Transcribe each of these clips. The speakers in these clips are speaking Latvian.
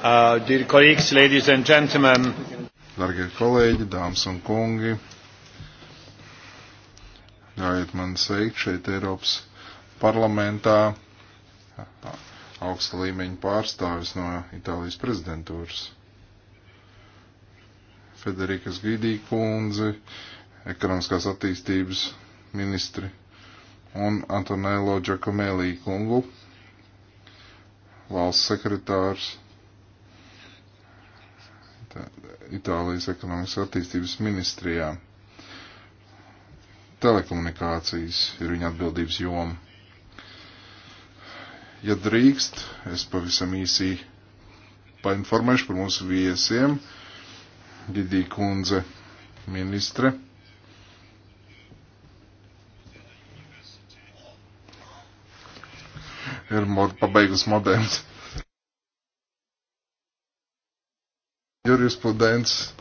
Uh, dear colleagues, ladies and gentlemen. Dargie kolēģi, dāmas un kungi, ļaujiet man sveikt šeit Eiropas parlamentā augsta līmeņa pārstāvis no Itālijas prezidentūras. Federikas Gidī kundzi, ekonomiskās attīstības ministri un Antonello Giacomelli kungu, valsts sekretārs tā, Itālijas ekonomikas attīstības ministrijā. Telekomunikācijas ir viņa atbildības joma. Ja drīkst, es pavisam īsi painformēšu par mūsu viesiem. Gidī kundze, ministre. ir mod, pabeigusi moderns jurisprudents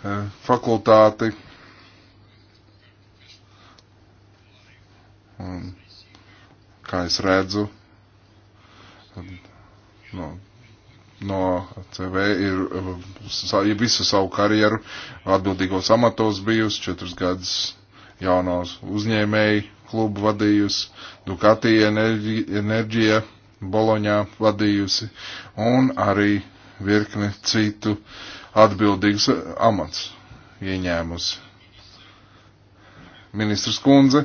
eh, fakultāti. Un, kā es redzu, no, no CV ir, ir eh, visu savu karjeru atbildīgos amatos bijusi, četrus gadus jaunos uzņēmēju klubu vadījusi, Dukatija enerģija Boloņā vadījusi un arī virkni citu atbildīgus amats ieņēmusi. Ministrs Kundze,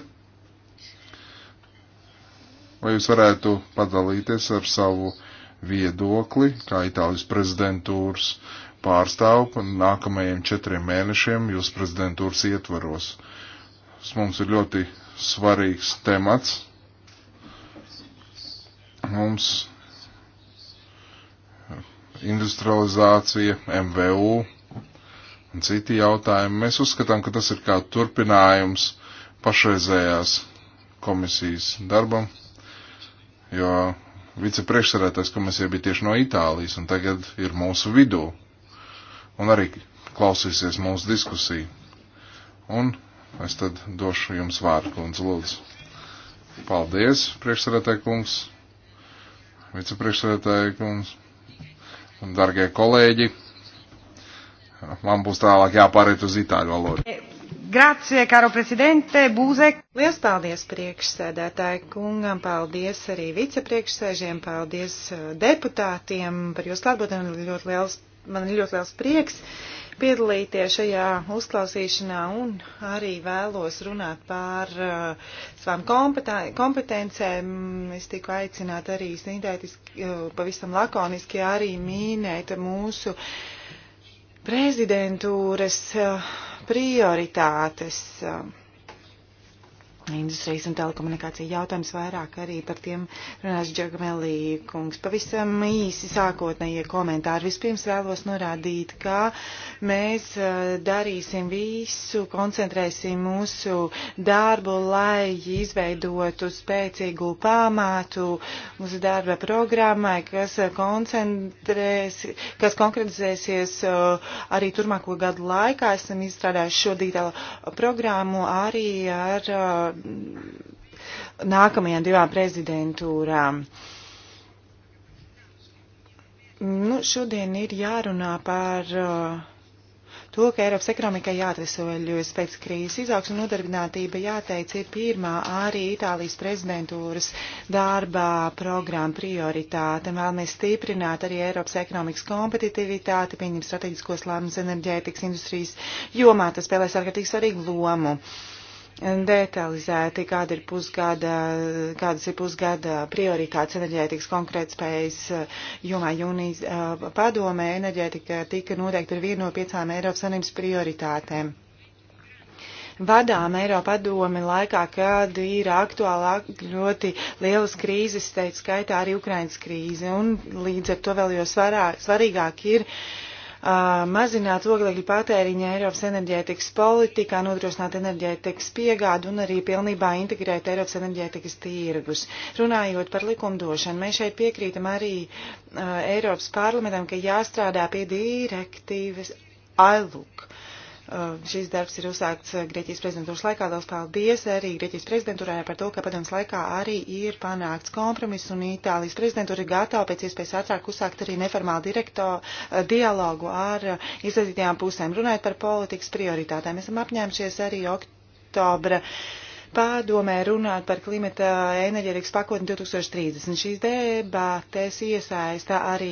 vai jūs varētu padalīties ar savu viedokli, kā Itālijas prezidentūras pārstāvu nākamajiem četriem mēnešiem jūs prezidentūras ietvaros? Tas mums ir ļoti svarīgs temats. Mums industrializācija, MVU un citi jautājumi. Mēs uzskatām, ka tas ir kā turpinājums pašreizējās komisijas darbam, jo vicepriekšsarētājs komisija bija tieši no Itālijas un tagad ir mūsu vidū un arī klausīsies mūsu diskusiju. Un es tad došu jums vārdu, kundze, lūdzu. Paldies, priekšsarētāji kungs, vicepriekšsarētāji kungs. Dargie kolēģi, man būs tālāk jāpāriet uz itāļu valodu. Grazie, karo prezidente, Būzek. Lielas paldies priekšsēdētāji kungam, paldies arī vicepriekšsēžiem, paldies eh, deputātiem par jūsu klātbūtni. Man ir ļoti liels prieks piedalīties šajā uzklausīšanā un arī vēlos runāt par uh, savām kompetencēm. Es tiku aicināt arī sintētiski, uh, pavisam lakoniski arī mīnēt mūsu prezidentūras uh, prioritātes. Uh, industrijas un telekomunikācija jautājums vairāk arī par tiem runās Džagamelī kungs. Pavisam īsi sākotnējie komentāri. Vispirms vēlos norādīt, ka mēs eh, darīsim visu, koncentrēsim mūsu darbu, lai izveidotu spēcīgu pamātu mūsu darba programmai, kas koncentrēs, kas konkretizēsies eh, arī turmāko gadu laikā. Esam izstrādājuši šo dītailu programmu arī ar eh, nākamajām divām prezidentūrām. Nu, šodien ir jārunā par uh, to, ka Eiropas ekonomikai jāatvesoļojas pēc krīzes izaugs un nodarbinātība, jāteic, ir pirmā arī Itālijas prezidentūras darbā programma prioritāte. Vēlamies stiprināt arī Eiropas ekonomikas kompetitivitāti, pieņemt strateģiskos lēmumus enerģētikas industrijas jomā. Tas spēlēs ārkārtīgi svarīgu lomu. Uh, detalizēti, kāda ir pusgada, kādas ir pusgada prioritātes enerģētikas konkrētspējas jomā jūnijas padomē. Enerģētika tika noteikti ar vienu no piecām Eiropas Savienības prioritātēm. Vadām Eiropa padomi laikā, kad ir aktuālā ļoti lielas krīzes, teikt skaitā arī Ukrainas krīze, un līdz ar to vēl jau svarā, svarīgāk ir uh, mazināt oglekļu patēriņu Eiropas enerģētikas politikā, nodrošināt enerģētikas piegādu un arī pilnībā integrēt Eiropas enerģētikas tīrgus. Runājot par likumdošanu, mēs šeit piekrītam arī uh, Eiropas parlamentam, ka jāstrādā pie direktīvas ILUK. Uh, Uh, šis darbs ir uzsākts uh, Grieķijas prezidentūras laikā. Daudz paldies arī Grieķijas prezidentūrai par to, ka padomas laikā arī ir panākts kompromiss un Itālijas prezidentūra ir gatava pēc iespējas ātrāk uzsākt arī neformālu direkto uh, dialogu ar iesaistītajām pusēm. Runājot par politikas prioritātēm, esam apņēmušies arī oktobra. Uh, pārdomē runāt par klimata enerģētikas pakotni 2030. Šīs debātēs iesaistā arī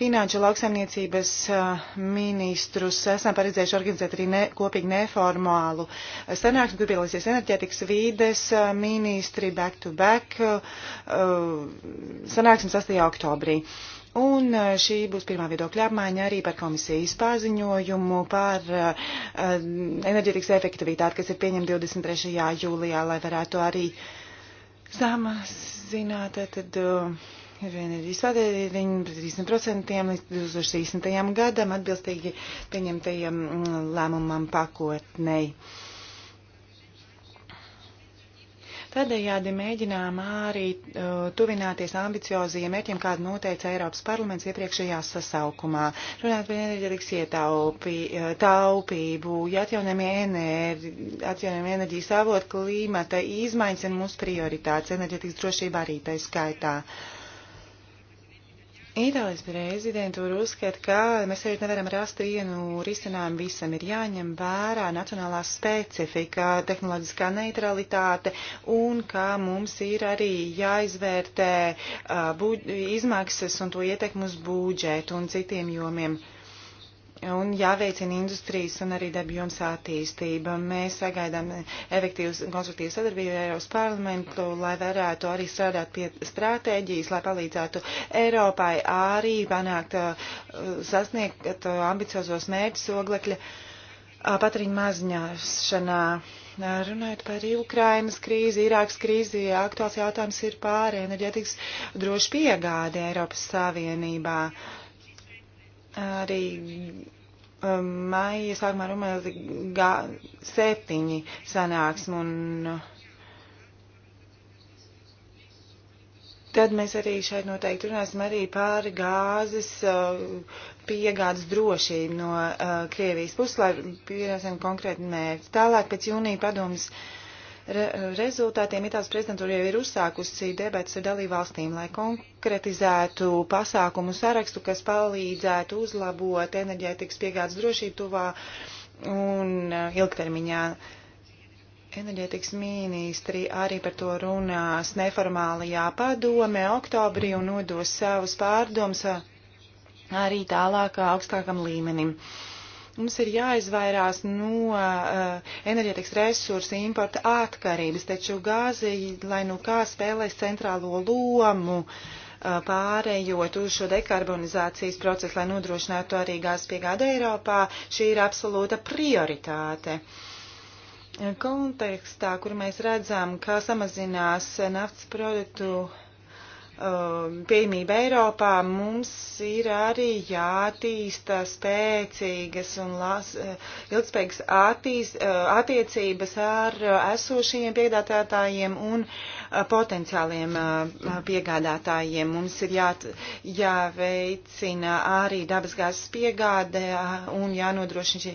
finanšu lauksaimniecības ministrus. Esam paredzējuši organizēt arī ne, kopīgi neformālu sanāksmi, kur piedalīsies enerģētikas vīdes ministri back to back sanāksmi 8. oktobrī. Uh, Un eh, šī būs pirmā viedokļa apmaiņa arī par komisijas pārziņojumu par uh, eh, enerģetikas efektivitāti, kas ir pieņemta 23. jūlijā, lai varētu arī samazināt eh, tad, uh, enerģijas patēriņu par 30% līdz 2030. gadam atbilstīgi pieņemtajam mm, lēmumam pakotnei. Uh, Tādējādi mēģinām arī uh, tuvināties ambiciozajiem mērķiem, kādu noteica Eiropas parlaments iepriekšējā sasaukumā. Runāt par enerģetikas ietaupī, uh, taupību, atjaunamie enerģi, atjaunamie enerģijas avot, klimata izmaiņas ir mūsu prioritātes, enerģetikas drošība arī tai skaitā. Uh, Itālijas prezidentūra uzskata, ka mēs arī nevaram rast vienu risinājumu visam. Ir jāņem vērā nacionālā specifika, tehnoloģiskā neutralitāte un ka mums ir arī jāizvērtē uh, izmaksas un to ietekmu uz budžetu un citiem jomiem. Uh, un jāveicina industrijas un arī debjums attīstība. Mēs sagaidām efektīvas konstruktīvas sadarbību ar Eiropas parlamentu, lai varētu arī strādāt pie stratēģijas, lai palīdzētu Eiropai arī panākt, uh, sasniegt uh, ambiciozos mērķus oglekļa uh, patēriņa mazņāšanā. Runājot par Ukrainas krīzi, Irākas krīzi, aktuāls jautājums ir pār enerģetikas droši piegāde Eiropas Savienībā. Uh, arī um, maija sākumā Rumēnā G7 sanāksme un uh, tad mēs arī šeit noteikti runāsim arī par gāzes uh, piegādes drošību no uh, Krievijas puses, lai pieņemsim konkrēti mērķi. Tālāk pēc jūnija padomas. Uh, re rezultātiem Itālijas prezidentūra jau ir uzsākusi debatas ar dalībvalstīm, lai konkretizētu pasākumu sarakstu, kas palīdzētu uzlabot enerģētikas piegādes drošību tuvā un uh, ilgtermiņā. Enerģētikas ministri arī par to runās neformālajā padome oktobrī un nodos savus pārdomus uh, arī tālāk uh, augstākam līmenim. Uh, Mums ir jāizvairās no uh, enerģētikas resursu importa atkarības, taču gāze, lai nu kā spēlēs centrālo lomu, uh, pārējot uz šo dekarbonizācijas procesu, lai nodrošinātu arī gāzes piegādi Eiropā, šī ir absolūta prioritāte kontekstā, kur mēs redzam, kā samazinās naftas produktu Um, pieejamība Eiropā, mums ir arī jātīsta spēcīgas un las, eh, ilgspējīgas attīst, eh, attiecības ar eh, esošajiem piegādātājiem un potenciāliem piegādātājiem. Mums ir jā, jāveicina arī dabasgāzes piegāde un jānodrošina šī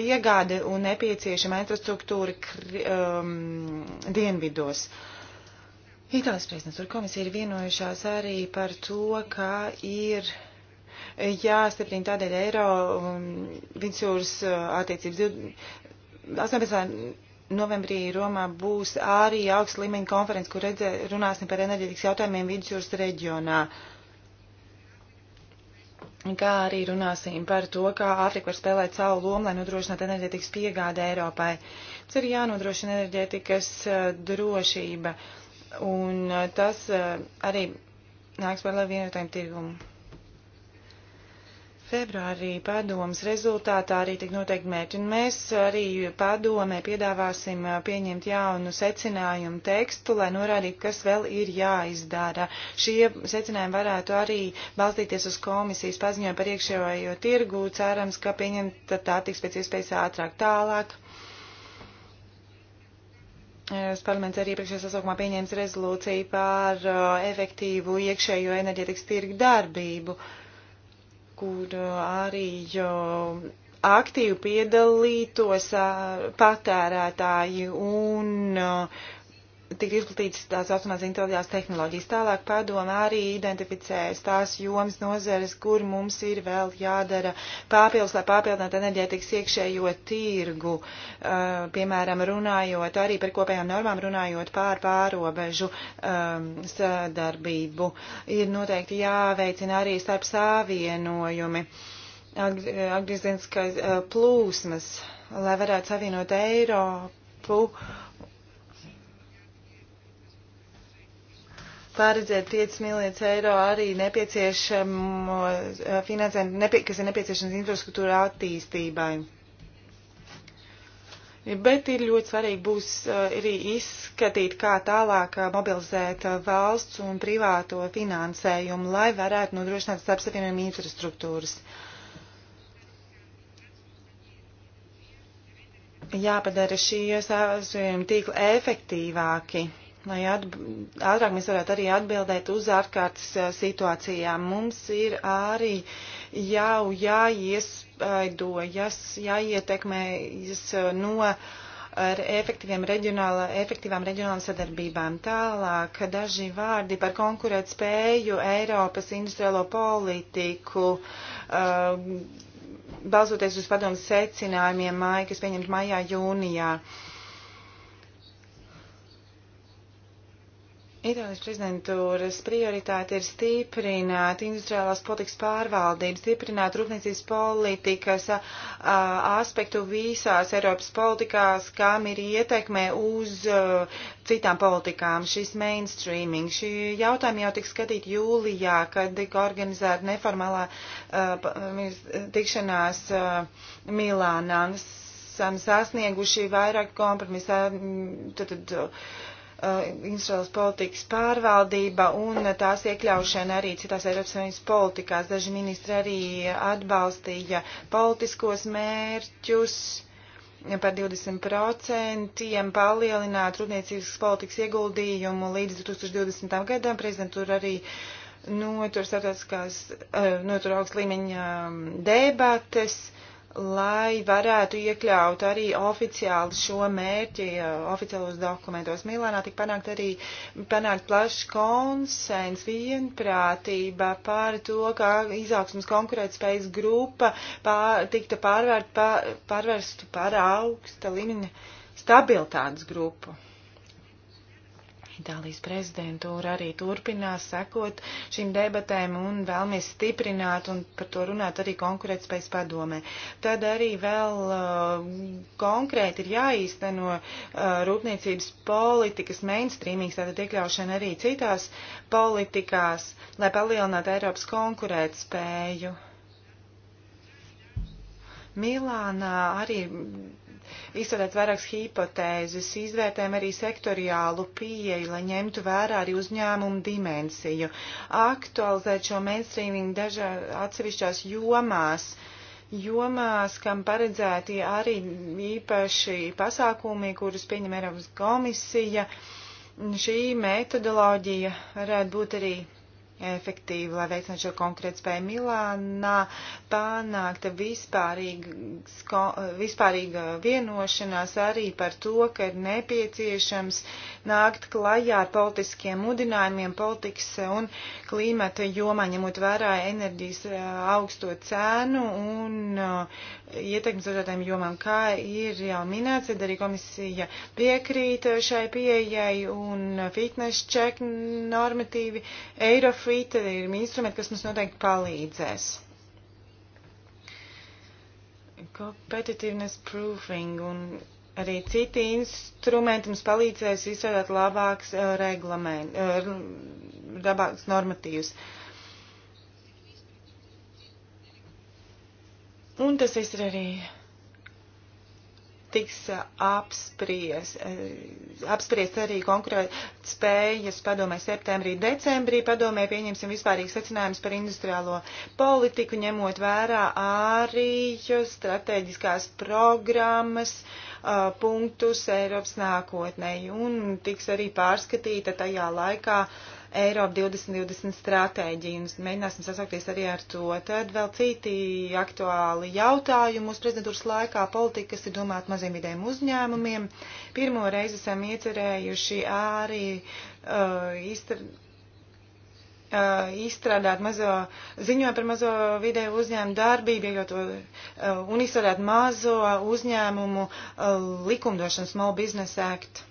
piegāde un nepieciešama infrastruktūra um, dienvidos. Uh, Itālijas prezidentūra komisija ir vienojušās arī par to, ka ir jāstiprina tādēļ eiro un vidusjūras uh, attiecības. 18. novembrī Romā būs arī augsts līmeņa konferences, kur redzē, runāsim par enerģetikas jautājumiem vidusjūras reģionā. Kā arī runāsim par to, kā Āfrika var spēlēt savu lomu, lai nodrošinātu enerģetikas piegādi Eiropai. Tas ir jānodrošina enerģetikas uh, drošība. Uh, Un uh, tas uh, arī nāks par labu vienotajam tirgumu. Februārī padomas rezultātā arī tik noteikti mērķi, un mēs arī padomē piedāvāsim uh, pieņemt jaunu secinājumu tekstu, lai norādītu, kas vēl ir jāizdara. Šie secinājumi varētu arī balstīties uz komisijas paziņojumu par iekšējo tirgu, cerams, ka pieņemta tā tiks pēc iespējas ātrāk tālāk Eiropas parlaments arī priekšējā sasaukumā pieņēmis rezolūciju par uh, efektīvu iekšējo enerģetikas tirgu darbību, kur uh, arī uh, aktīvi piedalītos uh, patērētāji un uh, tikt izplatītas tās automās intelektuālās tehnoloģijas. Tālāk padoma arī identificēs tās jomas nozares, kur mums ir vēl jādara papildus, lai papildinātu enerģētikas iekšējo tirgu, uh, piemēram, runājot arī par kopējām normām, runājot pār pārobežu um, sadarbību. Ir noteikti jāveicina arī starp savienojumi, atgriezeniskais uh, plūsmas, lai varētu savienot Eiropu. Uh, paredzēt 5 miljonus eiro arī nepieciešamo eh, finansējumu, nepie, kas ir nepieciešams infrastruktūra attīstībai. Bet ir ļoti svarīgi būs eh, arī izskatīt, kā tālāk eh, mobilizēt valsts un privāto finansējumu, lai varētu nodrošināt starpsavienojumu infrastruktūras. Jāpadara šie savienojumi tīkli efektīvāki lai ātrāk mēs varētu arī atbildēt uz ārkārtas situācijām. Mums ir arī jau jāiespaidojas, jāietekmējas no ar efektīviem reģionāla, efektīvām reģionālām sadarbībām. Tālāk daži vārdi par konkurēt spēju Eiropas industriālo politiku. Uh, balzoties uz padomu secinājumiem, māja, kas pieņemta maijā, jūnijā. Uh, Itālijas prezidentūras prioritāte ir stiprināt industriālās politikas pārvaldību, stiprināt rūpniecības politikas a, aspektu visās Eiropas politikās, kam ir ietekme uz a, citām politikām. Šis mainstreaming, šī jautājuma jau tika skatīt jūlijā, kad tika organizēta neformālā a, tikšanās a, Milānā. Esam sasnieguši vairāk kompromisu. Tad, tad, Uh, Izraels politikas pārvaldība un tās iekļaušana arī citās Eiropas Savienības politikās. Daži ministri arī atbalstīja politiskos mērķus par 20% palielināt rūpniecības politikas ieguldījumu līdz 2020. gadam. Prezidentūra arī notur starptautiskās, uh, notur augsts līmeņa um, debates lai varētu iekļaut arī oficiāli šo mērķi eh, oficiālos dokumentos. Milānā tika panākt arī panākt plašs konsens, vienprātība par to, kā izaugsmas konkurētspējas grupa pār, tikta pārvērt, pār, pārvērstu par augsta līmeņa stabilitātes grupu. Itālijas prezidentūra arī turpinās sekot šīm debatēm un vēlamies stiprināt un par to runāt arī konkurētspējas padomē. Tad arī vēl uh, konkrēti ir jāīsteno uh, rūpniecības politikas mainstreamings, tātad iekļaušana arī citās politikās, lai palielinātu Eiropas konkurētspēju. Milānā arī izstrādāt vairākas hipotēzes, izvērtējam arī sektoriālu pieeju, lai ņemtu vērā arī uzņēmumu dimensiju, aktualizēt šo mainstreaming dažā atsevišķās jomās, jomās, kam paredzēti arī īpaši pasākumi, kurus pieņem Eiropas komisija. Šī metodoloģija varētu būt arī efektīvi, lai veicinātu šo konkrētu spēju Milānā, panākta vispārīga vienošanās arī par to, ka ir nepieciešams nākt klajā ar politiskiem mudinājumiem politikas un klimata jomā, ņemot vērā enerģijas eh, augsto cēnu un eh, ietekmes dažādām jomām. Kā ir jau minēts, tad arī komisija piekrīt eh, šai pieejai un fitness check normatīvi Eurofit ir instrumenti, kas mums noteikti palīdzēs competitiveness proofing un arī citi instrumenti mums palīdzēs izstrādāt labāks eh, reglamentus, eh, labāks normatīvs. Un tas viss ir arī tiks uh, apspries, uh, apspries arī konkrēt spējas padomē septembrī, decembrī. Padomē pieņemsim vispārīgi secinājumus par industriālo politiku, ņemot vērā arī strateģiskās programmas uh, punktus Eiropas nākotnē. Un tiks arī pārskatīta tajā laikā uh, Eiropa 2020 stratēģiju un mēģināsim sasaukties arī ar to. Tad vēl citi aktuāli jautājumi mūsu prezidentūras laikā politika, kas ir domāta maziem vidējiem uzņēmumiem. Pirmo reizi esam iecerējuši arī uh, izstrādāt uh, izstrādāt mazo ziņojumu par mazo vidēju uzņēmumu darbību, iekļaut uh, un izstrādāt mazo uzņēmumu uh, likumdošanu Small Business Act.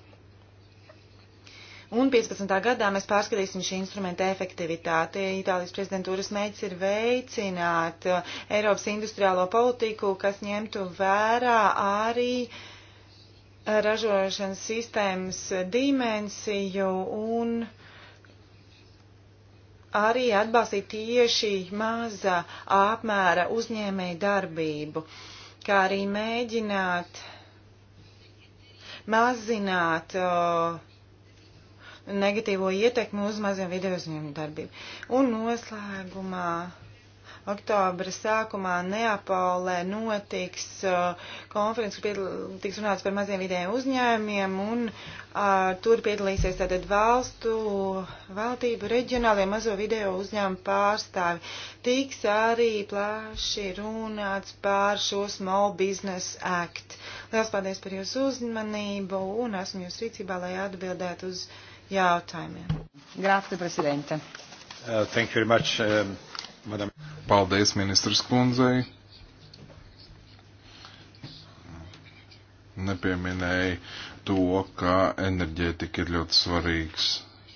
Un 15. gadā mēs pārskatīsim šī instrumenta efektivitāti. Itālijas prezidentūras mērķis ir veicināt uh, Eiropas industriālo politiku, kas ņemtu vērā arī uh, ražošanas sistēmas dimensiju un arī atbalstīt tieši maza apmēra uzņēmēju darbību, kā arī mēģināt mazināt uh, negatīvo ietekmi uz maziem video uzņēmumu darbību. Un noslēgumā oktobra sākumā Neapolē notiks uh, konferences, kur tiks runāts par maziem vidējiem uzņēmiem, un uh, tur piedalīsies tātad valstu, valdību, reģionālajie mazo video uzņēmumu pārstāvi. Tiks arī plaši runāts par šo Small Business Act. Lielas paldies par jūsu uzmanību, un esmu jūs rīcībā, lai atbildētu uz. Uh, jautājumiem. Grāfta prezidente. Uh, thank you very much, um, madam. Paldies ministrs kundzei. Nepieminēja to, ka enerģētika ir ļoti svarīgs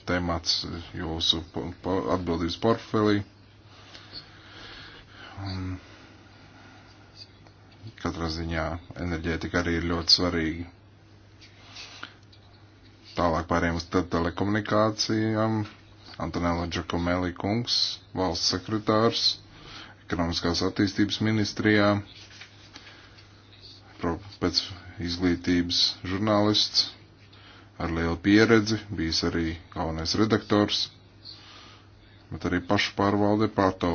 temats jūsu atbildības portfelī. Katrā ziņā enerģētika arī ir ļoti svarīga Tālāk pāriem uz telekomunikācijām. Antonella Giacomelli kungs, valsts sekretārs, ekonomiskās attīstības ministrijā, pēc izglītības žurnālists ar lielu pieredzi, bijis arī galvenais redaktors, bet arī pašu pārvalde Pato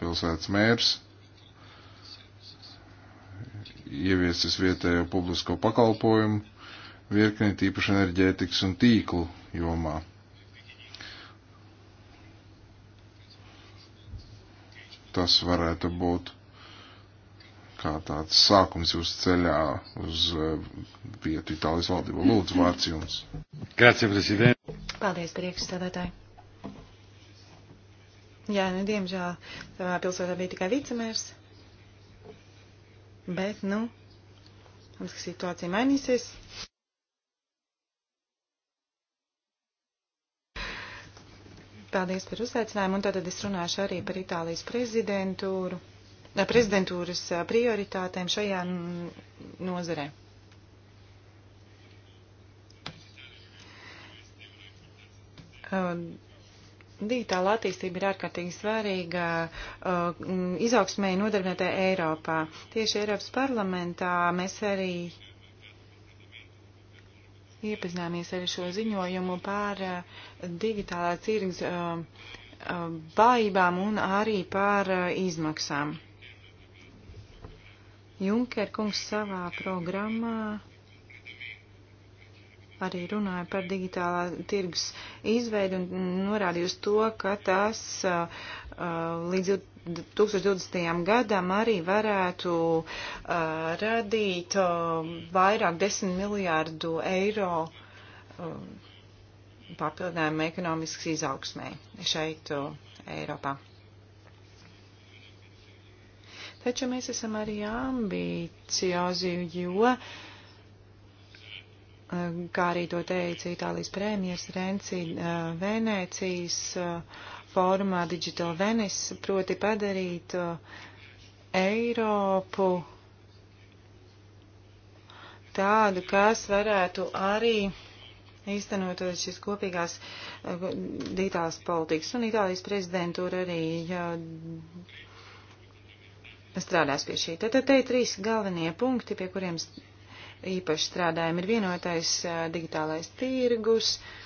pilsētas mērs, ieviesis vietējo publisko pakalpojumu virkni tīpaši enerģētikas un tīklu jomā. Tas varētu būt kā tāds sākums jūsu ceļā uz eh, vietu Itālijas valdību. Lūdzu, vārds jums. Grazie, prezident. Paldies, priekšstādātāji. Jā, nu, diemžēl savā pilsētā bija tikai vicemērs. Bet, nu, mums, ka situācija mainīsies. Paldies par uzaicinājumu, un tātad es runāšu arī par Itālijas prezidentūru, prezidentūras prioritātēm šajā nozarē. Digitāla attīstība ir ārkārtīgi svarīga izaugsmēji nodarbinātē Eiropā. Tieši Eiropas parlamentā mēs arī Iepazināmies ar šo ziņojumu par eh, digitālā cīrgas baībām eh, eh, un arī par izmaksām. Junker kungs savā programmā arī runāja par digitālā tirgus izveidu un norādīja uz to, ka tas līdz 2020. gadam arī varētu uh, radīt uh, vairāk 10 miljārdu eiro uh, papildinājumu ekonomiskas izaugsmē šeit uh, Eiropā. Taču mēs esam arī ambiciozi, jo, uh, kā arī to teica Itālijas premjers Renci uh, Venēcijas, uh, fórumā Digital Venice, proti padarīt uh, Eiropu tādu, kas varētu arī īstenot šīs kopīgās uh, dītās politikas. Un Itālijas prezidentūra arī jā, strādās pie šī. Tad te ir trīs galvenie punkti, pie kuriem īpaši strādājam. Ir vienotais uh, digitālais tirgus. Uh,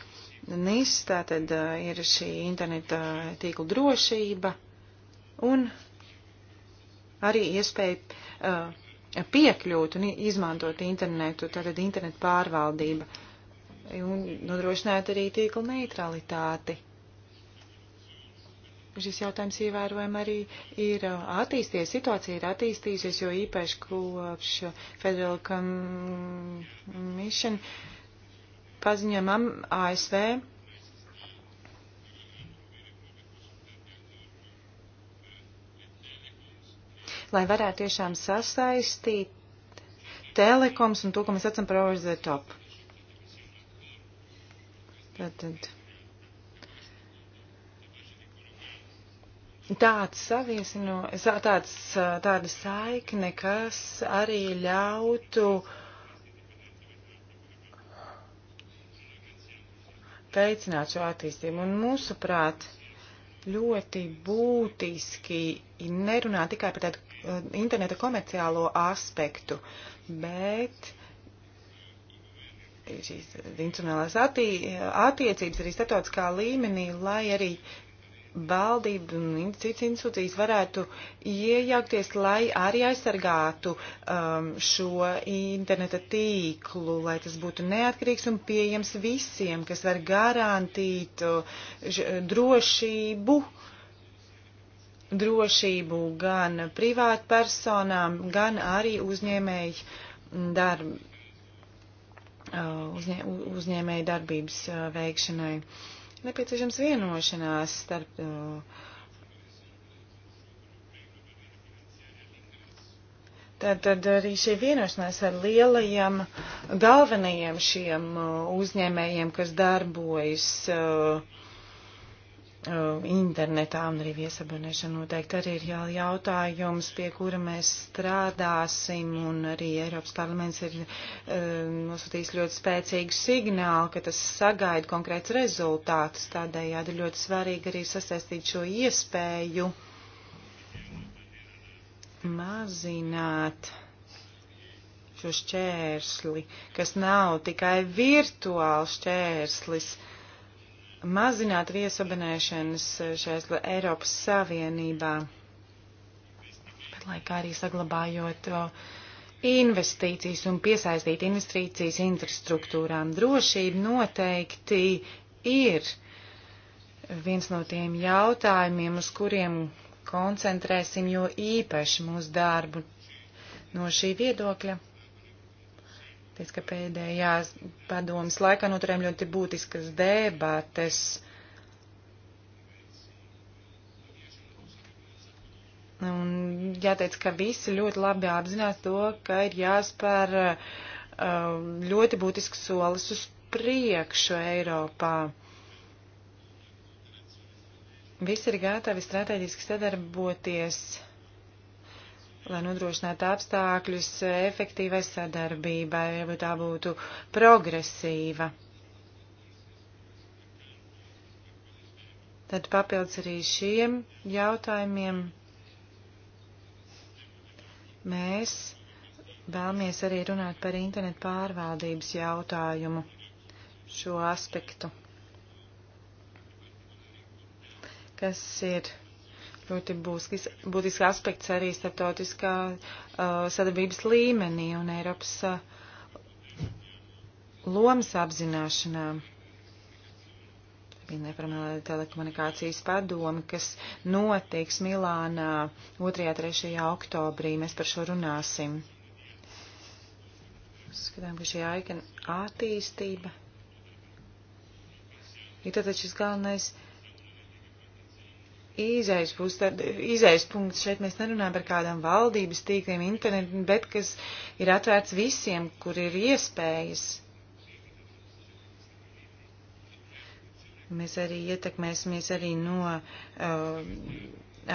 NIS, tātad ir šī interneta tīkla drošība un arī iespēja piekļūt un izmantot internetu, tātad internetu pārvaldība un nodrošināt arī tīkla neutralitāti. Šis jautājums ievērojami arī ir attīstījies, situācija ir attīstījusies, jo īpaši kopš Federal Commission uh, paziņojumam ASV lai varētu tiešām sasaistīt telekoms un to, ko mēs atsam par over the top. Tātad. Tāds saviesino, tāds, tāda saikne, kas arī ļautu uh, veicināt šo attīstību. Un mūsuprāt, ļoti būtiski nerunā tikai par tādu uh, interneta komerciālo aspektu, bet šīs uh, institucionālās uh, attiecības arī statotiskā līmenī, lai arī valdība un citas institūcijas varētu iejaukties, lai arī aizsargātu um, šo interneta tīklu, lai tas būtu neatkarīgs un pieejams visiem, kas var garantīt š, uh, drošību. Drošību gan privātpersonām, gan arī uzņēmēju darb, uh, uzņē, uzņēmēju darbības uh, veikšanai. Uh, Nepieciešams vienošanās starp Tātad uh, arī šī vienošanās ar lielajiem galvenajiem šiem uh, uzņēmējiem, kas darbojas uh, internetā un arī viesabunēšana noteikti arī ir jautājums, pie kura mēs strādāsim, un arī Eiropas parlaments ir um, nosūtījis ļoti spēcīgu signālu, ka tas sagaida konkrēts rezultāts. Tādējādi ļoti svarīgi arī sasaistīt šo iespēju mazināt šo šķērsli, kas nav tikai virtuāls šķērslis. Uh, mazināt viesubanēšanas šajās Eiropas Savienībā, bet laikā arī saglabājot investīcijas un piesaistīt investīcijas infrastruktūrām. Drošība noteikti ir viens no tiem jautājumiem, uz kuriem koncentrēsim jo īpaši mūsu darbu no šī viedokļa. Pēc ka pēdējās padomas laikā noturējām ļoti būtiskas debates. Un jāteic, ka visi ļoti labi apzinās to, ka ir jāspēr uh, ļoti būtisks solis uz priekšu Eiropā. Visi ir gatavi strateģiski sadarboties lai nodrošinātu apstākļus efektīvai sadarbībai, lai tā būtu progresīva. Tad papildus arī šiem jautājumiem mēs vēlamies arī runāt par internetu pārvaldības jautājumu, šo aspektu, kas ir ļoti būtisks, būtisks aspekts arī starptautiskā uh, sadarbības līmenī un Eiropas uh, lomas apzināšanā. Neformālā telekomunikācijas padome, kas notiks Milānā 2.3. oktobrī. Mēs par šo runāsim. Skatām, ka šī aikana attīstība ir tātad šis galvenais uh, Īzais, būs, tad, īzais punkts šeit mēs nerunājam par kādām valdības tīkliem, internetu, bet kas ir atvērts visiem, kur ir iespējas. Mēs arī ietekmēsimies arī no uh,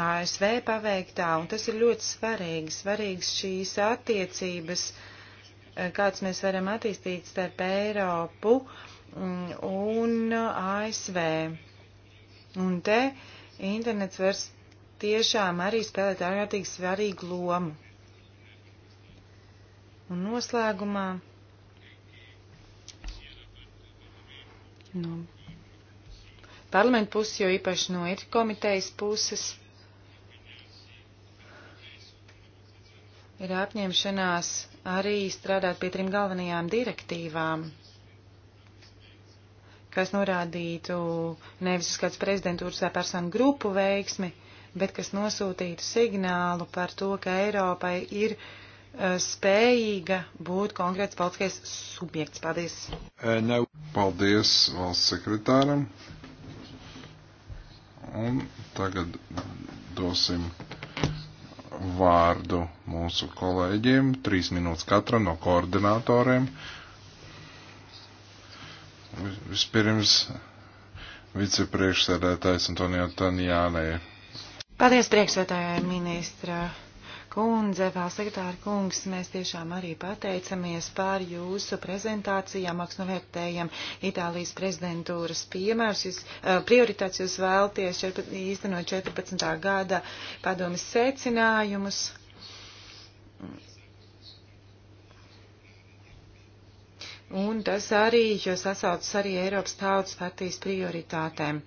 ASV paveiktā, un tas ir ļoti svarīgi, svarīgs šīs attiecības, uh, kāds mēs varam attīstīt starp Eiropu mm, un ASV. Un te uh, internets vairs tiešām arī spēlēt ārkārtīgi svarīgu lomu. Un noslēgumā no parlamentu puses, jo īpaši no ir komitejas puses, ir apņemšanās arī strādāt pie trim galvenajām direktīvām kas norādītu nevis uz kāds prezidentūras vai personu grupu veiksmi, bet kas nosūtītu signālu par to, ka Eiropai ir uh, spējīga būt konkrēts politiskais subjekts. Paldies! E, Paldies valsts sekretāram! Un tagad dosim vārdu mūsu kolēģiem, trīs minūtes katra no koordinatoriem. Uh, Vispirms vicepriekšsēdētājs Antonija Tanjānē. Paldies priekšsēdētājai ministra kundze, valsekretāra kungs, mēs tiešām arī pateicamies par jūsu prezentācijām, augstnovērtējam Itālijas prezidentūras piemērs, jūs, eh, prioritāts jūs vēlties čerpa, īstenot 14. gada padomis secinājumus. un tas arī sasaucas arī Eiropas tautas partijas prioritātēm.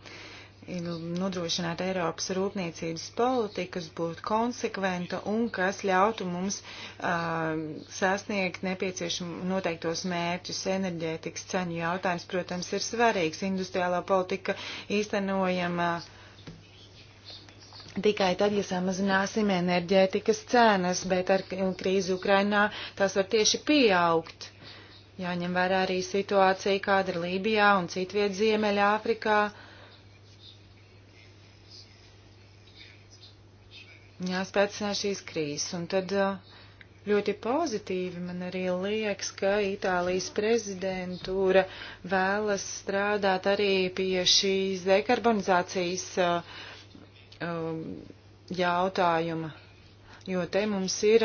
Nodrošināt Eiropas rūpniecības politikas, būt konsekventa un kas ļautu mums uh, sasniegt nepieciešamu noteiktos mērķus. Enerģētikas ceņu jautājums, protams, ir svarīgs. Industriālā politika īstenojama tikai tad, ja samazināsim enerģētikas cenas, bet ar krīzi Ukrainā tās var tieši pieaugt Jāņem vērā arī situācija, kāda ir Lībijā un citviet Ziemeļā Afrikā. Jāspēcinā šīs krīzes. Un tad uh, ļoti pozitīvi man arī liekas, ka Itālijas prezidentūra vēlas strādāt arī pie šīs dekarbonizācijas uh, um, jautājuma jo te mums ir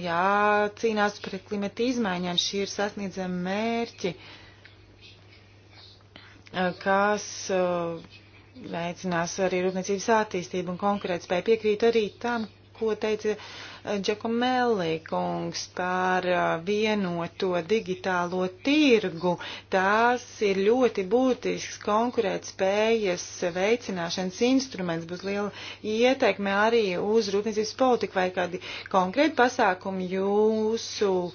jācīnās pret klimata izmaiņām, šī ir sasniedzama mērķi, kas veicinās arī rūpniecības attīstību un konkurētspēju. Piekrītu arī tam, ko teica Džakomelli kungs par uh, vienoto digitālo tirgu. Tās ir ļoti būtisks konkurētspējas veicināšanas instruments, būs liela ieteikme arī uz rūpniecības politiku vai kādi konkrēti pasākumi jūsu uh,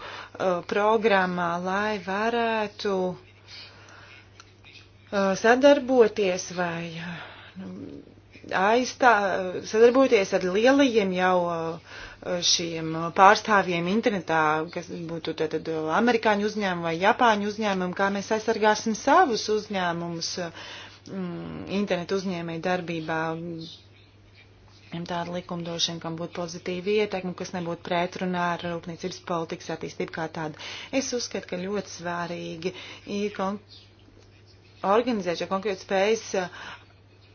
programmā, lai varētu uh, sadarboties vai. Uh, aizstā, sadarbojoties ar lielajiem jau eh, šiem pārstāvjiem internetā, kas būtu tātad amerikāņu uzņēmumu vai japāņu uzņēmumu, kā mēs aizsargāsim savus uzņēmumus mm, internetu uzņēmēju darbībā. Tāda likumdošana, kam būtu pozitīva ietekme, kas nebūtu pretrunā ar rūpniecības politikas attīstību kā tādu. Es uzskatu, ka ļoti svārīgi ir organizēt šo konkrētu spējas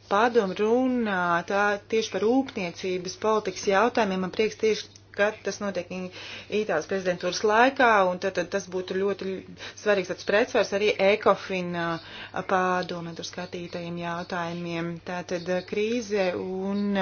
padomu runā tā, tieši par rūpniecības politikas jautājumiem. Man prieks tieši, ka tas notiek Itālijas prezidentūras laikā, un tad, tad tas būtu ļoti svarīgs tāds pretsvars arī ekofina padomu tur skatītajiem jautājumiem. Tātad krīze un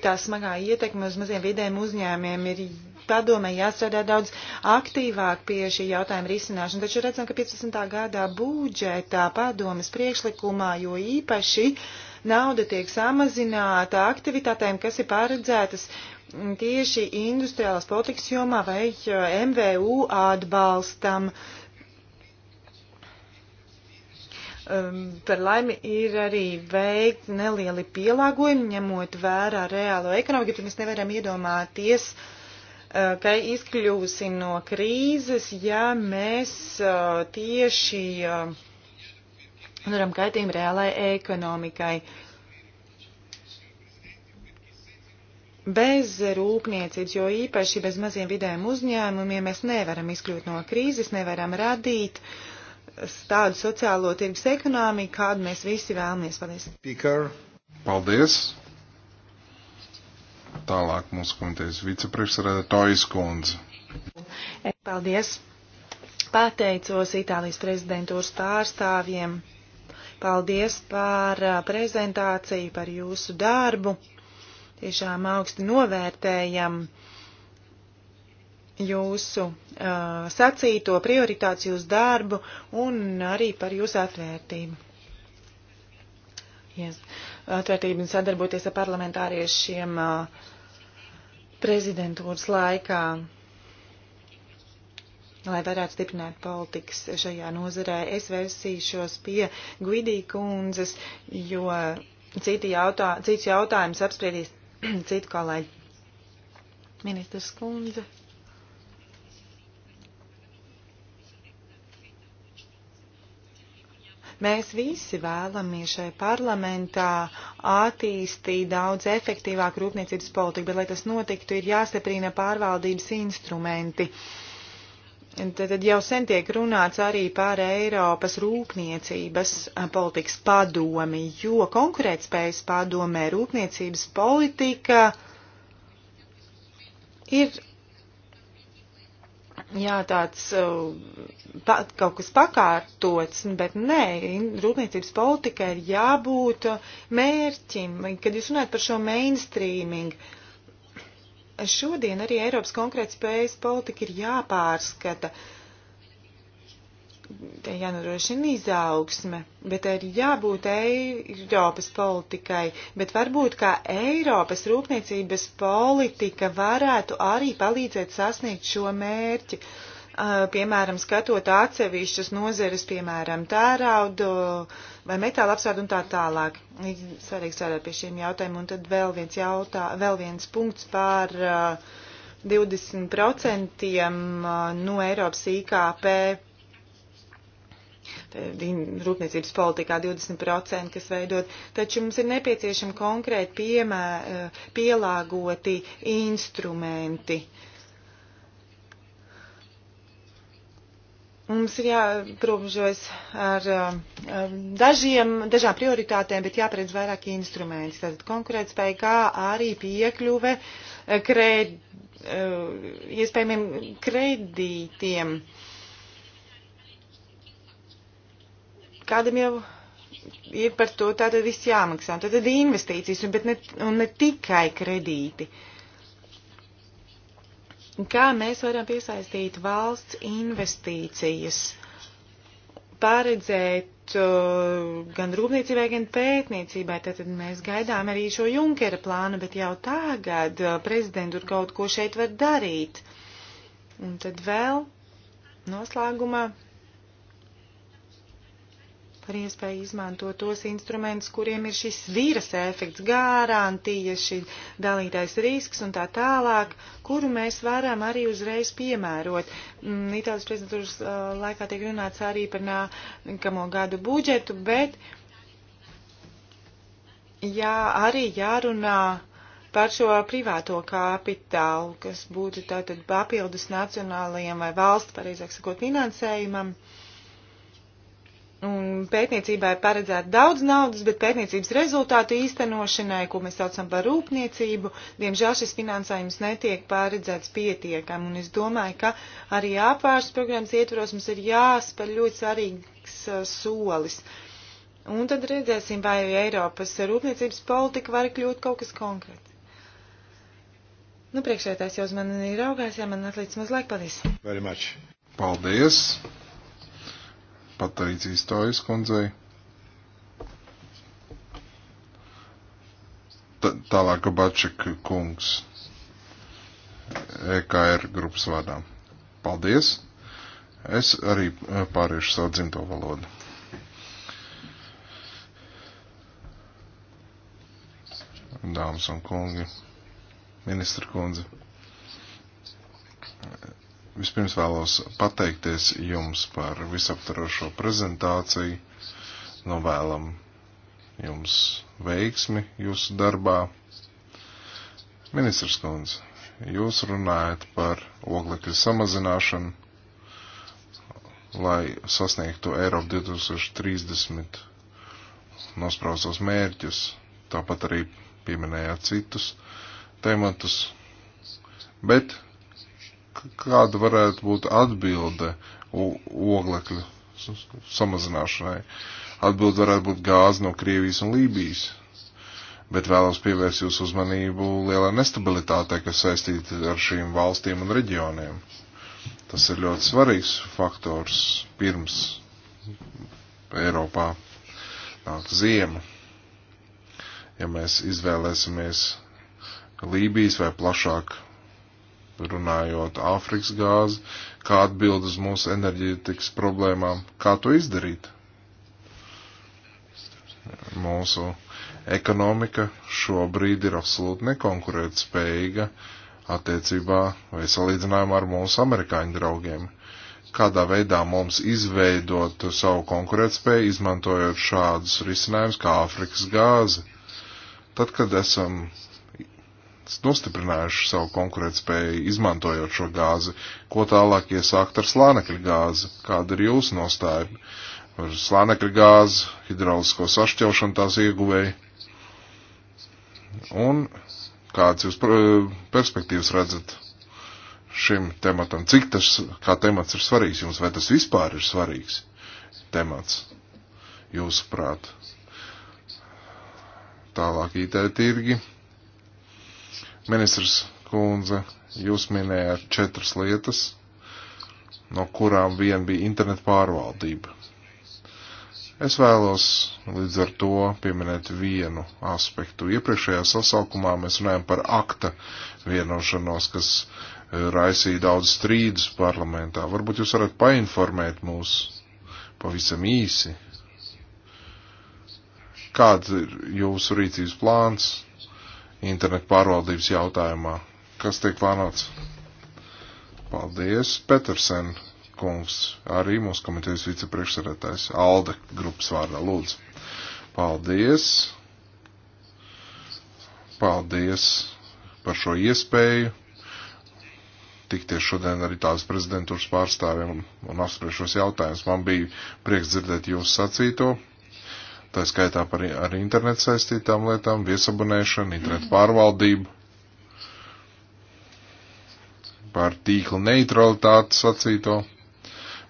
tā smagā ietekme uz maziem vidējiem uzņēmiem ir padomē jāstrādā daudz aktīvāk pie šī jautājuma risināšana, taču redzam, ka 15. gadā budžetā padomas priekšlikumā jo īpaši uh, nauda tiek samazināta aktivitātēm, kas ir paredzētas mm, tieši industriālās politikas jomā vai MVU atbalstam. Um, par laimi ir arī veikti nelieli pielāgojumi, ņemot vērā reālo ekonomiku, tad mēs nevaram iedomāties, uh, ka izkļūsim no krīzes, ja mēs uh, tieši uh, nodaram kaitījumu reālai ekonomikai. Bez rūpniecības, jo īpaši bez maziem vidējiem uzņēmumiem, mēs nevaram izkļūt no krīzes, nevaram radīt tādu sociālo tirgus ekonomiku, kādu mēs visi vēlamies. Paldies! Speaker. Paldies! Tālāk mūsu komitejas vicepriekšsēdētājas kundze. Paldies! Pateicos Itālijas prezidentūras pārstāvjiem Paldies par uh, prezentāciju, par jūsu darbu. Tiešām augsti novērtējam jūsu uh, sacīto prioritāti jūsu darbu un arī par jūsu atvērtību. Yes. Atvērtību un sadarboties ar parlamentāriešiem uh, prezidentūras laikā lai varētu stiprināt politikas šajā nozarē. Es vērsīšos pie Gvidī kundzes, jo citi jautā, cits jautājums apspriedīs citu kolēģi. Ministrs kundze. Mēs visi vēlamies šai parlamentā attīstīt daudz efektīvāku rūpniecības politiku, bet, lai tas notiktu, ir jāstiprina pārvaldības instrumenti. Uh, Tad jau sen tiek runāts arī par Eiropas rūpniecības politikas padomi, jo konkurētspējas padomē rūpniecības politika ir jā, tāds pa, kaut kas pakārtots, bet nē, rūpniecības politika ir jābūt mērķim. Kad jūs runājat par šo mainstreamingu, šodien arī Eiropas konkrētspējas politika ir jāpārskata. Te jānodrošina izaugsme, bet ir jābūt Eiropas politikai, bet varbūt kā Eiropas rūpniecības politika varētu arī palīdzēt sasniegt šo mērķi. Uh, piemēram, skatot atsevišķas nozeres, piemēram, tēraudu, uh, vai metāla apsvērta un tā tālāk. Svarīgi strādāt pie šiem jautājumiem. Un tad vēl viens, jautā, vēl viens punkts par uh, 20% uh, no Eiropas IKP. Rūpniecības politikā 20%, kas veidot, taču mums ir nepieciešami konkrēti piemē, uh, pielāgoti instrumenti. Uh, Mums ir jāprobežojas ar um, dažiem, dažām prioritātēm, bet jāparedz vairāk instrumenti. Tātad konkurētspēja, kā arī piekļuve eh, krēd, eh, iespējamiem kredītiem. Kādam jau ir par to tātad viss jāmaksā. Tātad investīcijas, un, bet ne, un ne tikai kredīti. Uh, Kā mēs varam piesaistīt valsts investīcijas, paredzēt uh, gan rūpniecībai, gan pētniecībai. Tātad mēs gaidām arī šo Junkera plānu, bet jau tagad uh, prezidentūra kaut ko šeit var darīt. Un tad vēl noslēgumā par iespēju izmantot tos instrumentus, kuriem ir šis vīras efekts, garantija, šī dalītais risks un tā tālāk, kuru mēs varam arī uzreiz piemērot. Mm, Itālijas prezidentūras uh, laikā tiek runāts arī par nākamo gadu budžetu, bet jā, arī jārunā par šo privāto kapitālu, kas būtu tātad papildus nacionālajiem vai valsts, pareizāk sakot, finansējumam. Uh, Un pētniecībai paredzēt daudz naudas, bet pētniecības rezultātu īstenošanai, ko mēs saucam par rūpniecību, diemžēl šis finansējums netiek paredzēts pietiekam. Un es domāju, ka arī ārpārsts programmas ietvaros mums ir jāspēr ļoti svarīgs uh, solis. Un tad redzēsim, vai Eiropas rūpniecības politika var kļūt kaut kas konkrēts. Nu, priekšētājs jau uz mani ir augājis, jā, man atliec mazliet, paldies. Very much. Paldies. Patrīcijas Tojas kundzei. Tālāk Bačik kungs EKR grupas vadā. Paldies! Es arī eh, pāriešu savu dzimto valodu. Dāmas un kungi, ministra kundze, Vispirms vēlos pateikties jums par visaptarošo prezentāciju. Novēlam nu, jums veiksmi jūsu darbā. Ministrs Kundze, jūs runājat par oglekļa samazināšanu, lai sasniegtu Eiropu 2030 nospraustos mērķus, tāpat arī pieminējāt citus tematus, bet kāda varētu būt atbilde oglekļa samazināšanai. Atbilde varētu būt gāze no Krievijas un Lībijas. Bet vēlos pievērst jūsu uzmanību lielai nestabilitātei, kas saistīta ar šīm valstīm un reģioniem. Tas ir ļoti svarīgs faktors pirms Eiropā nāk ziema. Ja mēs izvēlēsimies Lībijas vai plašāk runājot Āfrikas gāzi, kā atbild uz mūsu enerģētikas problēmām, kā to izdarīt. Mūsu ekonomika šobrīd ir absolūti nekonkurēt spējīga attiecībā vai salīdzinājumā ar mūsu amerikāņu draugiem. Kādā veidā mums izveidot savu konkurētspēju, izmantojot šādus risinājumus kā Āfrikas gāzi. Tad, kad esam nostiprinājuši savu konkurētspēju, izmantojot šo gāzi. Ko tālāk iesākt ar slānekļa gāzi? Kāda ir jūsu nostāja par slānekļa gāzi, hidraulisko sašķelšanu tās ieguvēju? Un kāds jūs perspektīvas redzat šim tematam? Cik tas, kā temats ir svarīgs jums, vai tas vispār ir svarīgs temats jūsuprāt? Tālāk IT tirgi Ministrs Kunze, jūs minējāt četras lietas, no kurām viena bija internetu pārvaldība. Es vēlos līdz ar to pieminēt vienu aspektu. Iepriekšējā sasaukumā mēs runājam par akta vienošanos, kas e, raisīja daudz strīdus parlamentā. Varbūt jūs varat painformēt mūs pavisam īsi. Kāds ir jūsu rīcības plāns internetu pārvaldības jautājumā. Kas tiek plānots? Paldies, Petersen kungs, arī mūsu komitejas vicepriekšsarētājs Alde grupas vārdā lūdzu. Paldies! Paldies par šo iespēju tikties šodien arī tās prezidentūras pārstāvjiem un apspriešos jautājumus. Man bija prieks dzirdēt jūsu sacīto tā skaitā par ar internetu saistītām lietām, viesabunēšanu, internetu pārvaldību, par tīkla neutralitāti sacīto.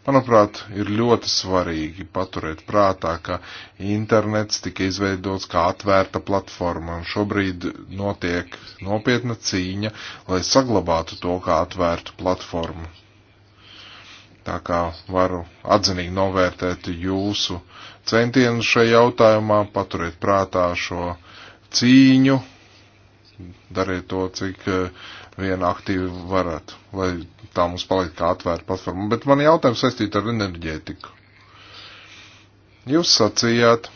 Manuprāt, ir ļoti svarīgi paturēt prātā, ka internets tika izveidots kā atvērta platforma, un šobrīd notiek nopietna cīņa, lai saglabātu to kā atvērtu platformu. Tā kā varu atzinīgi novērtēt jūsu uh, centienu šajā jautājumā, paturiet prātā šo cīņu, dariet to, cik eh, vien aktīvi varat, lai tā mums palikt kā atvērta platforma. Bet man jautājums saistīt ar enerģētiku. Jūs sacījāt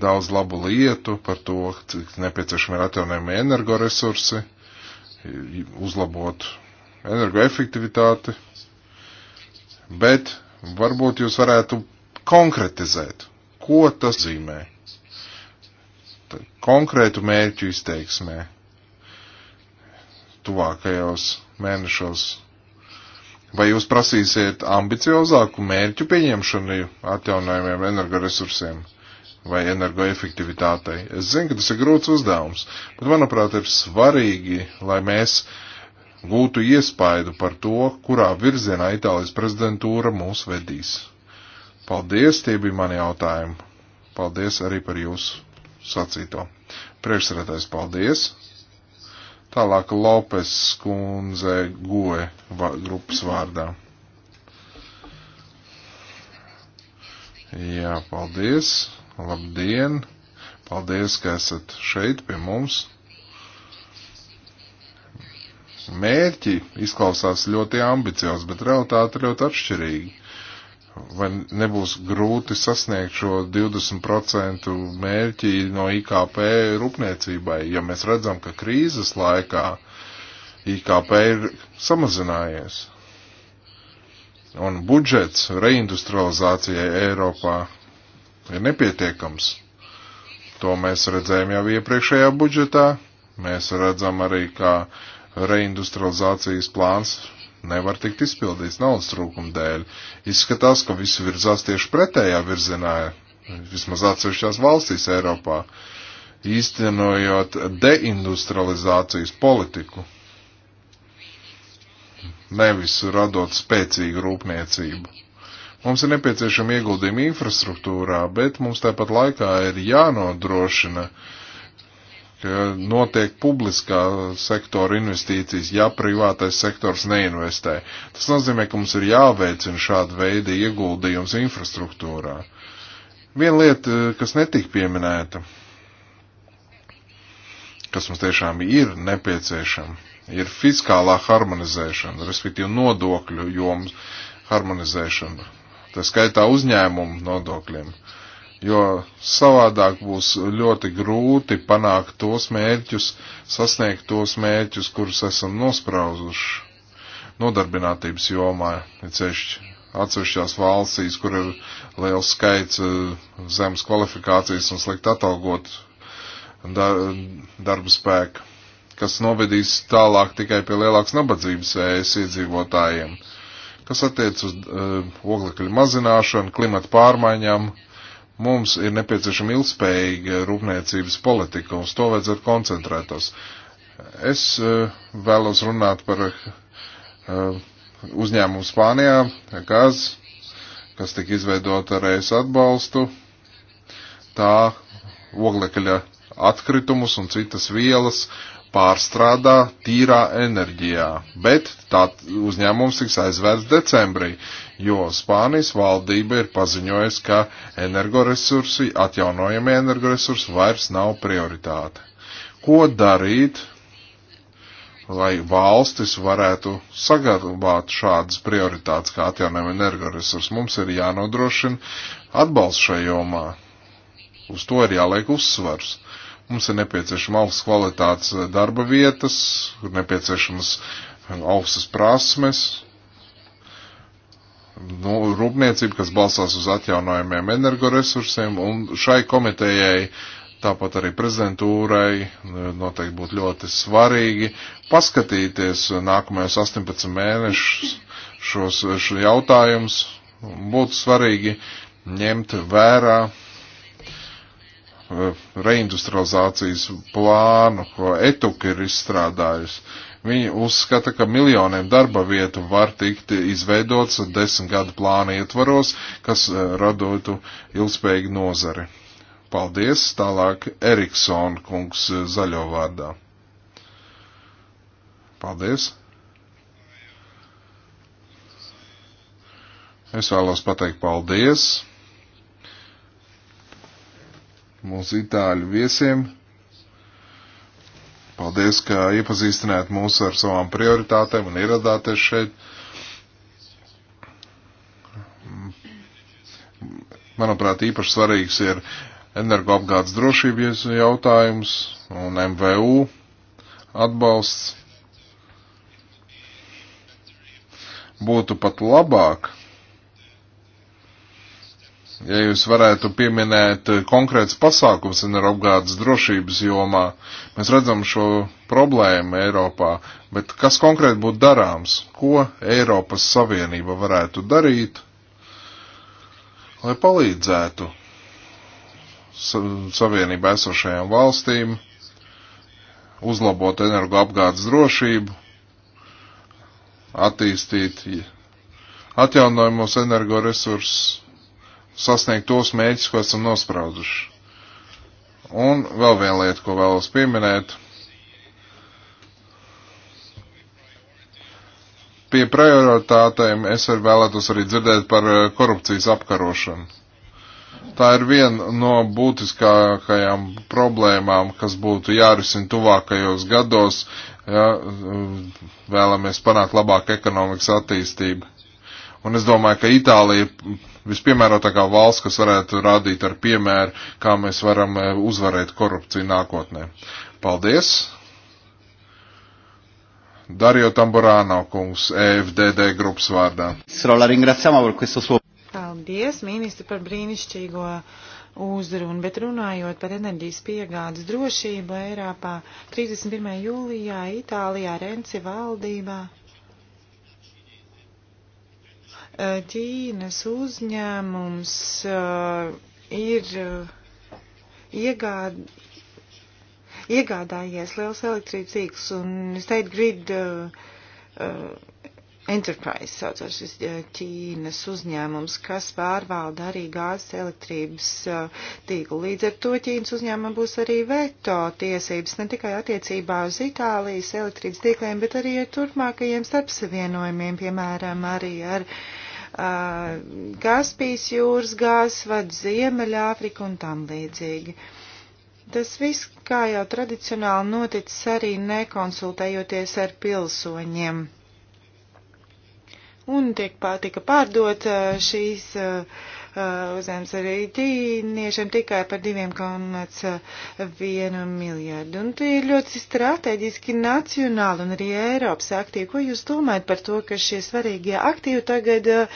daudz labu lietu par to, cik nepieciešami ir atjaunojami energoresursi, uzlabot energoefektivitāti, bet Varbūt jūs varētu konkretizēt, ko tas zīmē konkrētu mērķu izteiksmē tuvākajos mēnešos. Vai jūs prasīsiet ambiciozāku mērķu pieņemšanu atjaunojumiem energoresursiem vai energoefektivitātei? Es zinu, ka tas ir grūts uzdevums, bet manuprāt ir svarīgi, lai mēs uh, gūtu iespaidu par to, kurā virzienā Itālijas prezidentūra mūs vedīs. Paldies, tie bija mani jautājumi. Paldies arī par jūsu sacīto. Priekšsarētais paldies. Tālāk Lopes skundze goe grupas vārdā. Jā, paldies. Labdien. Paldies, ka esat šeit pie mums. Mērķi izklausās ļoti ambiciozi, bet realitāte ļoti atšķirīga. Vai nebūs grūti sasniegt šo 20% mērķi no IKP rūpniecībai, ja mēs redzam, ka krīzes laikā IKP ir samazinājies? Un budžets reindustrializācijai Eiropā ir nepietiekams. To mēs redzējām jau iepriekšējā budžetā. Mēs redzam arī, kā reindustrializācijas plāns nevar tikt izpildīts naudas trūkuma dēļ. Izskatās, ka visi virzās tieši pretējā virzienā, vismaz atsevišķās valstīs Eiropā, īstenojot deindustrializācijas politiku. Nevis radot spēcīgu rūpniecību. Mums ir nepieciešama ieguldījuma infrastruktūrā, bet mums tāpat laikā ir jānodrošina uh, ka notiek publiskā sektora investīcijas, ja privātais sektors neinvestē. Tas nozīmē, ka mums ir jāveicina šāda veida ieguldījums infrastruktūrā. Viena lieta, eh, kas netika pieminēta, kas mums tiešām ir nepieciešama, ir fiskālā harmonizēšana, respektīvi nodokļu jomas harmonizēšana. Tā skaitā uzņēmumu nodokļiem. Uh, jo savādāk būs ļoti grūti panākt tos mērķus, sasniegt tos mērķus, kurus esam nosprauzuši nodarbinātības jomā, ceļšķi atsevišķās valstīs, kur ir liels skaits eh, zemes kvalifikācijas un slikt atalgot dar darba spēku, kas novedīs tālāk tikai pie lielākas nabadzības ēs iedzīvotājiem, kas attiec uz uh, eh, oglekļu mazināšanu, klimatu pārmaiņām, uh, Mums ir nepieciešama ilgspējīga rūpniecības politika, uz to vajadzētu koncentrētos. Es e, vēlos runāt par e, uzņēmumu Spānijā, gaz, kas tika izveidota ar ES atbalstu. Tā oglekļa atkritumus un citas vielas pārstrādā tīrā enerģijā, bet tā uzņēmums tiks aizvērts decembrī, jo Spānijas valdība ir paziņojusi, ka energoresursi, atjaunojamie energoresursi vairs nav prioritāte. Ko darīt, lai valstis varētu saglabāt šādas prioritātes kā atjaunojamie energoresursi? Mums ir jānodrošina atbalsts šajā jomā. Uz to ir jāliek uzsvars. Mums ir nepieciešama augsts kvalitātes eh, darba vietas, ir nepieciešamas eh, augstas prasmes, nu, rūpniecība, kas balstās uz atjaunojumiem energoresursiem, un šai komitejai, tāpat arī prezidentūrai, nu, noteikti būtu ļoti svarīgi paskatīties nākamajos 18 mēnešus šos, šos jautājumus. Būtu svarīgi ņemt vērā Eh, reindustrializācijas plānu, ko Etuka ir izstrādājusi. Viņi uzskata, ka miljoniem darba vietu var tikt izveidots desmit gadu plāna ietvaros, kas eh, radotu ilgspējīgu nozari. Paldies, tālāk Eriksona kungs eh, zaļo vārdā. Paldies. Es vēlos pateikt paldies mūsu itāļu viesiem. Paldies, ka iepazīstināt mūs ar savām prioritātēm un ieradāties šeit. Manuprāt, īpaši svarīgs ir energoapgādes drošības jautājums un MVU atbalsts būtu pat labāk, Ja jūs varētu pieminēt konkrēts pasākums energoapgādes drošības jomā, mēs redzam šo problēmu Eiropā, bet kas konkrēti būtu darāms? Ko Eiropas Savienība varētu darīt, lai palīdzētu Savienībā esošajām valstīm uzlabot energoapgādes drošību, attīstīt atjaunojamos energoresursus sasniegt tos mēģus, ko esam nosprauduši. Un vēl viena lieta, ko vēlos pieminēt. Pie prioritātēm es arī vēlētos arī dzirdēt par eh, korupcijas apkarošanu. Tā ir viena no būtiskākajām problēmām, kas būtu jārisina tuvākajos gados, ja eh, vēlamies panākt labāku ekonomikas attīstību. Un es domāju, ka Itālija ir vispiemērotākā valsts, kas varētu rādīt ar piemēru, kā mēs varam eh, uzvarēt korupciju nākotnē. Paldies! Dario Tamburāno kungs, EFDD grupas vārdā. Paldies, ministri, par brīnišķīgo uzrunu, bet runājot par enerģijas piegādes drošību Eiropā, 31. jūlijā Itālijā Renci valdībā Ķīnas uzņēmums uh, ir uh, iegād, iegādājies liels elektrības tīkls un State Grid uh, Enterprise saucās šis Ķīnas uzņēmums, kas pārvalda arī gāzes elektrības tīklu. Līdz ar to Ķīnas uzņēmumam būs arī veto tiesības ne tikai attiecībā uz Itālijas elektrības tīkliem, bet arī ar turpmākajiem starpsavienojumiem, piemēram, arī ar uh, Gaspijas jūras gāzvadu, Ziemeļāfriku un tam līdzīgi. Tas viss, kā jau tradicionāli noticis, arī nekonsultējoties ar pilsoņiem. Un tiek pārtika pārdot šīs uh, Uh, uzņēmums arī ķīniešiem tikai par 2,1 miljārdu. Un tie ir ļoti strateģiski nacionāli un arī Eiropas aktīvi. Ko jūs domājat par to, ka šie svarīgie aktīvi tagad uh,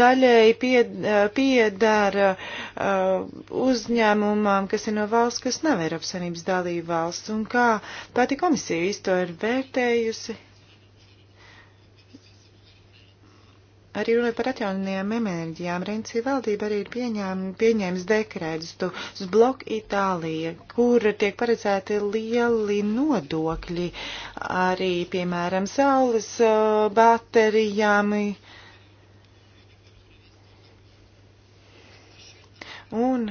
daļēji uh, piedara uzņēmumam, kas ir no valsts, kas nav Eiropas Savienības dalība valsts? Un kā pati komisija visu to ir vērtējusi? Arī runājot par atjauninājām enerģijām, Rencija valdība arī ir pieņēm, pieņēmis dekrētus uz bloku Itālija, kur tiek paredzēti lieli nodokļi arī, piemēram, saules uh, baterijām. Un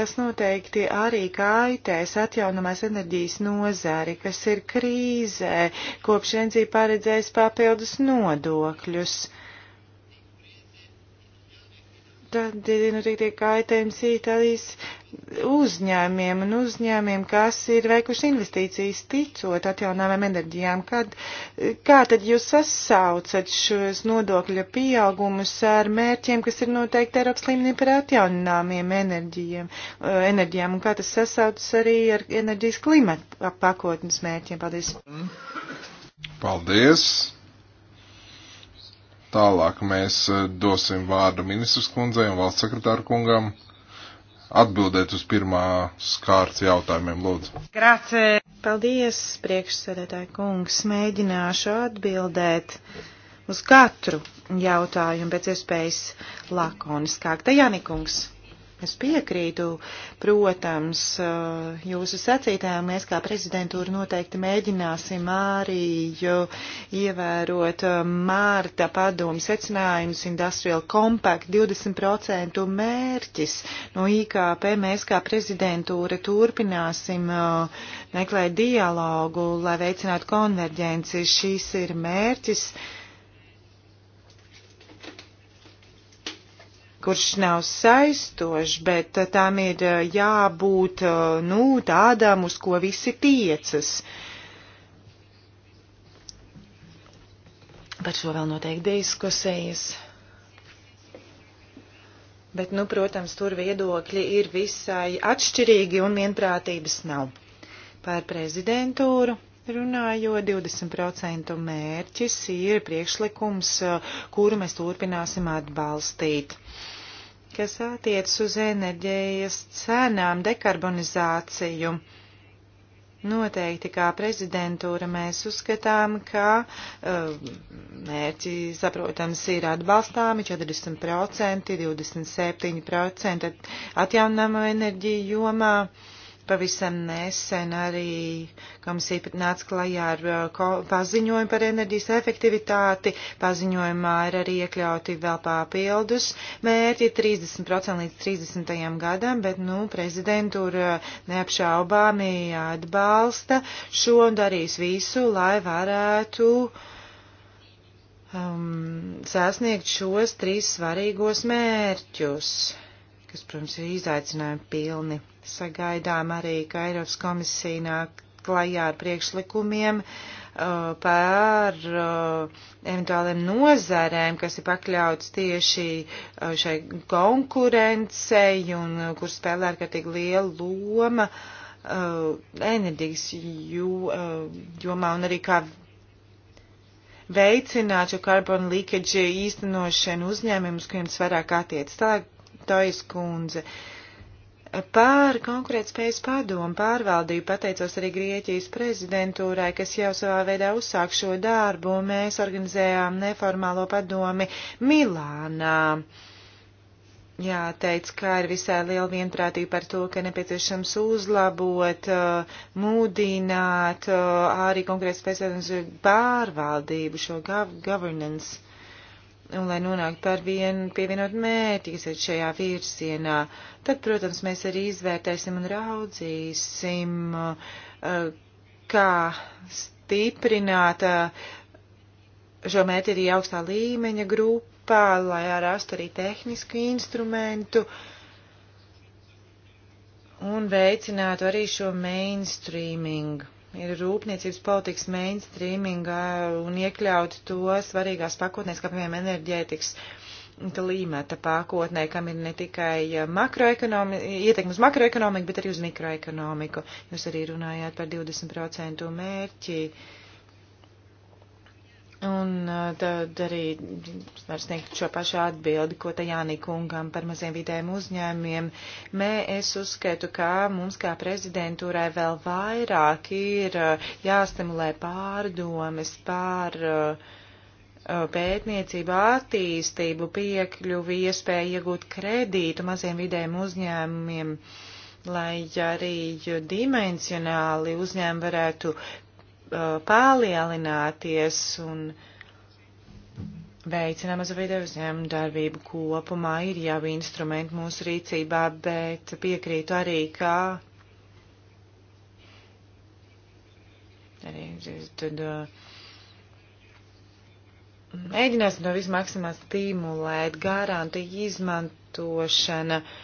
tas noteikti arī kaitēs atjaunamās enerģijas nozari, kas ir krīzē, kopš Rencija paredzēs papildus nodokļus. Tad ir eh, noteikti nu, kaitējums Itālijas uzņēmiem un uzņēmiem, kas ir veikuši investīcijas ticot atjaunāmēm enerģijām. Kad, eh, kā tad jūs sasaucat šos nodokļa pieaugumus ar mērķiem, kas ir noteikti Eiropas līmenī par atjaunāmiem enerģijiem, eh, enerģijām, un kā tas sasaucas arī ar enerģijas klimata pakotnes mērķiem? Paldies! Paldies! Tālāk mēs eh, dosim vārdu ministrs kundzei un valsts sekretāru kungam. Atbildēt uz pirmā skārts jautājumiem, lūdzu. Grācie. Paldies, priekšsēdētāji kungs. Mēģināšu atbildēt uz katru jautājumu pēc iespējas lakoniskāk. Tajānikungs. Es piekrītu, protams, eh, jūsu sacītājiem. Mēs kā prezidentūra noteikti mēģināsim arī ievērot eh, mārta padomu secinājumus Industrial Compact 20% mērķis no IKP. Mēs kā prezidentūra turpināsim eh, meklēt dialogu, lai veicinātu konverģenci. Šis ir mērķis. Uh, kurš nav saistošs, bet tam ir eh, jābūt eh, nu, tādam, uz ko visi tiecas. Par šo vēl noteikti diskusējas. Bet, nu, protams, tur viedokļi ir visai atšķirīgi un vienprātības nav. Par prezidentūru runājot, 20% mērķis ir priekšlikums, eh, kuru mēs turpināsim atbalstīt. Uh, kas attiecas uz enerģijas cenām, dekarbonizāciju. Noteikti kā prezidentūra mēs uzskatām, ka uh, mērķi, saprotams, ir atbalstāmi 40%, 27% atjaunamo enerģiju jomā. Uh, Pavisam nesen arī komisija pat nāca klajā ar uh, paziņojumu par enerģijas efektivitāti. Paziņojumā ir arī iekļauti vēl papildus mērķi 30% līdz 30. gadam, bet, nu, prezidentūra neapšaubāmi atbalsta šo un darīs visu, lai varētu um, sasniegt šos trīs svarīgos mērķus, kas, protams, ir izaicinājumi pilni. Sagaidām arī, ka Eiropas komisija nāk klajā ar priekšlikumiem uh, par uh, eventuāliem nozarēm, kas ir pakļauts tieši uh, šai konkurencei un uh, kur spēlē ārkārtīgi liela loma uh, enerģijas uh, jomā un arī kā veicināt šo carbon leakage īstenošanu uzņēmumus, kuriem tas vairāk attiec. Tā, Tojas kundze. Uh, Pār konkurētspējas padomu pārvaldību pateicos arī Grieķijas prezidentūrai, kas jau savā veidā uzsāk šo darbu. Mēs organizējām neformālo padomi Milānā. Jā, teica, ka ir visai liela vienprātība par to, ka nepieciešams uzlabot, mūdināt arī konkrēti spēcīgas pārvaldību, šo governance un lai nonāktu par vienu pievienot mērķi, kas ir šajā virsienā, tad, protams, mēs arī izvērtēsim un raudzīsim, eh, kā stiprināt eh, šo mērķi arī augstā līmeņa grupā, lai rastu arī tehnisku instrumentu un veicinātu arī šo mainstreamingu ir rūpniecības politikas mainstreamingā un iekļaut to svarīgās pakotnēs, kā piemēram enerģētikas klīmata pakotnē, kam ir ne tikai ietekme uz makroekonomiku, bet arī uz mikroekonomiku. Jūs arī runājāt par 20% mērķi. Uh, Un tad arī var sniegt šo pašu atbildi, ko te Jānī kungam par maziem vidējiem uzņēmiem. Mē, es uzskatu, ka mums kā prezidentūrai vēl vairāk ir jāstimulē pārdomas par pētniecību, attīstību, piekļuvi, iespēju iegūt kredītu maziem vidējiem uzņēmumiem lai arī dimensionāli uzņēmumi varētu Uh, palielināties un veicinām mazu video uzņēmumu darbību kopumā. Ir jau instrumenti mūsu rīcībā, bet piekrītu arī, ka arī tad, uh, mēģināsim to visu maksimāli stimulēt, garantija izmantošana. Uh,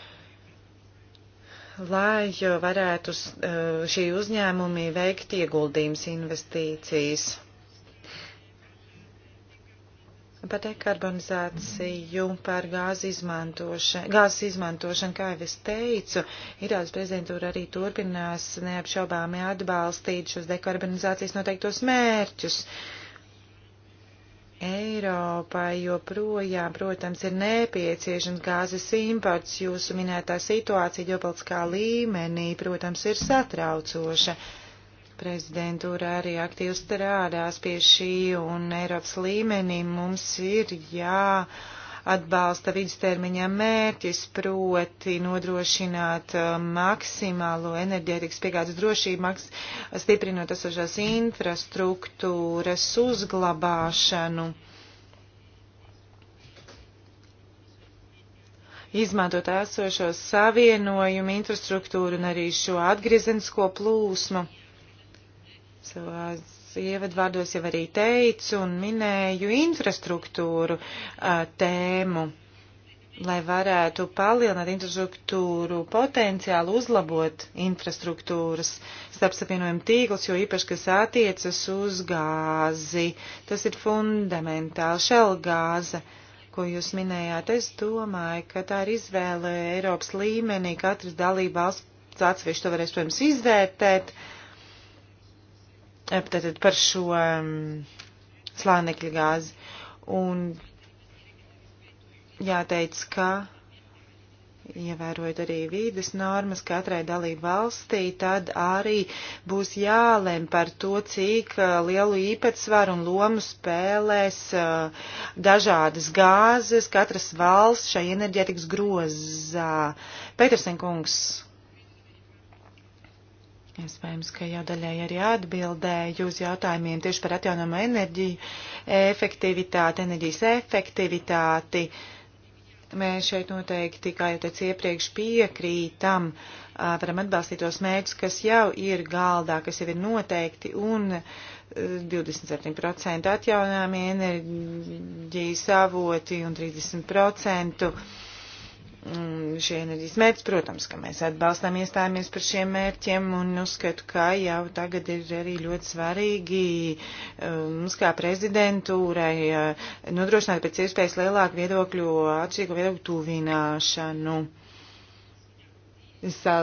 lai varētu eh, šī uzņēmumi veikt ieguldījums investīcijas. Par dekarbonizāciju, par gāzi izmantošanu, gāzes izmantošanu, kā jau es teicu, Irānas prezidentūra arī turpinās neapšaubāmi atbalstīt šos dekarbonizācijas noteiktos mērķus. Uh, Eiropai joprojām, protams, ir nepieciešams gāzes imports. Jūsu minētā situācija ģeopolitiskā līmenī, protams, ir satraucoša. Prezidentūra arī aktīvi strādās pie šī, un Eiropas līmenī mums ir jā. Ja atbalsta vidustermiņā mērķis, proti nodrošināt uh, maksimālo enerģētikas piegādes drošību, maks, stiprinot esošās infrastruktūras uzglabāšanu. izmantot esošo savienojumu, infrastruktūru un arī šo atgriezenisko plūsmu. Savās ievadvārdos jau arī teicu un minēju infrastruktūru uh, tēmu, lai varētu palielināt infrastruktūru potenciālu, uzlabot infrastruktūras starpsavienojumu tīklus, jo īpaši, kas attiecas uz gāzi, tas ir fundamentāli šel gāze. Ko jūs minējāt, es domāju, ka tā ir izvēle Eiropas līmenī, katras dalība valsts atsevišķi to varēs, protams, izvērtēt. Uh, Eh, tātad par šo um, slānekļa gāzi. Un jāteic, ka ievērojot arī vīdes normas katrai dalību valstī, tad arī būs jālem par to, cik eh, lielu īpatsvaru un lomu spēlēs eh, dažādas gāzes katras valsts šai enerģētikas grozā. Petersen kungs Iespējams, ka jau daļai arī atbildēju uz jautājumiem tieši par atjaunumu enerģiju, efektivitāti, enerģijas efektivitāti. Mēs šeit noteikti, kā jau teicu iepriekš, piekrītam, varam atbalstīt tos mērķus, kas jau ir galdā, kas jau ir noteikti, un 27% atjaunāmie enerģijas avoti un 30% Mm, šie enerģijas mērķi, protams, ka mēs atbalstām iestājāmies par šiem mērķiem un uzskatu, ka jau tagad ir arī ļoti svarīgi um, mums kā prezidentūrai uh, nodrošināt pēc iespējas lielāku viedokļu atšķirīgu viedokļu tuvināšanu.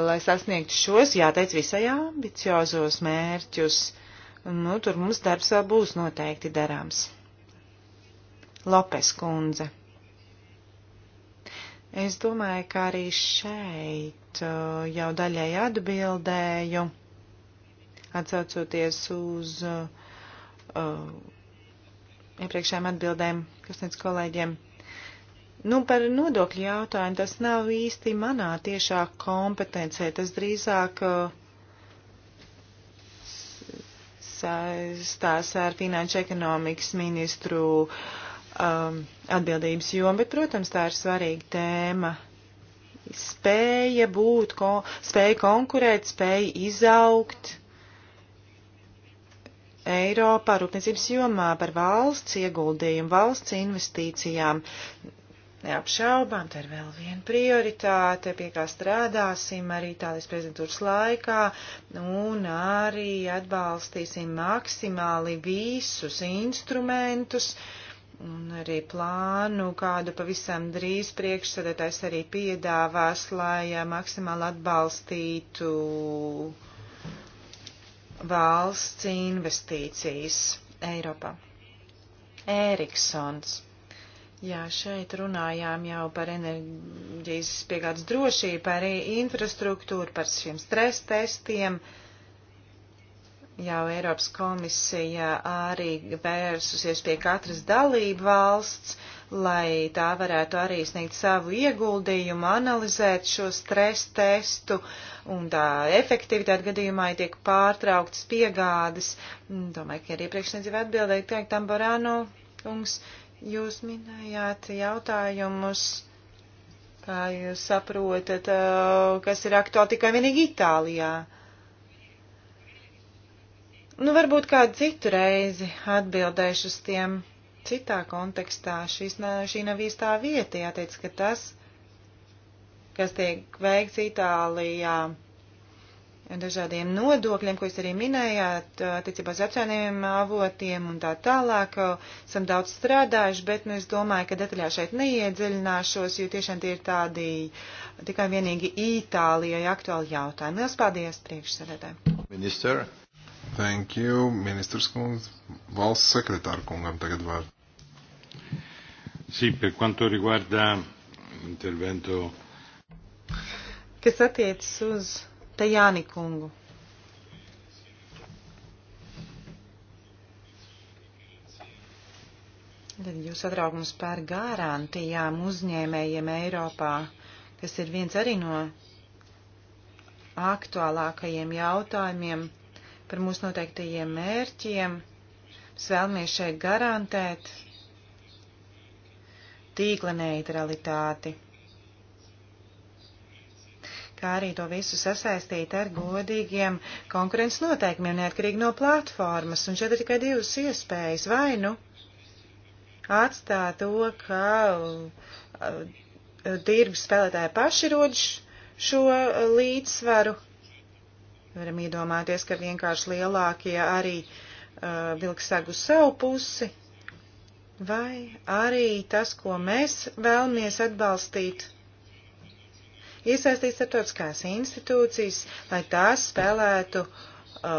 Lai sasniegtu šos, jāteic, visai ambiciozos mērķus, nu, tur mums darbs vēl būs noteikti darāms. Lopes kundze. Es domāju, ka arī šeit uh, jau daļai atbildēju, atsaucoties uz uh, uh iepriekšējām atbildēm, kas nec kolēģiem. Nu, par nodokļu jautājumu tas nav īsti manā tiešā kompetencē, tas drīzāk uh, saistās ar finanšu ekonomikas ministru uh, um, atbildības joma, bet, protams, tā ir svarīga tēma. Spēja būt, ko, spēja konkurēt, spēja izaugt Eiropā rūpniecības jomā par valsts ieguldījumu, valsts investīcijām. Neapšaubām, tā ir vēl viena prioritāte, pie kā strādāsim arī Itālijas prezidentūras laikā, un arī atbalstīsim maksimāli visus instrumentus, uh, Un arī plānu, kādu pavisam drīz priekšsēdētājs arī piedāvās, lai eh, maksimāli atbalstītu valsts investīcijas Eiropā. Eriksons. Jā, šeit runājām jau par enerģijas piegādes drošību, par infrastruktūru, par šiem stres testiem. Uh, jau Eiropas komisija arī vērsusies pie katras dalību valsts, lai tā varētu arī sniegt savu ieguldījumu, analizēt šo stres testu un tā efektivitāte gadījumā ja tiek pārtrauktas piegādes. Mm, domāju, ka arī priekšniecība atbildēja, ka Tamborāno kungs, jūs minējāt jautājumus. Kā jūs saprotat, uh, kas ir aktuāli tikai vienīgi Itālijā? Uh, Nu, varbūt kādu citu reizi atbildēšu uz tiem citā kontekstā. Šis, šī nav īstā vieta, jāteic, ka tas, kas tiek veikts Itālijā dažādiem nodokļiem, ko jūs arī minējāt, attiecībā uz apsainiem avotiem un tā tālāk, esam daudz strādājuši, bet, nu, es domāju, ka detaļā šeit neiedziļināšos, jo tiešām tie ir tādi tikai vienīgi Itālijai aktuāli jautājumi. Lielas paldies priekšsēdētāji! Minister. Thank you, ministrs kundz. Valsts sekretāra kungam tagad var. Sì, per quanto riguarda l'intervento. Kas attiecas uz Tajāni kungu. Tad jūs atraugums par garantijām uzņēmējiem Eiropā, kas ir viens arī no aktuālākajiem jautājumiem par mūsu noteiktajiem mērķiem. Mēs vēlamies šeit garantēt tīkla neutralitāti, kā arī to visu sasaistīt ar godīgiem konkurences noteikumiem, neatkarīgi no platformas. Un šeit ir tikai divas iespējas. Vai nu atstāt to, ka uh, tirgus spēlētāji paši rodž šo uh, līdzsvaru, Varam iedomāties, ka vienkārši lielākie arī uh, vilks segu savu pusi, vai arī tas, ko mēs vēlamies atbalstīt, iesaistīt starptautiskās institūcijas, lai tās spēlētu uh,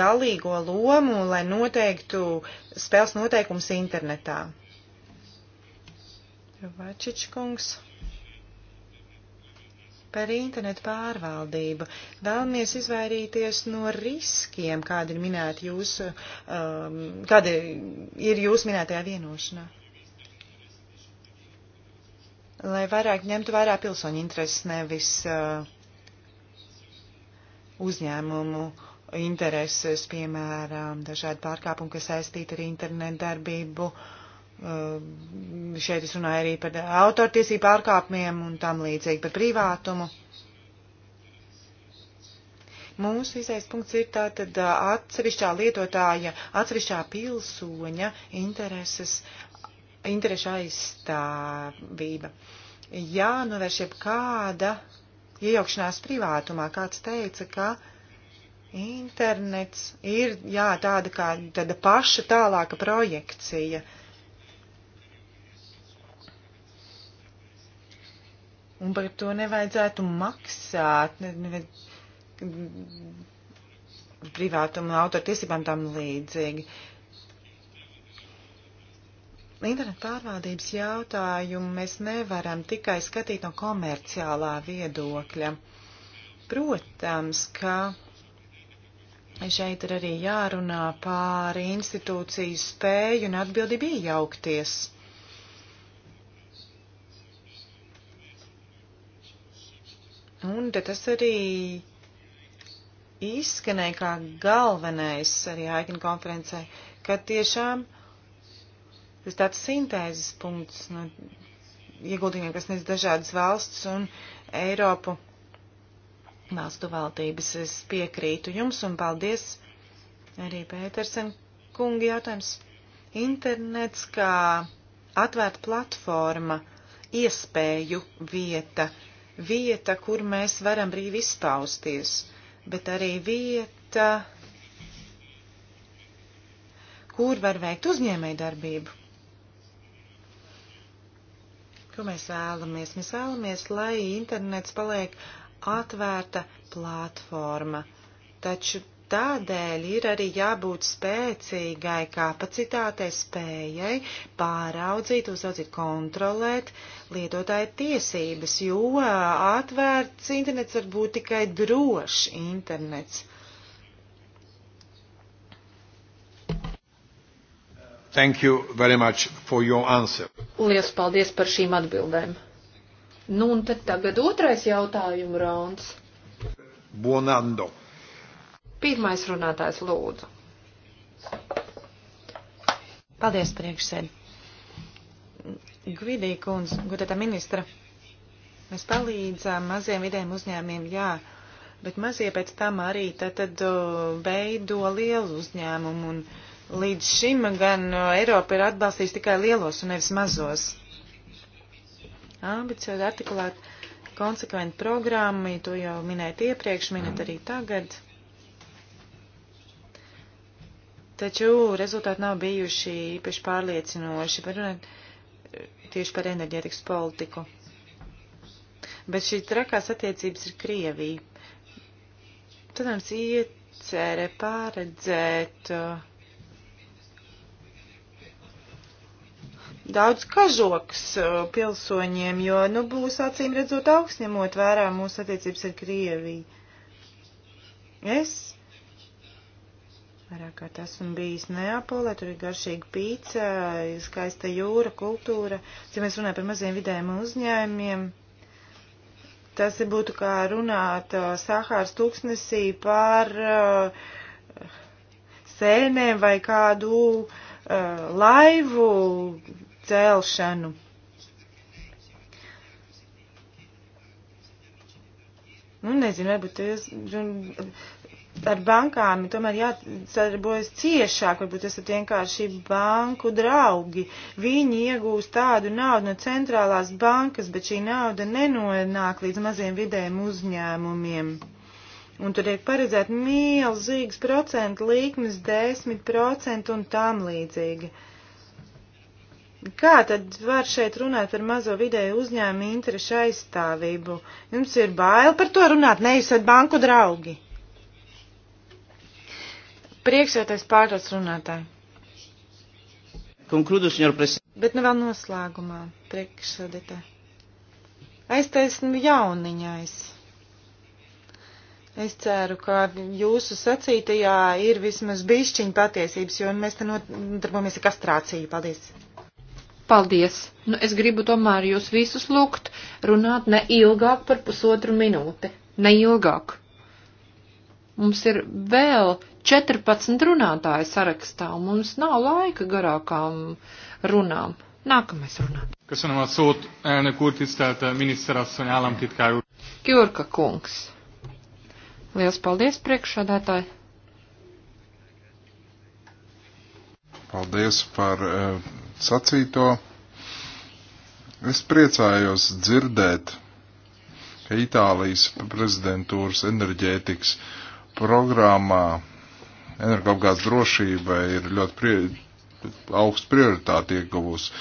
galīgo lomu, lai noteiktu spēles noteikums internetā. Vačičkungs par internetu pārvaldību. Vēlamies izvairīties no riskiem, kādi ir minēti jūs, um, kādi ir jūs minētajā vienošanā. Lai vairāk ņemtu vērā pilsoņu intereses, nevis uh, uzņēmumu intereses, piemēram, dažādi pārkāpumi, kas saistīti ar internetu darbību. Uh, Um, šeit es runāju arī par autortiesību pārkāpumiem un tam līdzīgi par privātumu. Mūsu izais punkts ir tātad uh, atsevišķā lietotāja, atsevišķā pilsoņa intereses, interešu aizstāvība. Jā, novērš nu, jeb kāda iejaukšanās privātumā. Kāds teica, ka internets ir, jā, tāda kā tāda paša tālāka projekcija. Uh, Un par to nevajadzētu maksāt. Ne, ne, privātumu un autortiesībām tam līdzīgi. Internetu pārvaldības jautājumu mēs nevaram tikai skatīt no komerciālā viedokļa. Protams, ka šeit ir arī jārunā pāri institūciju spēju un atbildību iejaukties. Un tas arī izskanēja kā galvenais arī Haigina konferencē, ka tiešām tas tāds sintēzes punkts no ieguldījumiem, kas nes dažādas valsts un Eiropu valstu valdības. Es piekrītu jums un paldies arī Pētersen kungi jautājums. Internets kā atvērta platforma, iespēju vieta vieta, kur mēs varam brīvi izpausties, bet arī vieta, kur var veikt uzņēmēju darbību. Ko mēs vēlamies? Mēs vēlamies, lai internets paliek atvērta platforma, taču Tādēļ ir arī jābūt spēcīgai kapacitātei, spējai pāraudzīt, uzraudzīt, kontrolēt lietotāju tiesības, jo atvērts internets var būt tikai drošs internets. Thank you very much for your answer. Lielas paldies par šīm atbildēm. Nu un tad tagad otrais jautājumu rauns. Buonando. Pirmais runātājs lūdzu. Paldies, priekšsēd. Gvidī kundze, gudētā ministra, mēs palīdzām maziem vidējiem uzņēmiem, jā, bet mazie pēc tam arī tad, tad veido lielu uzņēmumu un līdz šim gan Eiropa ir atbalstījusi tikai lielos un nevis mazos. Ambiciozi artikulēt konsekventi programmi, to jau minēt iepriekš, minēt arī tagad. Taču rezultāti nav bijuši īpaši pārliecinoši, var runāt eh, tieši par enerģētikas politiku. Bet šī trakās attiecības ir Krievija. Tad mums iecerē pārredzēt uh, eh, daudz kažoks eh, pilsoņiem, jo, nu, būs acīm redzot augsts, ņemot vērā mūsu attiecības ar Krieviju. Es Vairāk kā tas esmu bijis Neapolē, tur ir garšīga pīca, skaista jūra, kultūra. Ja mēs runājam par maziem vidējiem uzņēmumiem, tas būtu kā runāt Sahāras tūkstnesī par uh, sēnēm vai kādu uh, laivu celšanu. Nu, nezinu, varbūt jūs ar bankām tomēr jāsadarbojas ciešāk, varbūt esat vienkārši banku draugi. Viņi iegūst tādu naudu no centrālās bankas, bet šī nauda nenonāk līdz maziem vidējiem uzņēmumiem. Un tur ir paredzēt milzīgas procentu likmes, 10% un tam līdzīgi. Kā tad var šeit runāt par mazo vidēju uzņēmumu interešu aizstāvību? Jums ir bail par to runāt, ne jūs esat banku draugi. Priekšsētais pārdots runātāji. Konkludu, senjor prezident. Bet nu vēl noslēgumā, priekšsēdētāji. Aiztaisnu jauniņais. Es ceru, ka jūsu sacītajā ir vismaz bišķiņa patiesības, jo mēs te nodarbojamies ar kastrāciju. Paldies! Paldies! Nu, es gribu tomēr jūs visus lūgt runāt ne ilgāk par pusotru minūti. Ne ilgāk. Mums ir vēl 14 runātāju sarakstā, un mums nav laika garākām runām. Nākamais runāt. Köszönöm a szót, elnök úr, tisztelt miniszterasszony, államtitkár úr. Kjurka kungs. Liels paldies, priekšsādātāji. Paldies par uh, sacīto. Es priecājos dzirdēt, ka Itālijas prezidentūras enerģētikas programmā energoapgādes drošība ir ļoti prie, augstu prioritāti ieguvusi.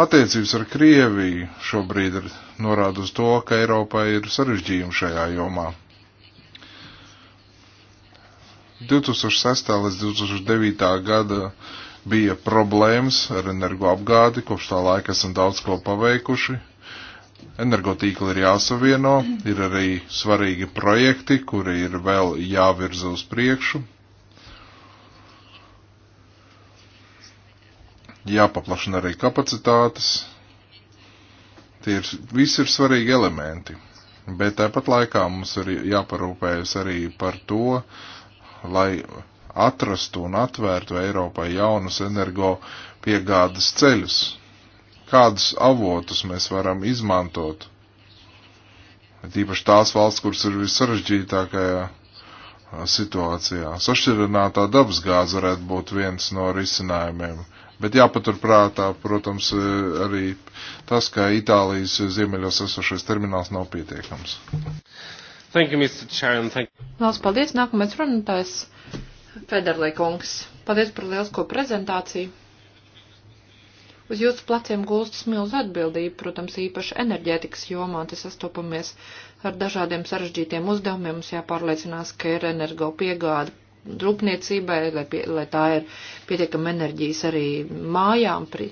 Attiecības ar Krieviju šobrīd ir norāda uz to, ka Eiropā ir sarežģījumi šajā jomā. 2006. līdz 2009. gada bija problēmas ar energoapgādi, kopš tā laika esam daudz ko paveikuši. Energotīkli ir jāsavieno, ir arī svarīgi projekti, kuri ir vēl jāvirza uz priekšu, jāpaplašina arī kapacitātes. Tie ir, visi ir svarīgi elementi, bet tāpat laikā mums ir jāparūpējas arī par to, lai atrastu un atvērtu Eiropai jaunus energo piegādes ceļus, kādus avotus mēs varam izmantot. Tīpaši tās valsts, kuras ir vissarežģītākajā situācijā. Sašķirinātā dabasgāze varētu būt viens no risinājumiem Bet jāpaturprātā, protams, e, arī tas, ka Itālijas ziemeļos esošais termināls nav pietiekams. Thank you, Mr. Chairman. Thank you. Lās, paldies. Nākamais runātājs Federlai kungs. Paldies par lielisko prezentāciju. Uz jūsu pleciem gulstas milz atbildība, protams, īpaši enerģētikas jomā, te sastopamies ar dažādiem sarežģītiem uzdevumiem, mums jāpārliecinās, ka ir energo piegāda rūpniecībai, lai, pie, lai tā ir pietiekama enerģijas arī mājām. Pri,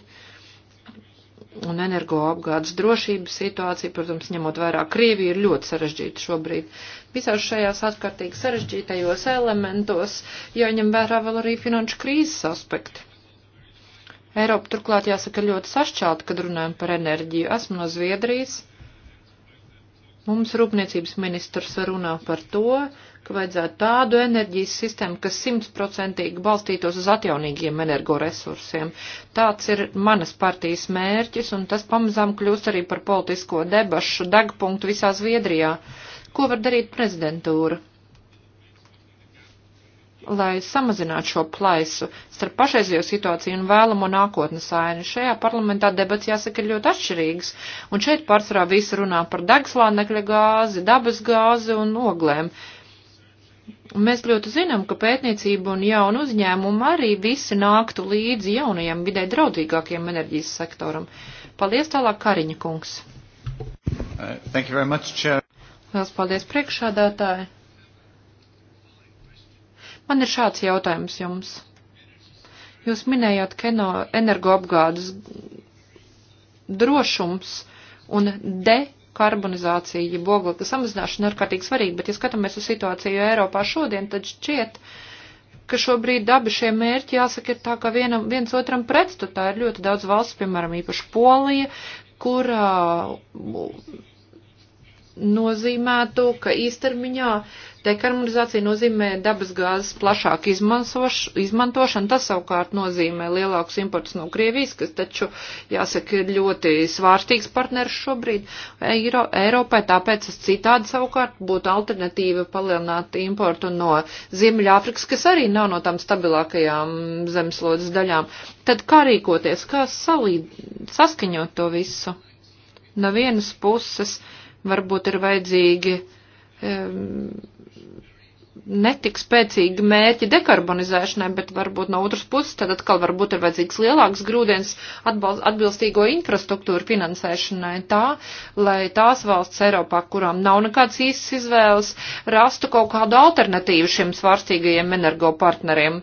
un energoapgādes drošības situācija, protams, ņemot vērā Krieviju, ir ļoti sarežģīta šobrīd. Visās šajās atkārtīgi sarežģītajos elementos jāņem vērā vēl arī finanšu krīzes aspekti. Eiropa turklāt jāsaka ļoti sašķelta, kad runājam par enerģiju. Esmu no Zviedrijas Mums rūpniecības ministrs runā par to, ka vajadzētu tādu enerģijas sistēmu, kas simtprocentīgi balstītos uz atjaunīgiem energoresursiem. Tāds ir manas partijas mērķis, un tas pamazām kļūst arī par politisko debašu degpunktu visā Zviedrijā. Ko var darīt prezidentūra? lai samazinātu šo plaisu starp pašreizējo situāciju un vēlamo nākotnes ainu. Šajā parlamentā debats jāsaka ir ļoti atšķirīgs, un šeit pārsvarā visi runā par degslānekļa gāzi, dabas gāzi un oglēm. Mēs ļoti zinām, ka pētniecība un jaunu uzņēmumu arī visi nāktu līdzi jaunajam vidē draudzīgākiem enerģijas sektoram. Paldies tālāk, Kariņa kungs. Uh, Lielas paldies priekšādātāji. Man ir šāds jautājums jums. Jūs minējāt, ka energoapgādes drošums un dekarbonizācija, boglaka samazināšana ir kārtīgi svarīga, bet, ja skatāmies uz situāciju Eiropā šodien, tad šķiet, ka šobrīd abi šie mērķi, jāsaka, ir tā kā vienam, viens otram pretstatā. Ir ļoti daudz valsts, piemēram, īpaši Polija, kur uh, nozīmētu, ka īstermiņā Dekarmonizācija nozīmē dabas gāzes plašāku izmantošanu, tas savukārt nozīmē lielākus imports no Krievijas, kas taču, jāsaka, ir ļoti svārstīgs partners šobrīd Eiro, Eiropai, tāpēc es citādi savukārt būtu alternatīva palielināt importu no Ziemeļāfrikas, kas arī nav no tām stabilākajām zemeslodes daļām. Tad kā rīkoties, kā salīd, saskaņot to visu? No vienas puses varbūt ir vajadzīgi um, netik spēcīgi mērķi dekarbonizēšanai, bet varbūt no otras puses tad atkal varbūt ir vajadzīgs lielāks grūdienis atbilstīgo infrastruktūru finansēšanai tā, lai tās valsts Eiropā, kurām nav nekāds īsts izvēles, rastu kaut kādu alternatīvu šiem svārstīgajiem energopartneriem.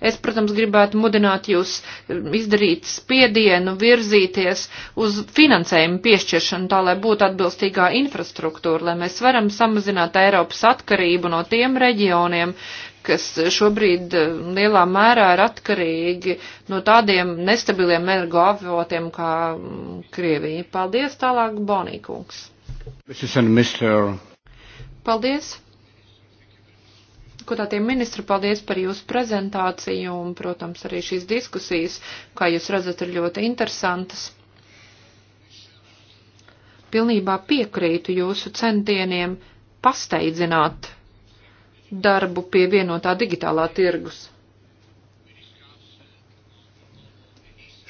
Es, protams, gribētu mudināt jūs eh, izdarīt spiedienu, virzīties uz finansējumu piešķiršanu, tā lai būtu atbilstīgā infrastruktūra, lai mēs varam samazināt Eiropas atkarību no tiem reģioniem, kas šobrīd eh, lielā mērā ir atkarīgi no tādiem nestabiliem energoavotiem kā mm, Krievija. Paldies tālāk, Bonīkungs. Paldies. Kotātie ministri, paldies par jūsu prezentāciju un, protams, arī šīs diskusijas, kā jūs redzat, ir ļoti interesantas. Pilnībā piekrītu jūsu centieniem pasteidzināt darbu pie vienotā digitālā tirgus.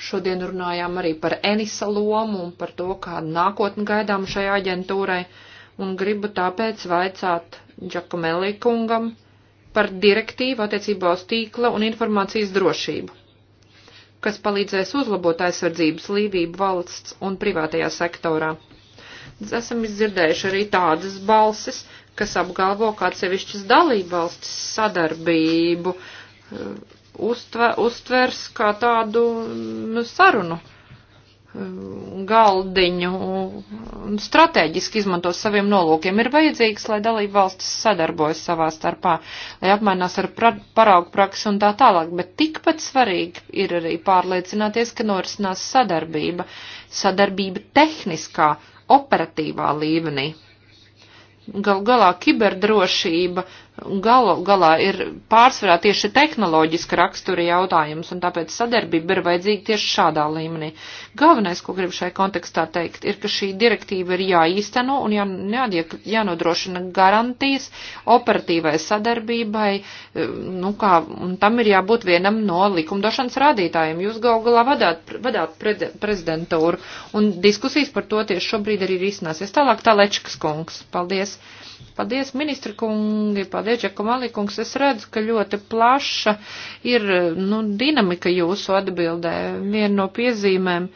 Šodien runājām arī par Enisa lomu un par to, kādu nākotni gaidām šai aģentūrai, un gribu tāpēc vaicāt Džakumelī kungam, par direktīvu attiecībā uz tīkla un informācijas drošību, kas palīdzēs uzlabot aizsardzības līvību valsts un privātajā sektorā. Esam izdzirdējuši arī tādas balsis, kas apgalvo, ka atsevišķas dalība valsts sadarbību uh, uztver, uztvers kā tādu mm, sarunu galdiņu un strateģiski izmanto saviem nolūkiem. Ir vajadzīgs, lai dalība valstis sadarbojas savā starpā, lai apmainās ar pra paraugu praksi un tā tālāk, bet tikpat svarīgi ir arī pārliecināties, ka norisinās sadarbība, sadarbība tehniskā, operatīvā līmenī. Gal galā kiberdrošība Galo, galā ir pārsvarā tieši tehnoloģiska rakstura jautājums, un tāpēc sadarbība ir vajadzīga tieši šādā līmenī. Galvenais, ko gribu šai kontekstā teikt, ir, ka šī direktīva ir jāīsteno un jā, jādiek, jānodrošina garantijas operatīvai sadarbībai, e, nu kā, un tam ir jābūt vienam no likumdošanas rādītājiem. Jūs gal galā vadāt, vadāt pre, prezidentūru, un diskusijas par to tieši šobrīd arī ir izcināsies. Tālāk tā Lečkas kungs. Paldies! Paldies, ministra kungi, paldies, Džeku Malikungs. Es redzu, ka ļoti plaša ir, nu, dinamika jūsu atbildē. Viena no piezīmēm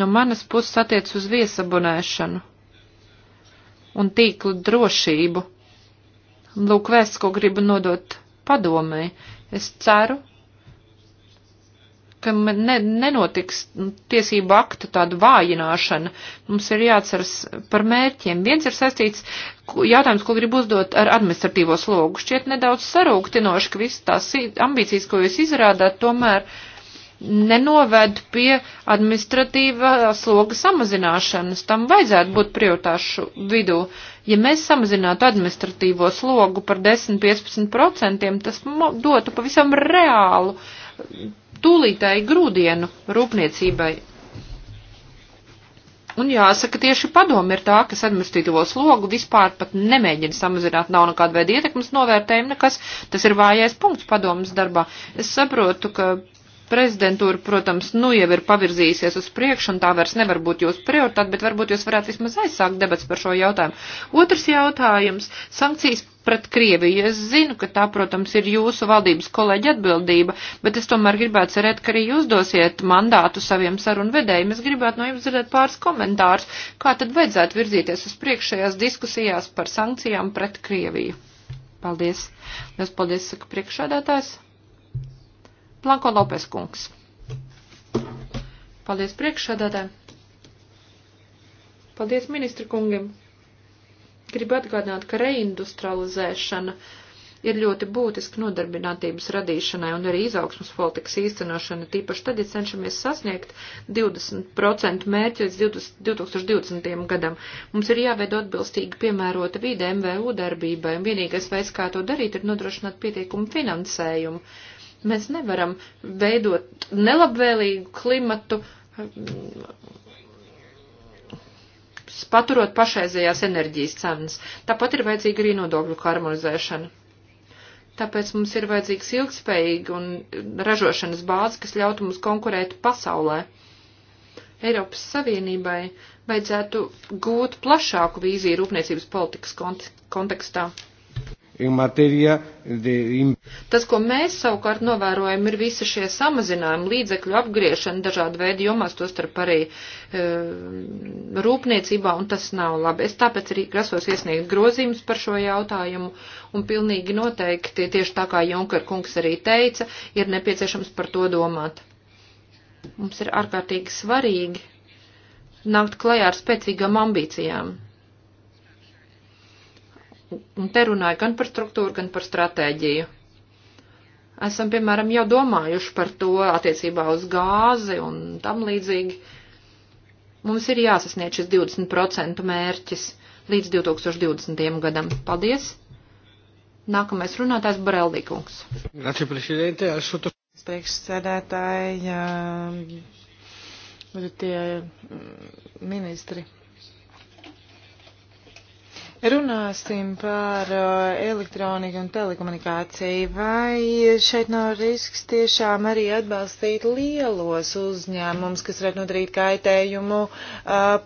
no manas puses attiec uz viesabunēšanu un tīklu drošību. Lūk, vēsts, ko gribu nodot padomē. Es ceru, ka ne, nenotiks tiesību aktu tāda vājināšana. Mums ir jāatceras par mērķiem. Viens ir saistīts jautājums, ko grib uzdot ar administratīvo slogu. Šķiet nedaudz sarūktinoši, ka visas tās ambīcijas, ko jūs izrādāt, tomēr nenoved pie administratīvā sloga samazināšanas. Tam vajadzētu būt prioritāšu vidū. Ja mēs samazinātu administratīvo slogu par 10-15%, tas dotu pavisam reālu uh, tūlītēji grūdienu rūpniecībai. Un jāsaka, tieši padomi ir tā, kas administratīvo slogu vispār pat nemēģina samazināt, nav nekāda veida ietekmes novērtējuma, nekas, tas ir vājais punkts padomas darbā. Es saprotu, ka prezidentūra, protams, nu jau ir pavirzījusies uz priekšu, un tā vairs nevar būt jūsu prioritāte, bet varbūt jūs varētu vismaz aizsākt debats par šo jautājumu. Otrs jautājums - sankcijas pret Krieviju. Es zinu, ka tā, protams, ir jūsu valdības kolēģi atbildība, bet es tomēr gribētu cerēt, ka arī jūs dosiet mandātu saviem sarunvedējiem. Es gribētu no jums dzirdēt pāris komentārus, kā tad vajadzētu virzīties uz priekšējās diskusijās par sankcijām pret Krieviju. Paldies. Mēs paldies, saka priekšādātājs. Planko Lopes kungs. Paldies priekšādātājiem. Paldies ministru kungiem. Gribu atgādināt, ka reindustrializēšana ir ļoti būtiska nodarbinātības radīšanai un arī izaugsmas politikas īstenošana, tīpaši tad, ja cenšamies sasniegt 20% mērķi līdz 20, 2020. gadam. Mums ir jāveido atbilstīgi piemērota vide MVU darbībai, un vienīgais veids, kā to darīt, ir nodrošināt pietiekumu finansējumu. Mēs nevaram veidot nelabvēlīgu klimatu paturot pašreizējās enerģijas cenas. Tāpat ir vajadzīga arī nodokļu harmonizēšana. Tāpēc mums ir vajadzīgs ilgspējīga un ražošanas bāze, kas ļautu mums konkurēt pasaulē. Eiropas Savienībai vajadzētu gūt plašāku vīziju rūpniecības politikas kont kontekstā. De... Tas, ko mēs savukārt novērojam, ir visi šie samazinājumi, līdzekļu apgriešana dažādu veidu jomās, tostarp arī e, rūpniecībā, un tas nav labi. Es tāpēc arī grasos iesniegt grozījumus par šo jautājumu, un pilnīgi noteikti, tieši tā kā Junker kungs arī teica, ir nepieciešams par to domāt. Mums ir ārkārtīgi svarīgi nākt klajā ar spēcīgām ambīcijām un te runāju gan par struktūru, gan par stratēģiju. Esam, piemēram, jau domājuši par to attiecībā uz gāzi un tam līdzīgi. Mums ir jāsasniedz šis 20% mērķis līdz 2020. gadam. Paldies! Nākamais runātājs Barelīkungs. Grazie, prezidente. Esmu priekšsēdētāji, um, tie ministri. Runāsim par uh, elektroniku un telekomunikāciju. Vai šeit nav risks tiešām arī atbalstīt lielos uzņēmumus, kas varētu nodarīt kaitējumu uh,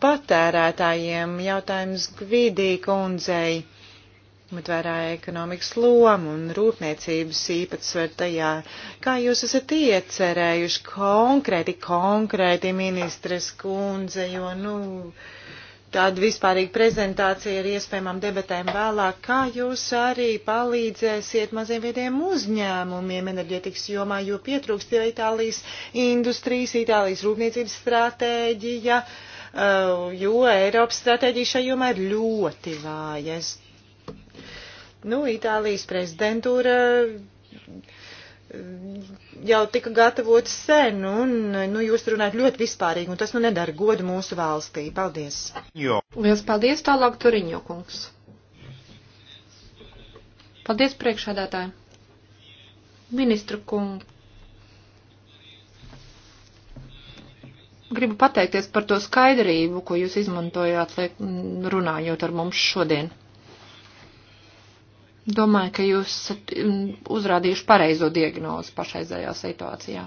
patērētājiem? Jautājums Gvidī kundzei. Bet vērā ekonomikas lomu un rūpniecības īpatsver tajā. Kā jūs esat iecerējuši konkrēti, konkrēti ministres kundze, jo, nu, uh, tāda vispārīga prezentācija ar iespējamām debatēm vēlāk. Kā jūs arī palīdzēsiet maziem viediem uzņēmumiem enerģetikas jomā, jo pietrūkst jau Itālijas industrijas, Itālijas rūpniecības stratēģija, uh, jo Eiropas stratēģija šajā jomā ir ļoti vājas. Nu, Itālijas prezidentūra jau tika gatavots sen, un nu, jūs runājat ļoti vispārīgi, un tas nu nedara godu mūsu valstī. Paldies! Jo. Lielas paldies tālāk Turiņo kungs! Paldies priekšādātāji! Ministru kungu! Gribu pateikties par to skaidrību, ko jūs izmantojāt, lai mm, runājot ar mums šodien. Domāju, ka jūs esat mm, uzrādījuši pareizo diagnozi pašreizējā situācijā.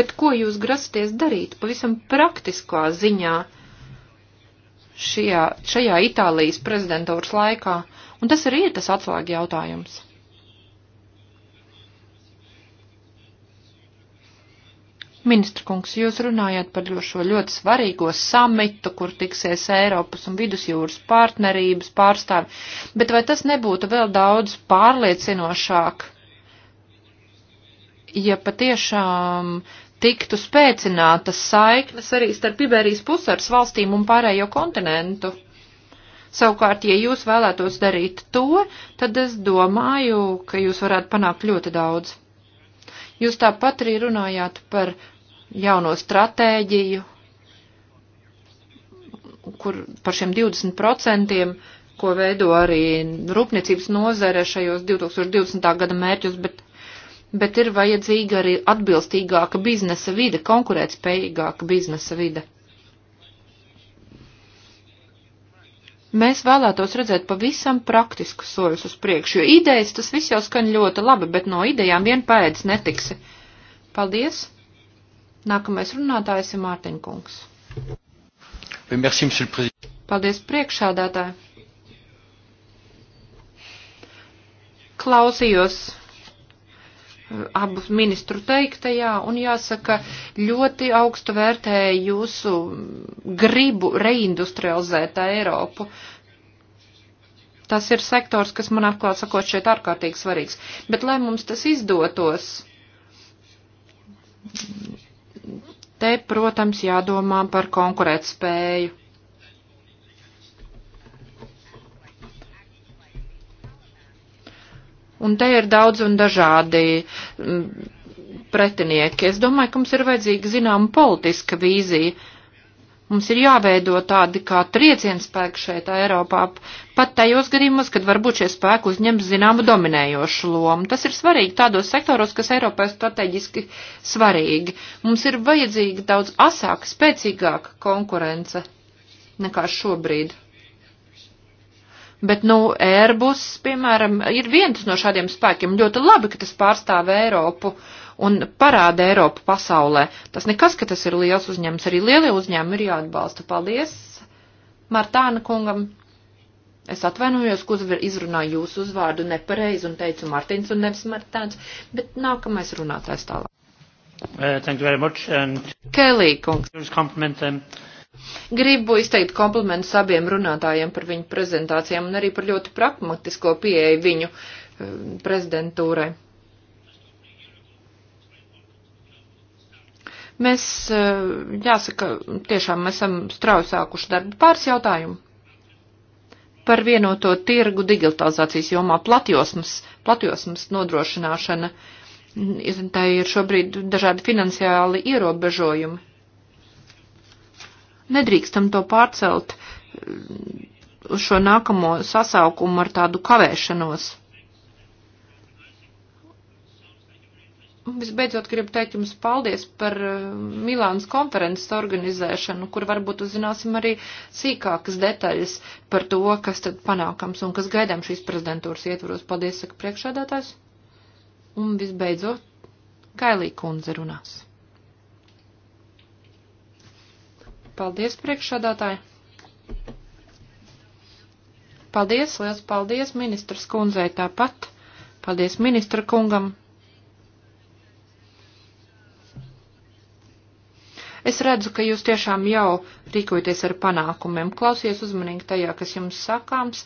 Bet ko jūs grasaties darīt pavisam praktiskā ziņā šajā, šajā Itālijas prezidentūras laikā? Un tas arī ir tas atslēga jautājums. Ministra kungs, jūs runājāt par šo ļoti svarīgo samitu, kur tiksies Eiropas un vidusjūras partnerības pārstāvi, bet vai tas nebūtu vēl daudz pārliecinošāk, ja patiešām tiktu spēcinātas saiknes arī starp Iberijas pusars valstīm un pārējo kontinentu? Savukārt, ja jūs vēlētos darīt to, tad es domāju, ka jūs varētu panākt ļoti daudz. Jūs tāpat arī runājāt par jauno stratēģiju, kur par šiem 20%, ko veido arī rūpniecības nozare šajos 2020. gada mērķus, bet, bet ir vajadzīga arī atbilstīgāka biznesa vide, konkurētspējīgāka biznesa vide. mēs vēlētos redzēt pavisam praktiskus soļus uz priekšu, jo idejas tas viss jau skan ļoti labi, bet no idejām vien pēdas netiksi. Paldies! Nākamais runātājs ir Mārtiņkungs. Paldies priekšādātāji. Klausījos eh, abu ministru teiktajā un jāsaka, ļoti augstu vērtēju jūsu gribu reindustrializēt Eiropu. Tas ir sektors, kas man atklāt sakot šeit ārkārtīgi svarīgs. Bet lai mums tas izdotos, te, protams, jādomā par konkurētspēju. Un te ir daudz un dažādi mm, pretinieki. Es domāju, ka mums ir vajadzīga zināma politiska vīzija Mums ir jāveido tādi kā triecienspēki šeit Eiropā, pat tajos gadījumos, kad varbūt šie spēki uzņem zināmu dominējošu lomu. Tas ir svarīgi tādos sektoros, kas Eiropā ir strateģiski svarīgi. Mums ir vajadzīga daudz asāka, spēcīgāka konkurence nekā šobrīd. Bet, nu, Airbus, piemēram, ir viens no šādiem spēkiem. Ļoti labi, ka tas pārstāv Eiropu. Uh, un parāda Eiropu pasaulē. Tas nekas, ka tas ir liels uzņēmums, arī lielie uzņēmumi ir jāatbalsta. Paldies Martāna kungam. Es atvainojos, ka izrunāju jūsu uzvārdu nepareizi un teicu Martins un nevis Martāns, bet nākamais runātājs tālāk. Uh, thank you very much. And... Kelly kungs. Um, Gribu izteikt komplimentus abiem runātājiem par viņu prezentācijām un arī par ļoti pragmatisko pieeju viņu um, prezidentūrai. Mēs, e, jāsaka, tiešām esam strauji sākuši darbu pāris jautājumu par vienoto tirgu digitalizācijas jomā platjosmas, platjosmas nodrošināšana. Tā ir šobrīd dažādi finansiāli ierobežojumi. Nedrīkstam to pārcelt e, uz šo nākamo sasaukumu ar tādu kavēšanos. Visbeidzot, gribu teikt jums paldies par eh, Milānas konferences organizēšanu, kur varbūt uzzināsim arī sīkākas detaļas par to, kas tad panākams un kas gaidām šīs prezidentūras ietvaros. Paldies, saka priekšādātājs. Un visbeidzot, Kailī kundze runās. Paldies, priekšādātāji. Paldies, liels paldies ministras kundzei tāpat. Paldies ministra kungam Es redzu, ka jūs tiešām jau rīkojaties ar panākumiem. Klausies uzmanīgi tajā, kas jums sakāms.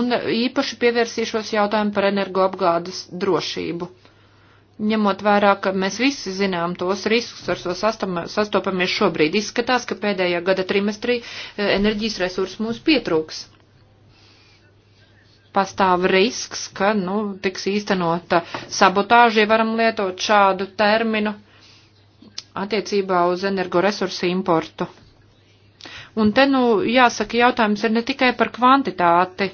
Un īpaši pievērsīšos jautājumu par energoapgādes drošību. Ņemot vērā, ka mēs visi zinām tos riskus, ar ko sastopamies šobrīd, izskatās, ka pēdējā gada trimestrī eh, enerģijas resursu mums pietrūks. Pastāv risks, ka, nu, tiks īstenota sabotāži, ja varam lietot šādu terminu, attiecībā uz energoresursu importu. Un te, nu, jāsaka, jautājums ir ne tikai par kvantitāti.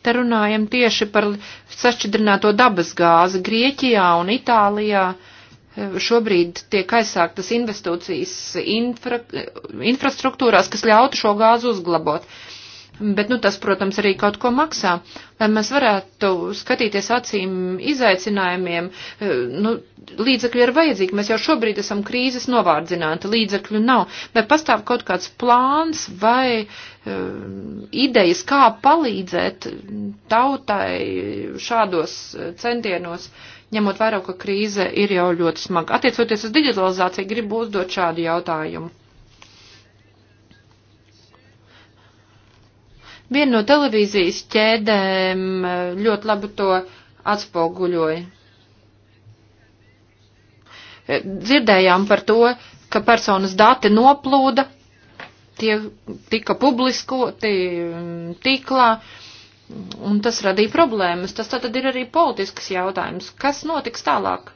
Te runājam tieši par sašķidrināto dabas gāzi Grieķijā un Itālijā. Šobrīd tiek aizsāktas investīcijas infra, infrastruktūrās, kas ļautu šo gāzu uzglabot. Uh, bet, nu, tas, protams, arī kaut ko maksā. Lai mēs varētu skatīties acīm izaicinājumiem, e, nu, līdzekļi ir vajadzīgi. Mēs jau šobrīd esam krīzes novārdzināti, līdzekļu nav. Vai pastāv kaut kāds plāns vai e, idejas, kā palīdzēt tautai šādos e, centienos? ņemot vairāk, ka krīze ir jau ļoti smaga. Attiecoties uz digitalizāciju, gribu uzdot šādu jautājumu. Viena no televīzijas ķēdēm eh, ļoti labi to atspoguļoja. Eh, dzirdējām par to, ka personas dati noplūda, tie tika publiskoti mm, tīklā, un tas radīja problēmas. Tas tad ir arī politisks jautājums. Kas notiks tālāk?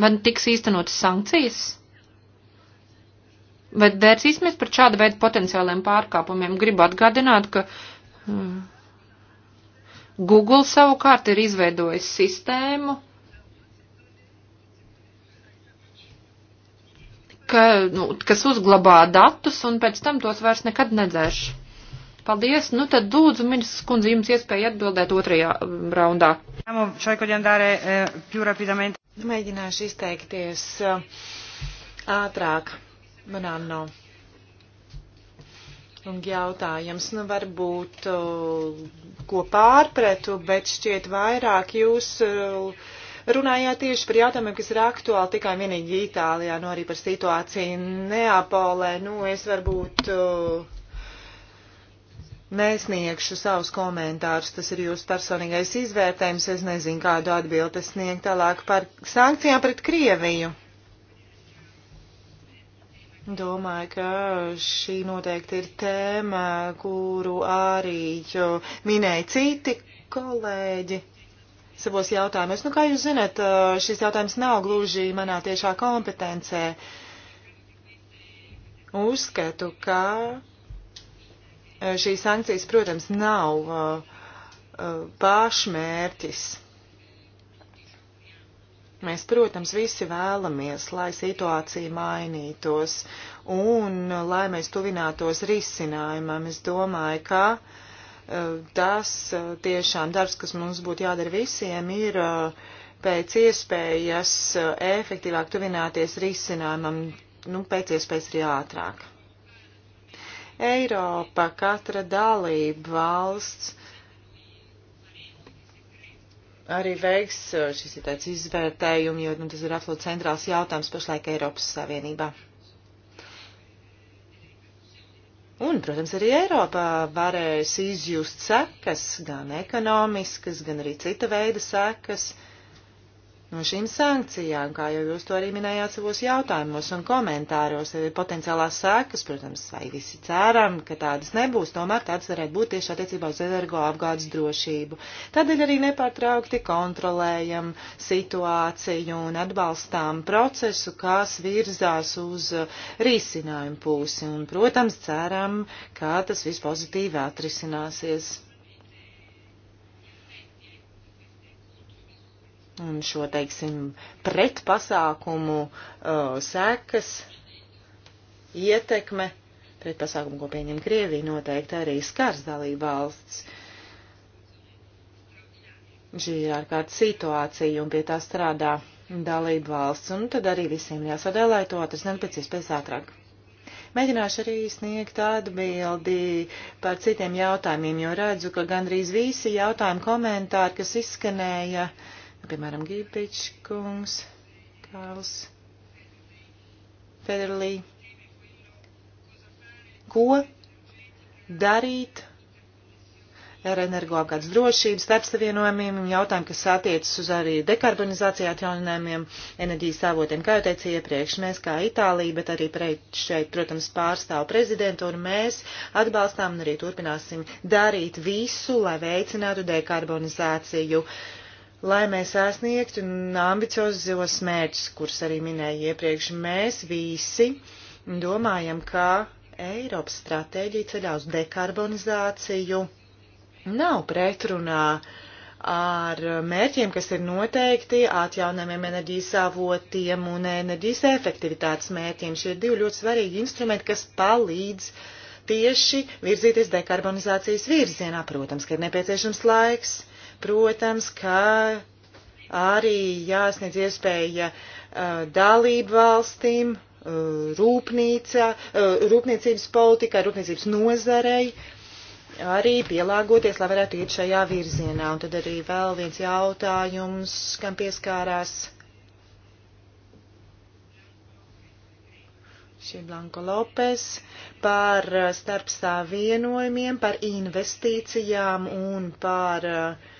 Vai tiks īstenotas sankcijas? Bet vērsīsimies par šādu veidu potenciāliem pārkāpumiem. Gribu atgādināt, ka mm, Google savukārt ir izveidojis sistēmu, ka, nu, kas uzglabā datus un pēc tam tos vairs nekad nedzēš. Paldies. Nu tad lūdzu, ministrs kundze, jums iespēja atbildēt otrajā mm, raundā. Eh, Mēģināšu izteikties eh, ātrāk. Uh, manām nav. Un jautājums, nu varbūt uh, ko pārpretu, bet šķiet vairāk jūs uh, runājāt tieši par jautājumiem, kas ir aktuāli tikai vienīgi Itālijā, nu arī par situāciju Neapolē. Nu, es varbūt uh, nesniegšu savus komentārus, tas ir jūsu personīgais izvērtējums, es nezinu, kādu atbildi sniegt tālāk par sankcijām pret Krieviju. Domāju, ka šī noteikti ir tēma, kuru arī minēja citi kolēģi savos jautājumos. Nu, kā jūs zinat, šis jautājums nav gluži manā tiešā kompetencē. Uzskatu, ka šīs sankcijas, protams, nav uh, uh, pašmērķis. Mēs, protams, visi vēlamies, lai situācija mainītos un lai mēs tuvinātos risinājumam. Es domāju, ka uh, tas uh, tiešām darbs, kas mums būtu jādara visiem, ir uh, pēc iespējas efektīvāk tuvināties risinājumam, nu, pēc iespējas arī ātrāk. Eiropa, katra dalība valsts arī veiks uh, šis ir tāds izvērtējums, jo nu, tas ir absolūti centrāls jautājums pašlaik Eiropas Savienībā. Un, protams, arī Eiropā varēs izjust sekas, gan ekonomiskas, gan arī cita veida sekas. Uh, no šīm sankcijām, kā jau jūs to arī minējāt savos jautājumos un komentāros, ir e, potenciālās sekas, protams, vai visi ceram, ka tādas nebūs, tomēr tādas varētu būt tieši attiecībā uz energo apgādes drošību. Tādēļ arī nepārtraukti kontrolējam situāciju un atbalstām procesu, kas virzās uz risinājumu pusi, un, protams, ceram, ka tas viss pozitīvi atrisināsies. un šo, teiksim, pretpasākumu uh, sekas ietekme, pretpasākumu, ko pieņem Krievija, noteikti arī skars dalību valsts. Šī ir ārkārtas situācija un pie tā strādā dalību valsts, un tad arī visiem jāsadēlē, lai to atrisināt pēc iespējas ātrāk. Mēģināšu arī sniegt atbildi par citiem jautājumiem, jo redzu, ka gandrīz visi jautājumi, komentāri, kas izskanēja, uh, piemēram, Gībičs kungs, Kārls, Federlī. Ko darīt ar energoapgādes drošību, starpsavienojumiem, jautājumi, kas attiecas uz arī dekarbonizāciju atjauninājumiem, enerģijas avotiem. Kā jau teicu iepriekš, mēs kā Itālija, bet arī šeit, protams, pārstāv prezidentu, un mēs atbalstām un arī turpināsim darīt visu, lai veicinātu dekarbonizāciju. Uh, lai mēs sasniegtu ambiciozos mērķus, kurus arī minēju iepriekš. Mēs visi domājam, ka Eiropas stratēģija ceļā uz dekarbonizāciju nav pretrunā ar mērķiem, kas ir noteikti atjaunamiem enerģijas avotiem un enerģijas efektivitātes mērķiem. Šie ir divi ļoti svarīgi instrumenti, kas palīdz tieši virzīties dekarbonizācijas virzienā. Protams, ka ir nepieciešams laiks. Uh, Protams, ka arī jāsniedz iespēja dalību valstīm, rūpnīca, rūpniecības politikai, rūpniecības nozarei arī pielāgoties, lai varētu iet šajā virzienā. Un tad arī vēl viens jautājums, kam pieskārās šī Blanko Lopes par starpstāvienojumiem, par investīcijām un par uh,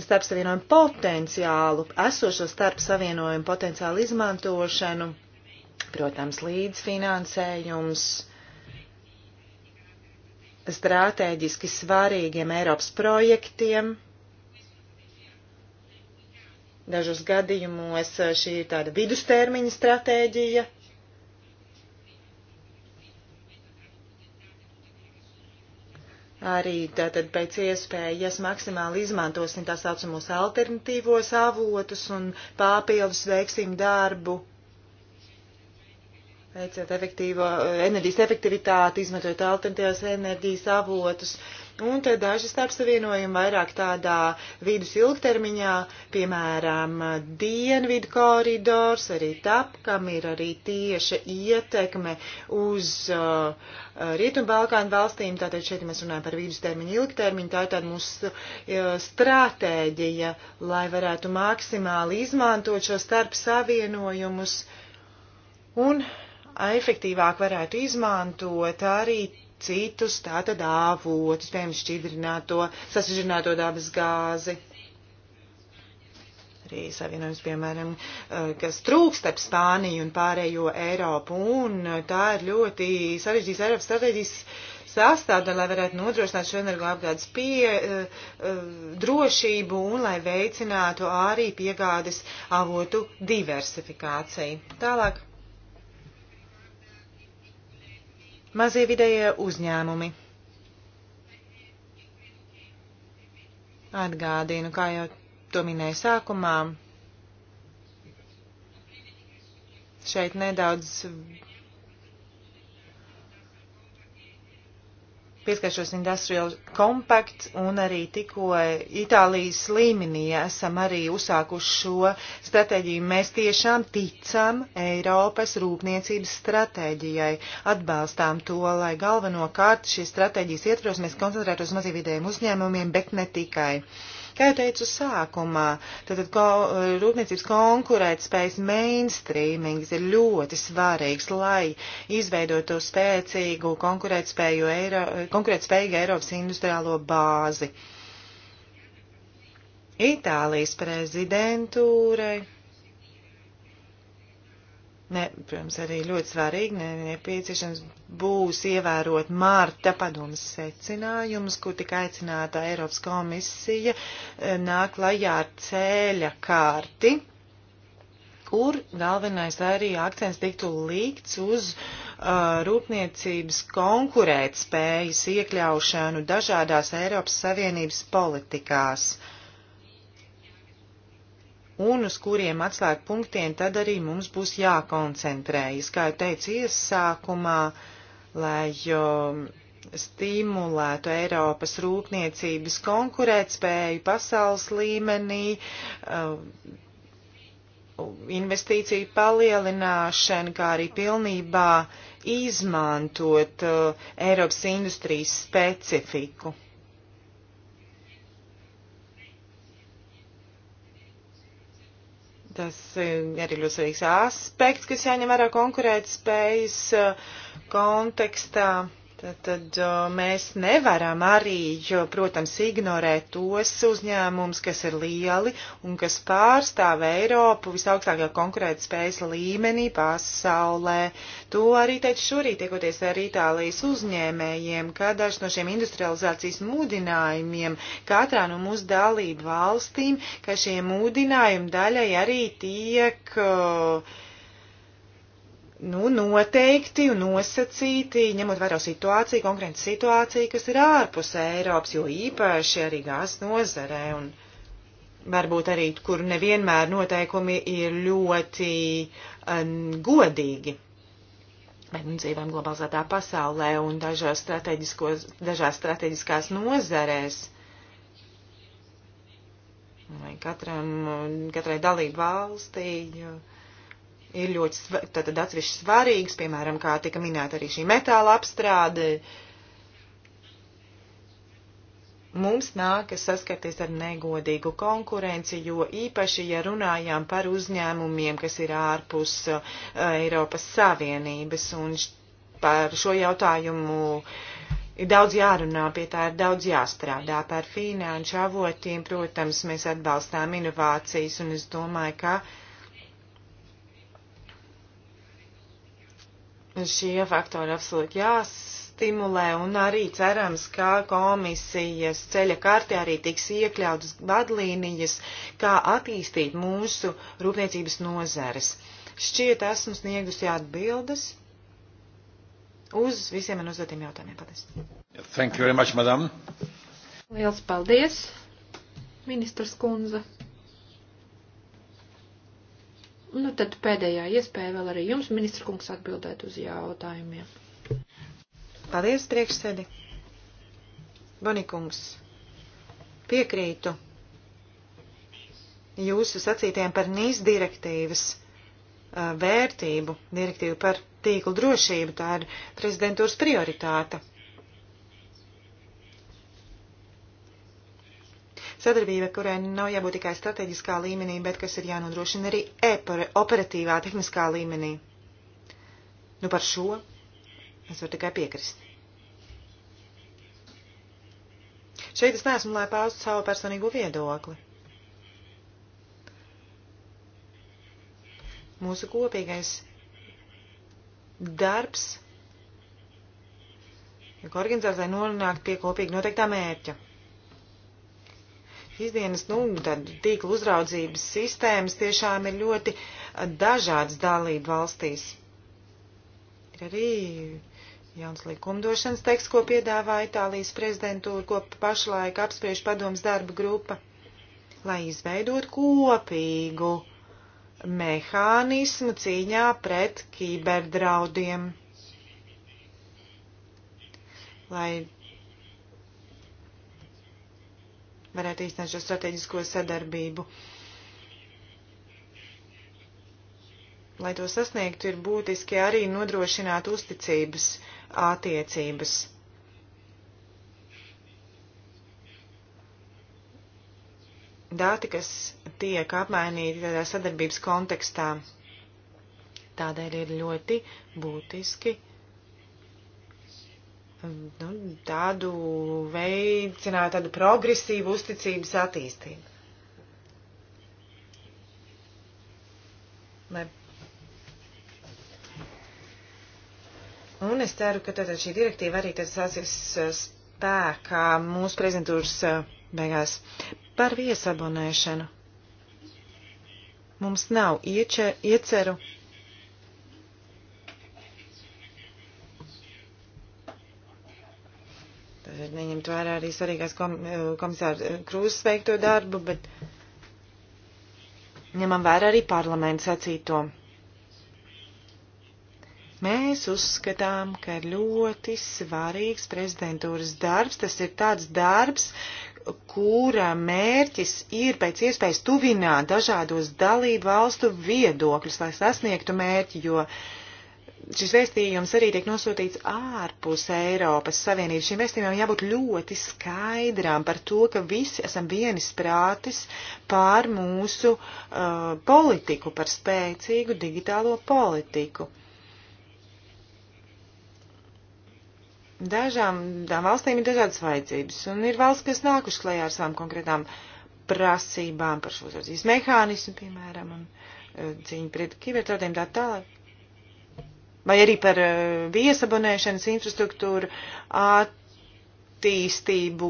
starp savienojumu potenciālu, esošo starp savienojumu potenciālu izmantošanu, protams, līdzfinansējums stratēģiski svarīgiem Eiropas projektiem. Dažos gadījumos šī ir tāda vidustermiņa stratēģija, arī tātad pēc iespējas maksimāli izmantosim tā saucamos alternatīvos avotus un pāpildus veiksim darbu, veicot efektīvo eh, enerģijas efektivitāti, izmantojot alternatīvos enerģijas avotus. Uh, Un tad daži starpsavienojumi vairāk tādā vidus ilgtermiņā, piemēram, dienvidu koridors, arī tap, kam ir arī tieša ietekme uz uh, Rietumbalkānu valstīm. Tātad šeit mēs runājam par vidus termiņu ilgtermiņu. Tā ir tāda mūsu uh, stratēģija, lai varētu maksimāli izmantot šo starpsavienojumus un efektīvāk varētu izmantot arī citus tātad avotus, piemēram, šķidrināto, sasažģināto dabas gāzi. Arī savienojums, piemēram, eh, kas trūkst ap Spāniju un pārējo Eiropu, un eh, tā ir ļoti sarežģīta Eiropas stratēģijas sastāvda, lai varētu nodrošināt šo energoapgādes pie uh, uh, drošību un lai veicinātu arī piegādes avotu diversifikāciju. Tālāk. Mazie vidējie uzņēmumi. Atgādīnu, kā jau to minēju sākumā, šeit nedaudz pieskaršos Industrial Compact un arī tikko Itālijas līmenī esam arī uzsākuši šo stratēģiju. Mēs tiešām ticam Eiropas rūpniecības stratēģijai, atbalstām to, lai galvenokārt šīs stratēģijas ietvaros mēs koncentrētos uz mazīvidējiem uzņēmumiem, bet ne tikai. Uh, Kā jau teicu sākumā, tad ko, rūpniecības konkurētspējas mainstreamings ir ļoti svarīgs, lai izveidotu spēcīgu konkurētspēju Eiro, konkurētspējīgu Eiropas industriālo bāzi. Itālijas prezidentūrai Ne, protams, arī ļoti svarīgi ne, nepieciešams būs ievērot Mārta padomas secinājumus, kur tika aicināta Eiropas komisija eh, nāk lajā ar ceļa kārti, kur galvenais arī akcents tiktu likts uz uh, rūpniecības konkurētspējas iekļaušanu dažādās Eiropas Savienības politikās. Uh, un uz kuriem atslēg punktiem tad arī mums būs jākoncentrējas. Kā jau teicu iesākumā, lai um, stimulētu Eiropas rūpniecības konkurētspēju pasaules līmenī, uh, investīciju palielināšanu, kā arī pilnībā izmantot uh, Eiropas industrijas specifiku. Tas arī ļoti svarīgs aspekts, kas jāņem vērā konkurētspējas uh, kontekstā. Tad, tad uh, mēs nevaram arī, jo, protams, ignorēt tos uzņēmumus, kas ir lieli un kas pārstāv Eiropu visaugstākajā konkurētspējas līmenī pasaulē. To arī teicu šorīt, tiekoties ar Itālijas uzņēmējiem, ka dažs no šiem industrializācijas mūdinājumiem katrā no mūsu dalību valstīm, ka šie mūdinājumi daļai arī tiek. Uh, nu, noteikti un nosacīti, ņemot vērā situāciju, konkrēta situācija, kas ir ārpus Eiropas, jo īpaši arī gāzes nozarē un varbūt arī, kur nevienmēr noteikumi ir ļoti um, godīgi. Bet nu, dzīvojam globalizētā pasaulē un dažās, dažās strateģiskās nozarēs. Vai katram, katrai dalību valstī. Jo ir ļoti tātad atsevišķi svarīgas, piemēram, kā tika minēta arī šī metāla apstrāde. Mums nākas saskarties ar negodīgu konkurenci, jo īpaši, ja runājām par uzņēmumiem, kas ir ārpus uh, Eiropas Savienības, un par šo jautājumu ir daudz jārunā, pie tā ir daudz jāstrādā. Par finanšu avotiem, protams, mēs atbalstām inovācijas, un es domāju, ka uh, Šie faktori absolūti jāstimulē un arī cerams, ka komisijas ceļa kārtē arī tiks iekļautas vadlīnijas, kā attīstīt mūsu rūpniecības nozares. Šķiet, esmu sniegusi atbildes uz visiem man uzdotiem jautājumiem. Paldies. Thank you very much, madam. Liels paldies, ministrs Kunze. Nu, tad pēdējā iespēja vēl arī jums, ministra kungs, atbildēt uz jautājumiem. Paldies, priekšsēdi. Bonikungs, piekrītu jūsu sacītiem par NIS direktīvas vērtību, direktīvu par tīklu drošību. Tā ir prezidentūras prioritāte. sadarbība, kurai nav jābūt tikai strateģiskā līmenī, bet kas ir jānodrošina arī e operatīvā, tehniskā līmenī. Nu par šo es varu tikai piekrist. Šeit es neesmu, lai paustu savu personīgo viedokli. Mūsu kopīgais darbs, ja organizācijai nonākt pie kopīgi noteiktā mērķa. Šīsdienas nu, tīkla uzraudzības sistēmas tiešām ir ļoti dažādas dalību valstīs. Ir arī jauns likumdošanas teksts, ko piedāvā Itālijas prezidentūra, ko pašlaik apspriež padoms darba grupa, lai izveidot kopīgu mehānismu cīņā pret kiberdraudiem. Lai varētu īstenot šo strateģisko sadarbību. Lai to sasniegtu, ir būtiski arī nodrošināt uzticības attiecības. Dati, kas tiek apmainīti tādā sadarbības kontekstā, tādēļ ir ļoti būtiski nu, tādu veicināt tādu progresīvu uzticības attīstību. Lai. Un es ceru, ka tātad šī direktīva arī tas sāksies uh, spēkā mūsu prezentūras uh, beigās par viesabonēšanu. Mums nav ieče, ieceru neņemt vērā arī svarīgās eh, komisāra eh, Krūzes veikto darbu, bet ņemam vērā arī parlamentu sacīto. Mēs uzskatām, ka ir ļoti svarīgs prezidentūras darbs. Tas ir tāds darbs, kura mērķis ir pēc iespējas tuvināt dažādos dalību valstu viedokļus, lai sasniegtu mērķi, jo uh, šis vēstījums arī tiek nosūtīts ārpus Eiropas Savienības. Šiem vēstījumiem jābūt ļoti skaidrām par to, ka visi esam vienis prātis pār mūsu uh, politiku, par spēcīgu digitālo politiku. Dažām valstīm ir dažādas vajadzības, un ir valsts, kas nākuši klajā ar savām konkrētām prasībām par šo uzraudzības mehānismu, piemēram, un uh, cīņu pret kibertraudiem tā tālāk vai arī par eh, viesabonēšanas infrastruktūru attīstību,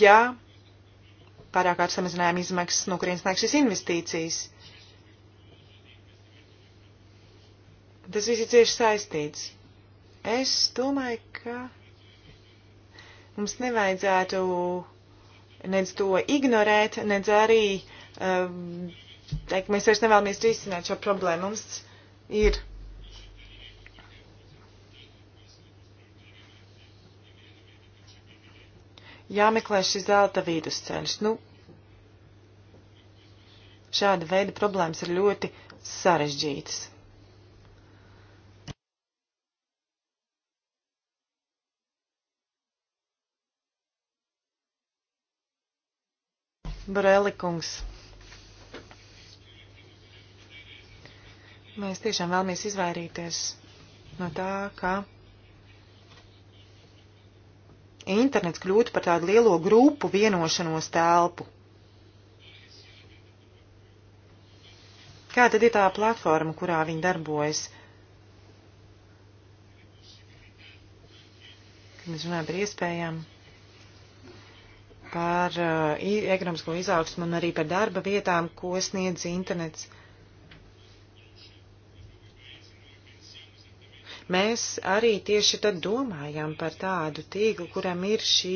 ja pārāk ar samazinājumu izmaksas, no kurienes nāk šīs investīcijas. Tas viss ir cieši saistīts. Es domāju, ka mums nevajadzētu nedz to ignorēt, nedz arī, um, teikt, mēs vairs nevēlamies risināt šo problēmu. Mums ir jāmeklē šis zelta vidusceļš. Nu, šāda veida problēmas ir ļoti sarežģītas. Borelikungs. Mēs tiešām vēlamies izvairīties no tā, ka internets kļūtu par tādu lielo grupu vienošanos telpu. Kā tad ir tā platforma, kurā viņi darbojas? Kad mēs runājam par iespējām, par uh, ekonomisko izaugsmu un arī par darba vietām, ko sniedz internets. Uh, Mēs arī tieši tad domājam par tādu tīklu, kuram ir šī.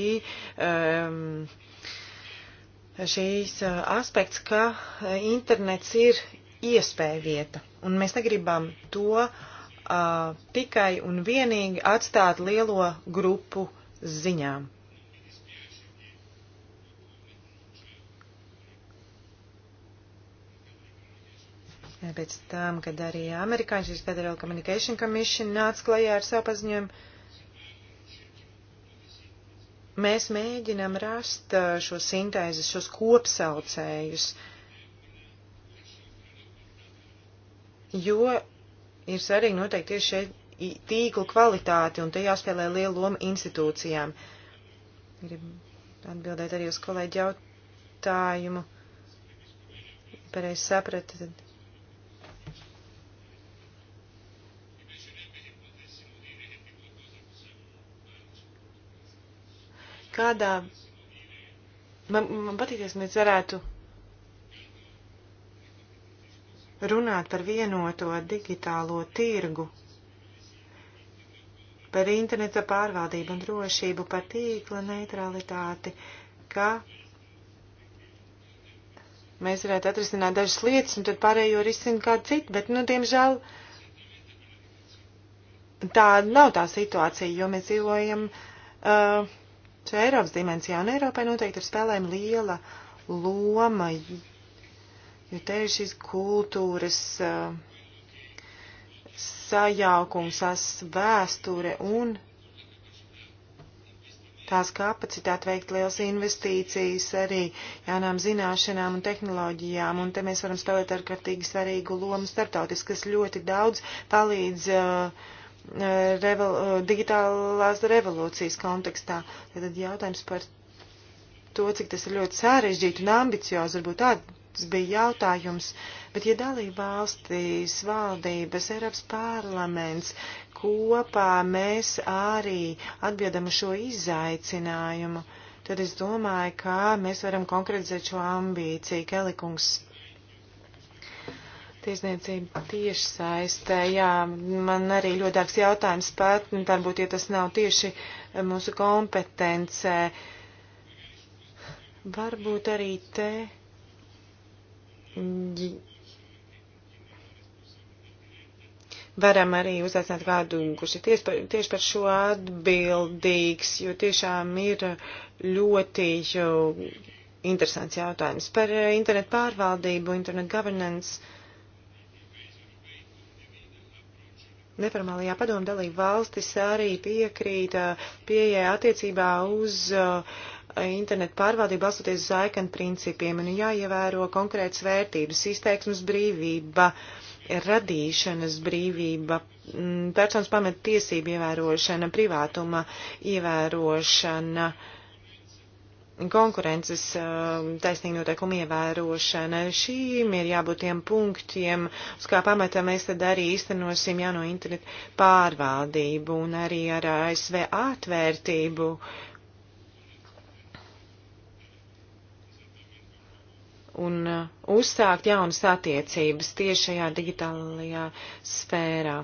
Um, Šīs e, aspekts, ka internets ir iespēja vieta, un mēs negribam to uh, tikai un vienīgi atstāt lielo grupu ziņām. Pēc tam, kad arī Amerikāņu Federal Communication Commission nāca klajā ar savu paziņojumu, mēs mēģinam rast uh, šo sintēzes, šos kopsaucējus, jo ir svarīgi noteikti tieši šeit tīklu kvalitāti, un te jāspēlē liela loma institūcijām. Gribu atbildēt arī uz kolēģi jautājumu. Pareizi sapratu, tad kādā. Man, man patīk, ja mēs varētu runāt par vienoto digitālo tirgu, par interneta pārvaldību un drošību, par tīkla neutralitāti, ka mēs varētu atrisināt dažas lietas un tad pārējo risina kāda cita, bet, nu, diemžēl tā nav tā situācija, jo mēs dzīvojam uh, Šajā Eiropas dimensijā un Eiropai noteikti ir spēlēm liela loma, jo te ir šis kultūras uh, sajaukums, tās vēsture un tās kapacitāte veikt liels investīcijas arī jaunām zināšanām un tehnoloģijām, un te mēs varam spēlēt ar kārtīgi svarīgu lomu starptautiskas ļoti daudz palīdz uh, Eh, revol, eh, digitālās revolūcijas kontekstā. Tad jautājums par to, cik tas ir ļoti sarežģīti un ambiciozi, varbūt tāds bija jautājums. Bet ja dalība valstīs, valdības, Eiropas parlaments kopā mēs arī atbildam uz šo izaicinājumu, tad es domāju, kā mēs varam konkretizēt šo ambīciju. Kelikungs Tiesniecība tieši saistē, jā, man arī ļoti dārgs jautājums pat, nu, varbūt, ja tas nav tieši mūsu kompetencē, varbūt arī te varam arī uzaicināt kādu, kurš ir tieši par, tieši par šo atbildīgs, jo tiešām ir ļoti jo, interesants jautājums par internetu pārvaldību, internetu governance. Neformālajā padomu dalību valstis arī piekrīta pieejai attiecībā uz internetu pārvaldību balstoties uz aikanu principiem un jāievēro konkrētas vērtības, izteiksmes brīvība, radīšanas brīvība, personas pamata tiesība ievērošana, privātuma ievērošana. Uh, konkurences ehm, taisnīgi noteikumu ievērošana. Šīm ir jābūt tiem punktiem, uz kā pamatā mēs tad arī īstenosim jauno internetu pārvaldību un arī ar ASV atvērtību. Un eh, uzsākt jaunas attiecības tieši šajā digitālajā sfērā.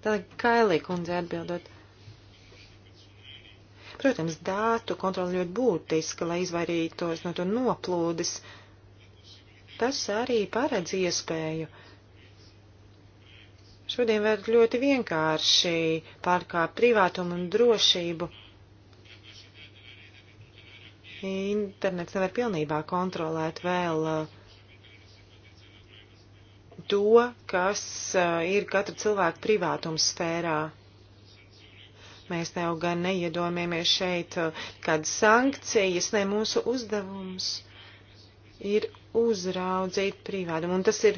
Tālāk Kailī kundze atbildot. Protams, dātu kontrola ļoti būtiska, lai izvairītos no to noplūdes. Tas arī paredz iespēju. Šodien var ļoti vienkārši pārkāpt privātumu un drošību. Internets nevar pilnībā kontrolēt vēl uh, to, kas uh, ir katra cilvēka privātums sfērā. Mēs tev gan neiedomājamies šeit uh, kādas sankcijas, ne mūsu uzdevums ir uzraudzīt privātumu. Un tas ir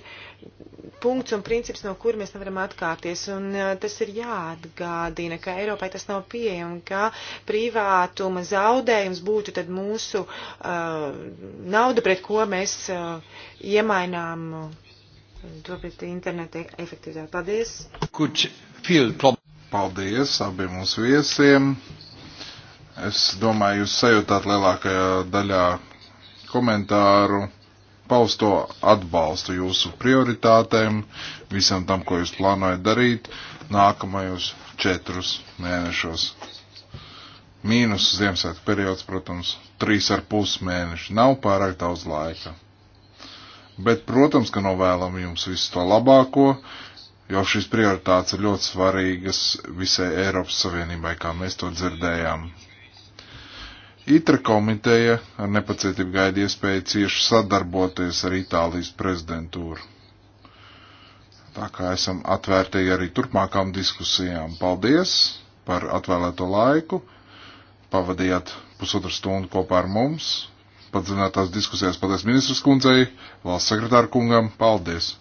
punkts un princips, no kur mēs nevaram atkāpties. Un uh, tas ir jāatgādina, ka Eiropai tas nav pieejami, ka privātuma zaudējums būtu tad mūsu uh, nauda, pret ko mēs uh, iemainām. Uh, to pret interneta efektivitāti. Paldies! Kuč, feel, Paldies abiem mūsu viesiem. Es domāju, jūs sajūtāt lielākajā daļā komentāru pausto atbalstu jūsu prioritātēm, visam tam, ko jūs plānojat darīt nākamajos četrus mēnešos. Mīnus Ziemassvētku periods, protams, trīs ar pus mēneši. Nav pārāk daudz laika. Bet, protams, ka novēlam jums visu to labāko, jo šīs prioritātes ir ļoti svarīgas visai Eiropas Savienībai, kā mēs to dzirdējām. ITRA komiteja ar nepacietību gaida iespēju cieši sadarboties ar Itālijas prezidentūru. Tā kā esam atvērti arī turpmākām diskusijām. Paldies par atvēlēto laiku. Pavadījāt pusotru stundu kopā ar mums. Padzinātās diskusijās paldies ministras kundzei, valsts sekretāra kungam. Paldies!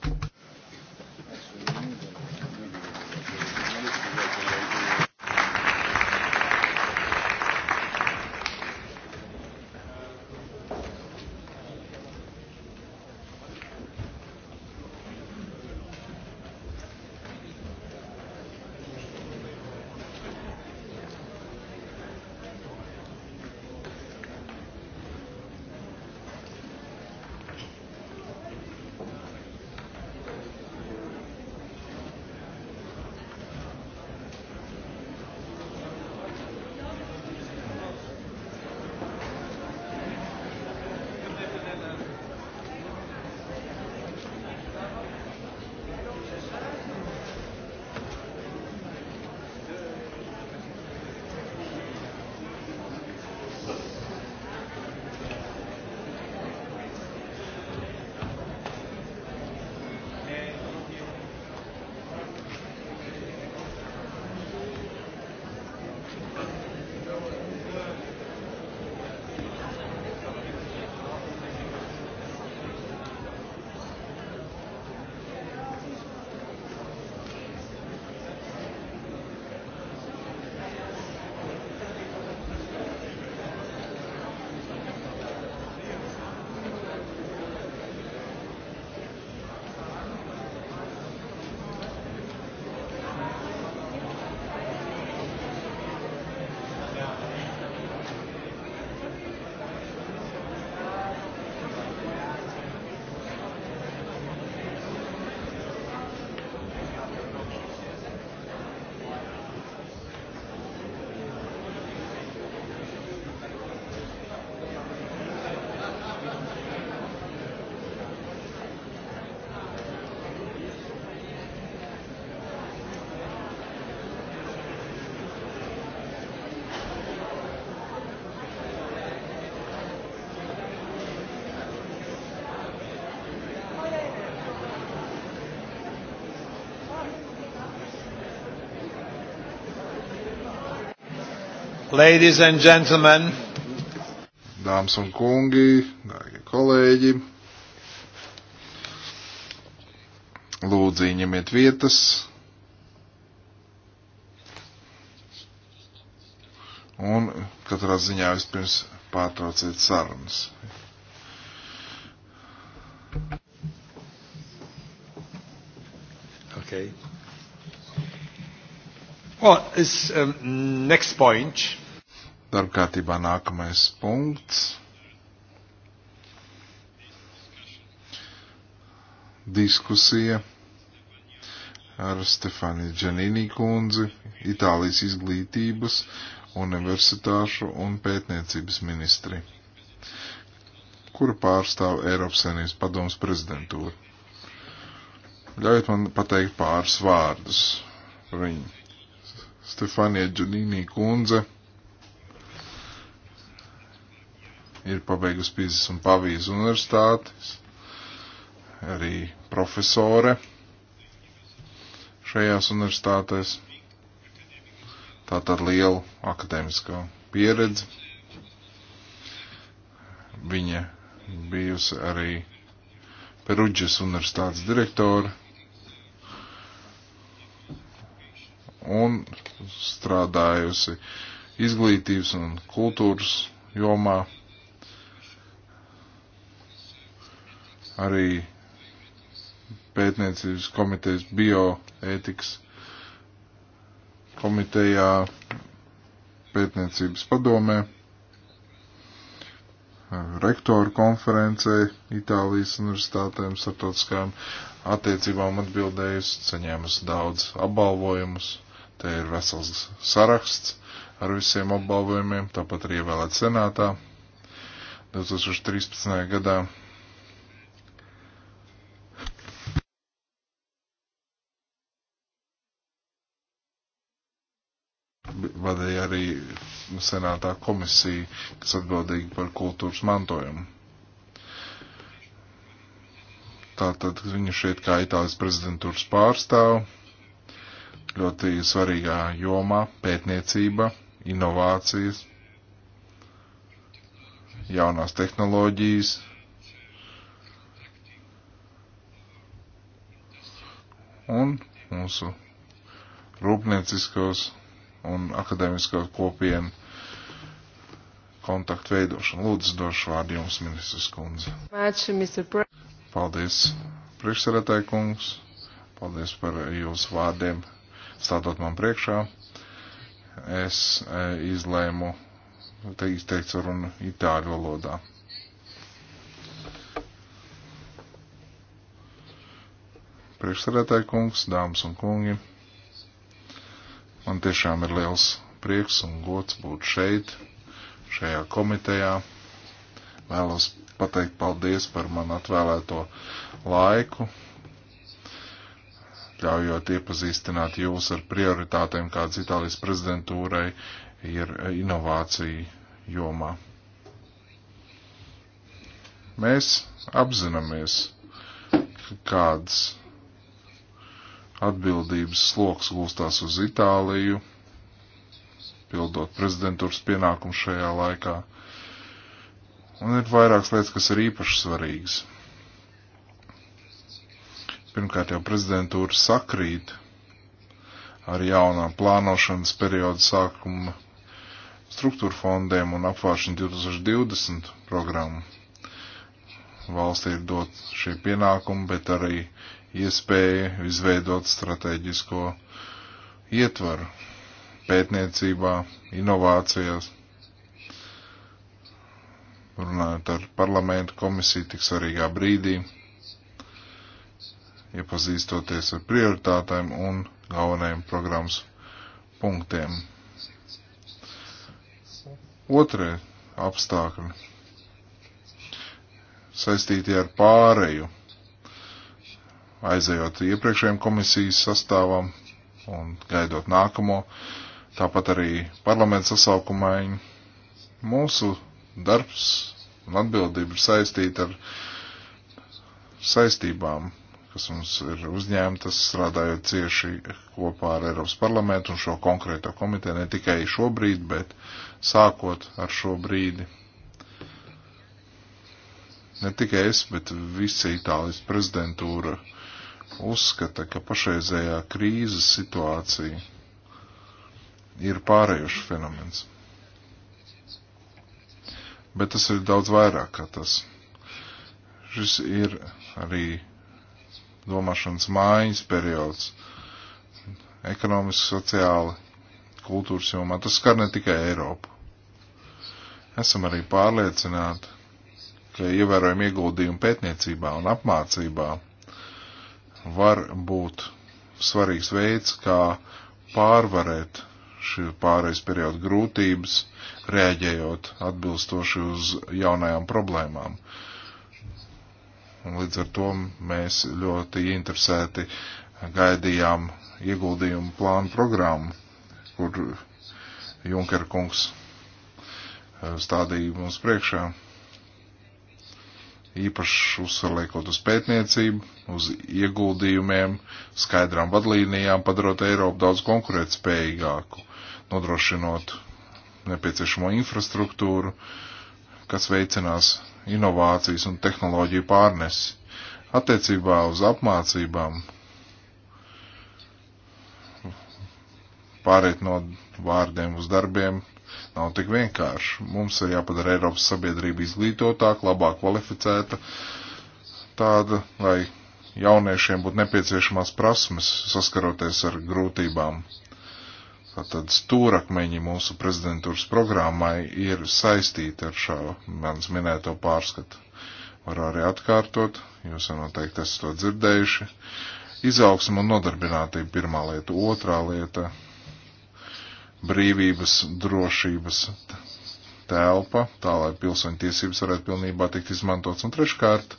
Ladies and gentlemen, dāmas un kungi, dārgie kolēģi, lūdzu ņemiet vietas. Un katrā ziņā vispirms pārtrauciet sarunas. Okay. Well, this um, next point Darbkārtībā nākamais punkts. Diskusija ar Stefani Džanīnī kundzi, Itālijas izglītības, universitāšu un pētniecības ministri, kura pārstāv Eiropas Savienības padomus prezidentūru. Ļaujiet man pateikt pāris vārdus par viņu. Stefanija Džanīnī kundze ir pabeigusi Pīzes un Pavijas universitātes, arī profesore šajās universitātēs. Tātad liela akadēmiskā pieredze. Viņa bijusi arī Perudžas universitātes direktore un strādājusi izglītības un kultūras jomā arī pētniecības komitejas bioētikas komitejā pētniecības padomē, rektoru konferencē Itālijas universitātēm startautiskajām attiecībām atbildējusi, saņēmusi daudz apbalvojumus, te ir vesels saraksts ar visiem apbalvojumiem, tāpat arī ievēlēt senātā 2013. gadā senātā komisija, kas atbildīga par kultūras mantojumu. Tātad viņu šeit kā Itālijas prezidentūras pārstāv ļoti svarīgā jomā - pētniecība, inovācijas, jaunās tehnoloģijas. Un mūsu rūpnieciskos un akadēmiskos kopienu kontaktu veidošanu. Lūdzu, došu vārdu jums, ministrs kundze. Paldies, priekšsarētāji kungs. Paldies par jūsu vārdiem. Stādot man priekšā, es e, izlēmu te izteikt sarunu itāļu valodā. Priekšsarētāji kungs, dāmas un kungi, man tiešām ir liels prieks un gods būt šeit šajā komitejā. Vēlos pateikt paldies par man atvēlēto laiku, ļaujot iepazīstināt jūs ar prioritātēm, kādas Itālijas prezidentūrai ir inovācija jomā. Mēs apzināmies, kāds atbildības sloks gūstās uz Itāliju pildot prezidentūras pienākumu šajā laikā. Un ir vairākas lietas, kas ir īpaši svarīgas. Pirmkārt, jau prezidentūra sakrīt ar jaunā plānošanas perioda sākuma struktūra fondiem un apvāršana 2020 programmu. Valstī ir dot šie pienākumi, bet arī iespēja izveidot strateģisko ietvaru pētniecībā, inovācijās. Runājot ar parlamentu komisiju tik svarīgā brīdī, iepazīstoties ar prioritātēm un galvenajiem programmas punktiem. Otrie apstākļi saistīti ar pāreju, aizejot iepriekšējiem komisijas sastāvam un gaidot nākamo. Uh, tāpat arī parlamenta sasaukumai. Mūsu darbs un atbildība ir saistīta ar saistībām, kas mums ir uzņēmtas, strādājot cieši kopā ar Eiropas parlamentu un šo konkrēto komiteju, ne tikai šobrīd, bet sākot ar šo brīdi. Ne tikai es, bet visa Itālijas prezidentūra uzskata, ka pašreizējā krīzes situācija ir pārējuši fenomens. Bet tas ir daudz vairāk kā tas. Šis ir arī domāšanas mājas periods, ekonomiski, sociāli, kultūras jomā. Tas skar ne tikai Eiropu. Esam arī pārliecināti, ka ievērojami ieguldījumi pētniecībā un apmācībā var būt svarīgs veids, kā pārvarēt šī pārejas perioda grūtības, rēģējot atbilstoši uz jaunajām problēmām. Un līdz ar to mēs ļoti interesēti gaidījām ieguldījumu plānu programmu, kur Junker kungs eh, stādīja mums priekšā. Īpaši uzsverliekot uz pētniecību, uz ieguldījumiem, skaidrām vadlīnijām, padarot Eiropu daudz konkurētspējīgāku nodrošinot nepieciešamo infrastruktūru, kas veicinās inovācijas un tehnoloģiju pārnesi. Attiecībā uz apmācībām pāriet no vārdiem uz darbiem nav tik vienkārši. Mums ir jāpadara Eiropas sabiedrība izglītotāka, labāk kvalificēta, tāda, lai jauniešiem būtu nepieciešamās prasmes saskaroties ar grūtībām. Tātad stūrakmeņi mūsu prezidentūras programmai ir saistīti ar šo manas minēto pārskatu. Varu arī atkārtot, jūs jau noteikti esat to dzirdējuši. Izaugsma un nodarbinātība pirmā lieta, otrā lieta - brīvības, drošības telpa, tā lai pilsoņu tiesības varētu pilnībā tikt izmantots, un treškārt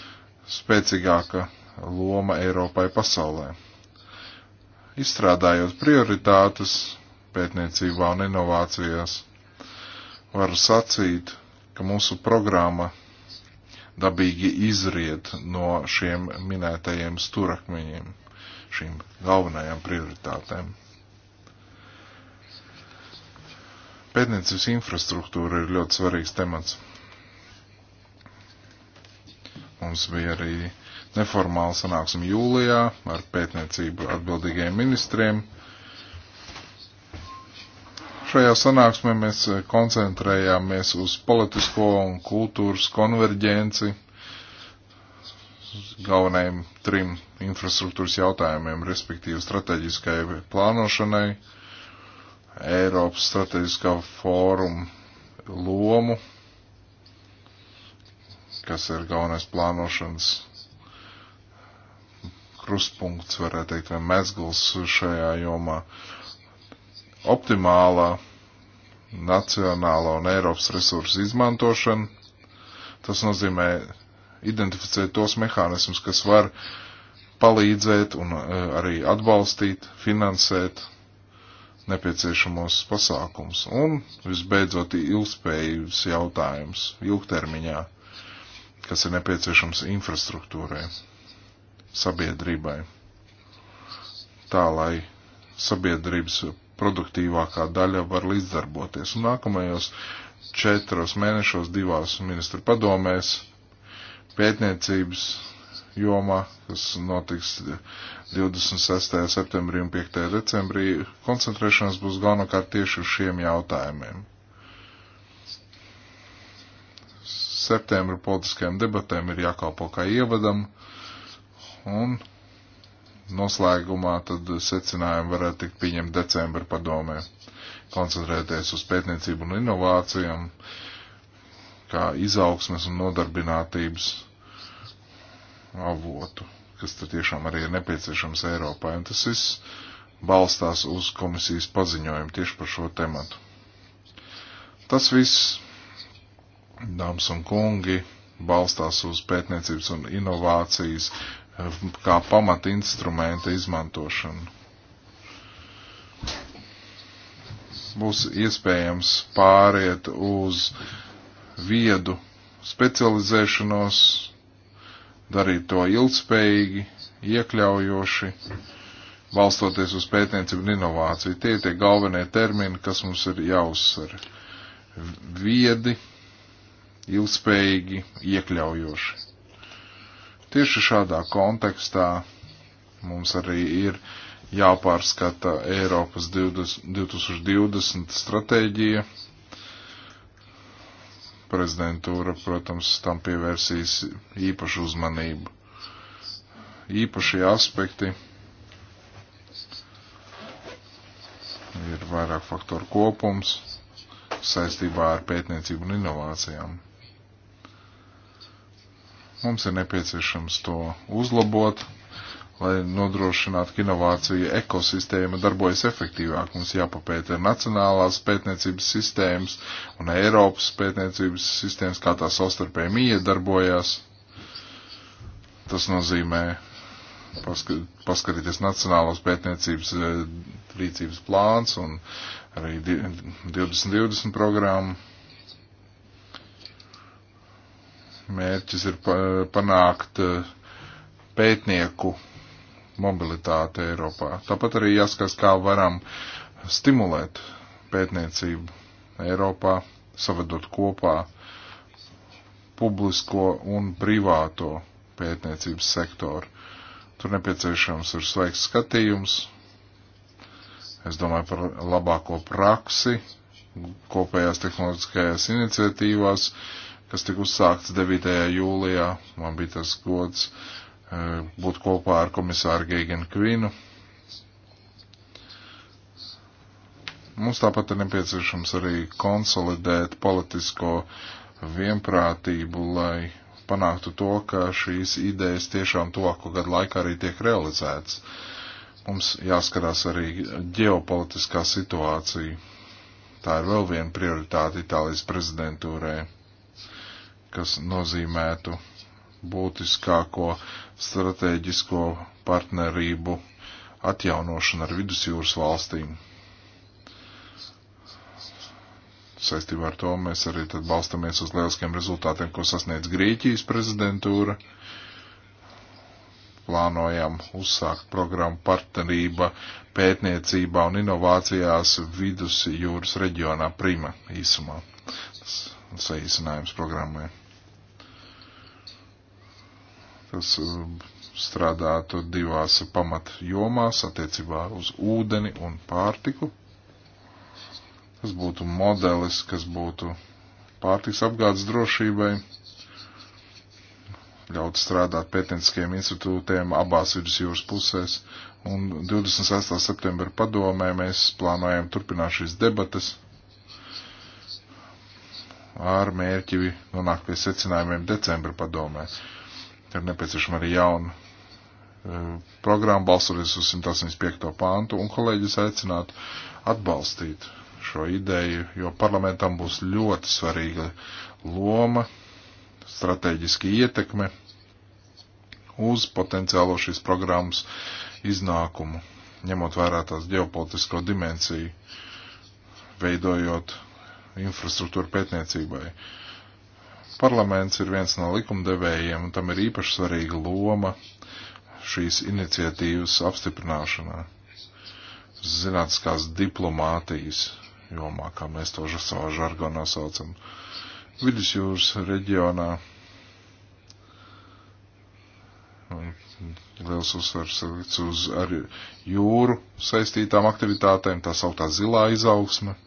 - spēcīgāka loma Eiropai pasaulē izstrādājot prioritātes pētniecībā un inovācijās, varu sacīt, ka mūsu programma dabīgi izriet no šiem minētajiem sturakmeņiem, šīm galvenajām prioritātēm. Pētniecības infrastruktūra ir ļoti svarīgs temats. Mums bija arī uh, neformāla sanāksme jūlijā ar pētniecību atbildīgajiem ministriem. Šajā sanāksmē mēs koncentrējāmies uz politisko un kultūras konverģenci galvenajiem trim infrastruktūras jautājumiem, respektīvi strateģiskai plānošanai, Eiropas strateģiskā fóruma lomu, kas ir galvenais plānošanas kruspunkts, varētu teikt, vai mezgls šajā jomā. Optimālā nacionāla un Eiropas resursu izmantošana, tas nozīmē identificēt tos mehānismus, kas var palīdzēt un e, arī atbalstīt, finansēt nepieciešamos pasākums. Un, visbeidzot, ilgspējības jautājums ilgtermiņā, kas ir nepieciešams infrastruktūrai sabiedrībai. Tā, lai sabiedrības produktīvākā daļa var līdzdarboties. Un nākamajos četros mēnešos divās ministru padomēs pētniecības jomā, kas notiks 26. septembrī un 5. decembrī, koncentrēšanās būs galvenokārt tieši uz šiem jautājumiem. Septembra politiskajām debatēm ir jākalpo kā ievadam, uh, Un noslēgumā tad secinājumi varētu tikt pieņemt decembra padomē, koncentrēties uz pētniecību un inovācijām, kā izaugsmes un nodarbinātības avotu, kas tad tiešām arī ir nepieciešams Eiropai. Un tas viss balstās uz komisijas paziņojumu tieši par šo tematu. Tas viss, dāmas un kungi, balstās uz pētniecības un inovācijas kā pamata instrumenta izmantošanu. Būs iespējams pāriet uz viedu specializēšanos, darīt to ilgspējīgi, iekļaujoši, balstoties uz pētniecību un inovāciju. Tie ir tie galvenie termini, kas mums ir jāuzsver. Viedi, ilgspējīgi, iekļaujoši. Tieši šādā kontekstā mums arī ir jāpārskata Eiropas 2020 stratēģija. Prezidentūra, protams, tam pievērsīs īpašu uzmanību. Īpašie aspekti ir vairāk faktoru kopums saistībā ar pētniecību un inovācijām. Mums ir nepieciešams to uzlabot, lai nodrošinātu, ka inovācija ekosistēma darbojas efektīvāk. Mums jāpapēta nacionālās pētniecības sistēmas un Eiropas pētniecības sistēmas, kā tās savstarpēji miedarbojās. Tas nozīmē paska, paskatīties nacionālos pētniecības eh, rīcības plāns un arī 2020 programmu mērķis ir panākt eh, pētnieku mobilitāte Eiropā. Tāpat arī jāskatās, kā varam stimulēt pētniecību Eiropā, savedot kopā publisko un privāto pētniecības sektoru. Tur nepieciešams ir sveiks skatījums, es domāju par labāko praksi kopējās tehnoloģiskajās iniciatīvās, uh, kas tika uzsākts 9. jūlijā. Man bija tas gods eh, būt kopā ar komisāru Gēgenu Kvinu. Mums tāpat ir nepieciešams arī konsolidēt politisko vienprātību, lai panāktu to, ka šīs idejas tiešām tuvāko gadu laikā arī tiek realizētas. Mums jāskatās arī ģeopolitiskā situācija. Tā ir vēl viena prioritāte Itālijas prezidentūrai kas nozīmētu būtiskāko strateģisko partnerību atjaunošanu ar vidusjūras valstīm. Saistībā ar to mēs arī tad balstamies uz lieliskiem rezultātiem, ko sasniedz Grieķijas prezidentūra. Plānojam uzsākt programmu partnerība pētniecībā un inovācijās vidusjūras reģionā Prima īsumā. Tas saīsinājums programmai kas um, strādātu divās pamat jomās attiecībā uz ūdeni un pārtiku. Tas būtu modelis, kas būtu pārtiks apgādes drošībai, ļaut strādāt pētnieciskiem institūtiem abās vidusjūras pusēs. Un 28. septembra padomē mēs plānojam turpināt šīs debates ar mērķi nonākt pie secinājumiem decembra padomē ir nepieciešama arī jauna e, programma, balsoties uz 185. pāntu, un kolēģis aicinātu atbalstīt šo ideju, jo parlamentam būs ļoti svarīga loma, strateģiski ietekme uz potenciālo šīs programmas iznākumu, ņemot vērā tās ģeopolitisko dimensiju, veidojot infrastruktūru pētniecībai. Uh, Parlaments ir viens no likumdevējiem, un tam ir īpaši svarīga loma šīs iniciatīvas apstiprināšanā. Zinātniskās diplomātijas jomā, kā mēs to savā žargonā saucam, vidusjūras reģionā. Liels uzsvars uz ar jūru saistītām aktivitātēm, tā sauktā zilā izaugsme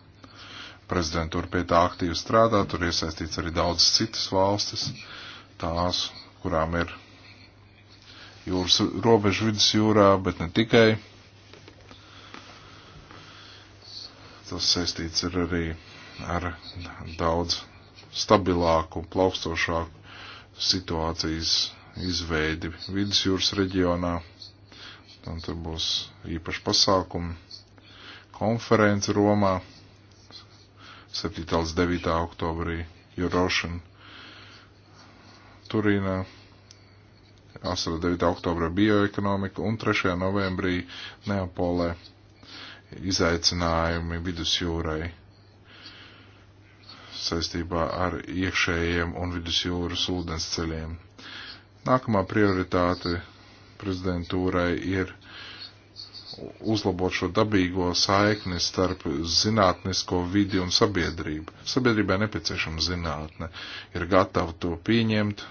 prezidentūra pie tā aktīvi strādā, tur iesaistīts arī daudzas citas valstis, tās, kurām ir jūras robeža vidus jūrā, bet ne tikai. Tas saistīts ir arī ar daudz stabilāku, plaukstošāku situācijas izveidi vidusjūras reģionā. Tam tur būs īpaši pasākumi, konference Romā. 7. līdz 9. oktobrī Eurošana Turīnā. 8.9. oktobra bioekonomika un 3. novembrī Neapolē izaicinājumi vidusjūrai saistībā ar iekšējiem un vidusjūras ūdens ceļiem. Nākamā prioritāte prezidentūrai ir uzlabot šo dabīgo saikni starp zinātnisko vidi un sabiedrību. Sabiedrībai nepieciešama zinātne, ir gatava to pieņemt.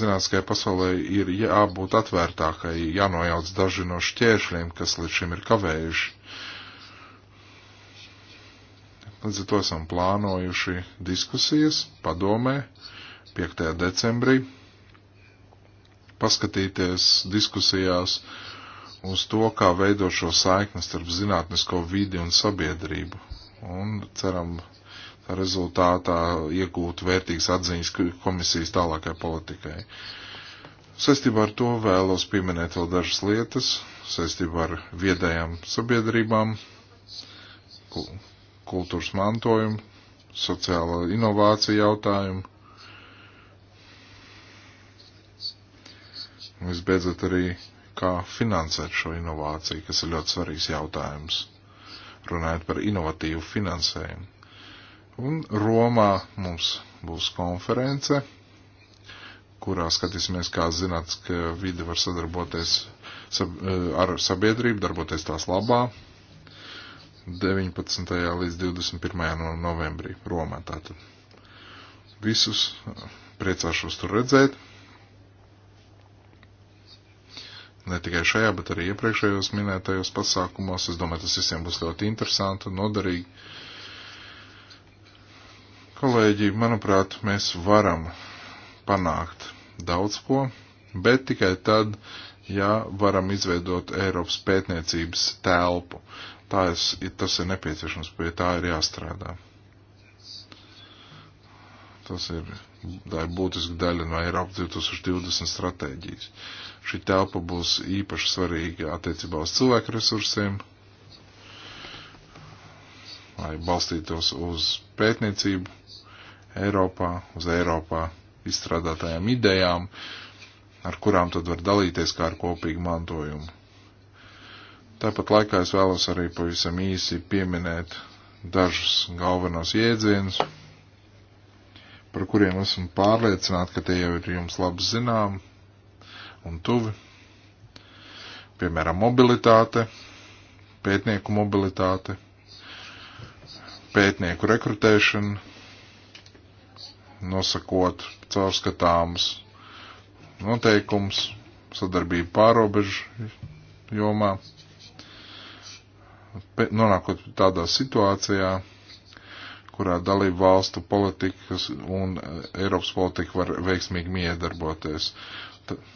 Zinātniskajai pasaulē ir jābūt atvērtākai, jānojauc daži no šķēršļiem, kas līdz šim ir kavējuši. Līdz ar to esam plānojuši diskusijas padomē 5. decembrī paskatīties diskusijās uz to, kā veido šo saiknes starp zinātnisko vidi un sabiedrību. Un ceram, tā rezultātā iegūt vērtīgas atziņas komisijas tālākai politikai. Sestībā ar to vēlos pieminēt vēl dažas lietas, saistībā ar viedējām sabiedrībām, kultūras mantojumu, sociāla inovācija jautājumu, visbeidzot arī, kā finansēt šo inovāciju, kas ir ļoti svarīgs jautājums, runājot par inovatīvu finansējumu. Un Romā mums būs konference, kurā skatīsimies, kā zināts, ka vide var sadarboties sab eh, ar sabiedrību, darboties tās labā. 19. līdz 21. novembrī Romā tātad. Visus eh, priecāšos tur redzēt. ne tikai šajā, bet arī iepriekšējos minētajos pasākumos. Es domāju, tas visiem būs ļoti interesanti un noderīgi. Kolēģi, manuprāt, mēs varam panākt daudz ko, bet tikai tad, ja varam izveidot Eiropas pētniecības telpu. Tā es, tas ir nepieciešams, pie tā ir jāstrādā. Tas ir Tā ir būtiska daļa no Eiropas 2020 stratēģijas. Šī telpa būs īpaši svarīga attiecībā uz cilvēku resursiem, lai balstītos uz pētniecību Eiropā, uz Eiropā izstrādātajām idejām, ar kurām tad var dalīties kā ar kopīgu mantojumu. Tāpat laikā es vēlos arī pavisam īsi pieminēt dažus galvenos jēdzienus par kuriem esmu pārliecināti, ka tie jau ir jums labi zinām un tuvi. Piemēram, mobilitāte, pētnieku mobilitāte, pētnieku rekrutēšana, nosakot caurskatāmus noteikums, sadarbību pārobežu jomā, nonākot tādā situācijā, kurā dalību valstu politikas un e, Eiropas politika var veiksmīgi miedarboties.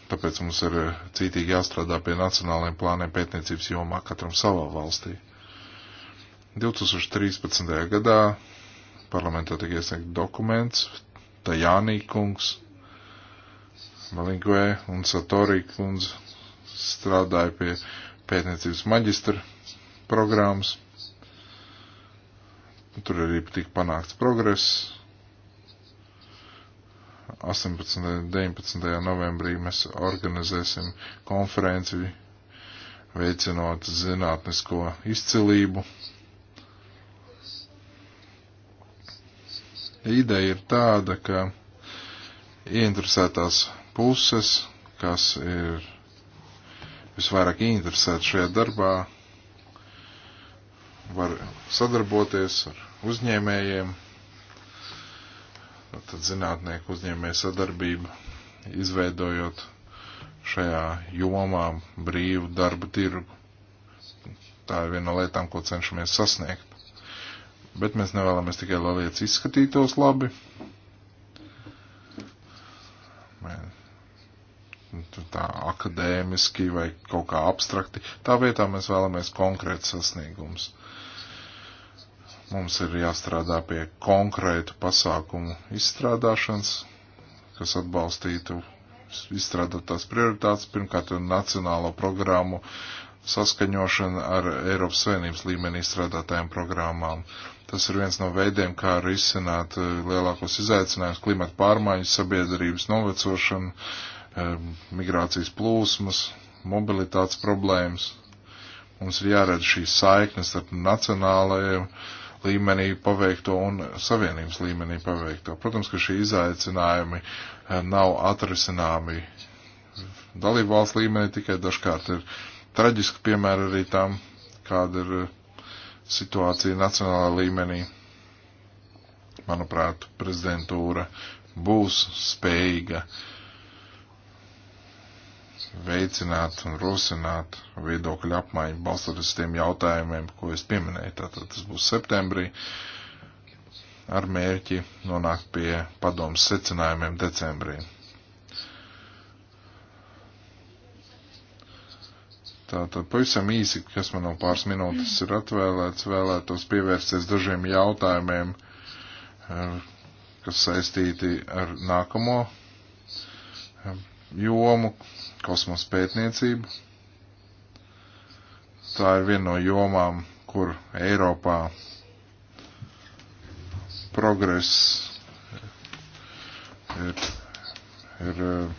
Tāpēc mums ir e, cītīgi jāstrādā pie nacionālajiem plāniem pētniecības jomā katram savā valstī. 2013. gadā parlamentā tika iesniegt dokuments, Tajānī kungs, Malingue un Satorī kundze strādāja pie pētniecības maģistra programmas. Tur arī tika panākts progress. 18. un 19. novembrī mēs organizēsim konferenci veicinot zinātnisko izcilību. Ideja ir tāda, ka ieinteresētās puses, kas ir visvairāk interesēti šajā darbā, var sadarboties ar uzņēmējiem, nu, tad zinātnieku uzņēmēju sadarbību, izveidojot šajā jomā brīvu darba tirgu. Tā ir viena no lietām, ko cenšamies sasniegt. Bet mēs nevēlamies tikai, lai lietas izskatītos labi. Nu, tā akadēmiski vai kaut kā abstrakti. Tā vietā mēs vēlamies konkrēts sasniegums. Uh, Mums ir jāstrādā pie konkrētu pasākumu izstrādāšanas, kas atbalstītu izstrādātās prioritātes, pirmkārt, nacionālo programmu saskaņošana ar Eiropas Savienības līmenī izstrādātajām programmām. Tas ir viens no veidiem, kā risināt eh, lielākos izaicinājumus - klimata pārmaiņas, sabiedrības novecošanu, eh, migrācijas plūsmas, mobilitātes problēmas. Mums ir jāredz šīs saiknes ar nacionālajiem uh, līmenī paveikto un savienības līmenī paveikto. Protams, ka šie izaicinājumi eh, nav atrisināmi dalību valsts līmenī, tikai dažkārt ir traģiski piemēri arī tam, kāda ir eh, situācija nacionālā līmenī. Manuprāt, prezidentūra būs spējīga uh, veicināt un rosināt viedokļu apmaiņu balstoties uz tiem jautājumiem, ko es pieminēju. Tātad tas būs septembrī ar mērķi nonākt pie padomas secinājumiem decembrī. Tātad pavisam īsi, kas man no pāris minūtes ir atvēlēts, vēlētos pievērsties dažiem jautājumiem, eh, kas saistīti ar nākamo jomu, kosmosa pētniecību. Tā ir viena no jomām, kur Eiropā progress ir, ir eh,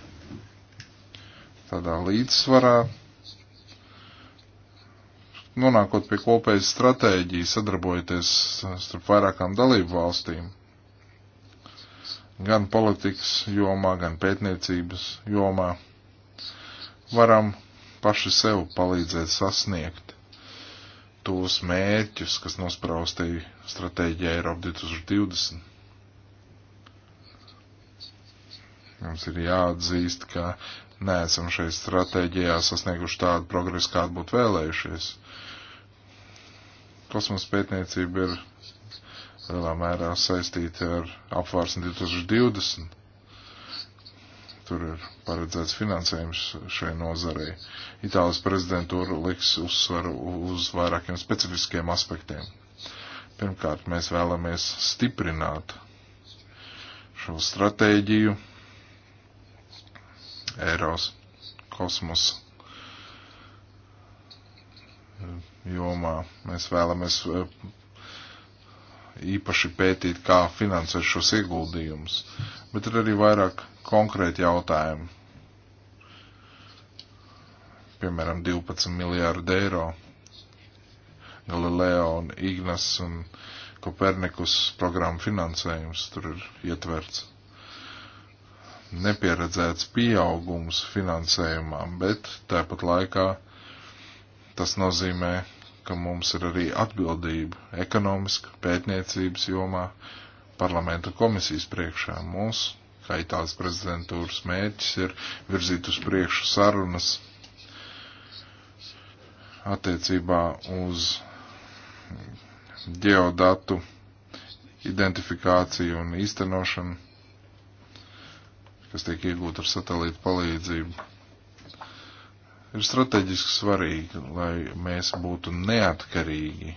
tādā līdzsvarā nonākot pie kopējas stratēģijas, sadarbojoties starp vairākām dalību valstīm gan politikas jomā, gan pētniecības jomā, varam paši sev palīdzēt sasniegt tos mērķus, kas nospraustīja stratēģija Eiropa 2020. Mums ir jāatzīst, ka neesam šai stratēģijā sasnieguši tādu progresu, kādu būtu vēlējušies. Kosmos pētniecība ir lielā mērā saistīti ar apvārsni 2020. Tur ir paredzēts finansējums šai nozarei. Itālijas prezidentūra liks uzsvaru uz vairākiem specifiskiem aspektiem. Pirmkārt, mēs vēlamies stiprināt šo stratēģiju Eiros kosmosa jomā. Mēs vēlamies eh, īpaši pētīt, kā finansēt šos ieguldījumus, bet ir arī vairāk konkrēti jautājumi. Piemēram, 12 miljārdu eiro Galileo un Ignas un Kopernikus programmu finansējums tur ir ietverts. Nepieredzēts pieaugums finansējumā, bet tāpat laikā tas nozīmē ka mums ir arī atbildība ekonomiska pētniecības jomā parlamenta komisijas priekšā. Mūs, kā itālijas prezidentūras mērķis, ir virzīt uz priekšu sarunas attiecībā uz geodatu identifikāciju un īstenošanu, kas tiek iegūta ar satelītu palīdzību ir strateģiski svarīgi, lai mēs būtu neatkarīgi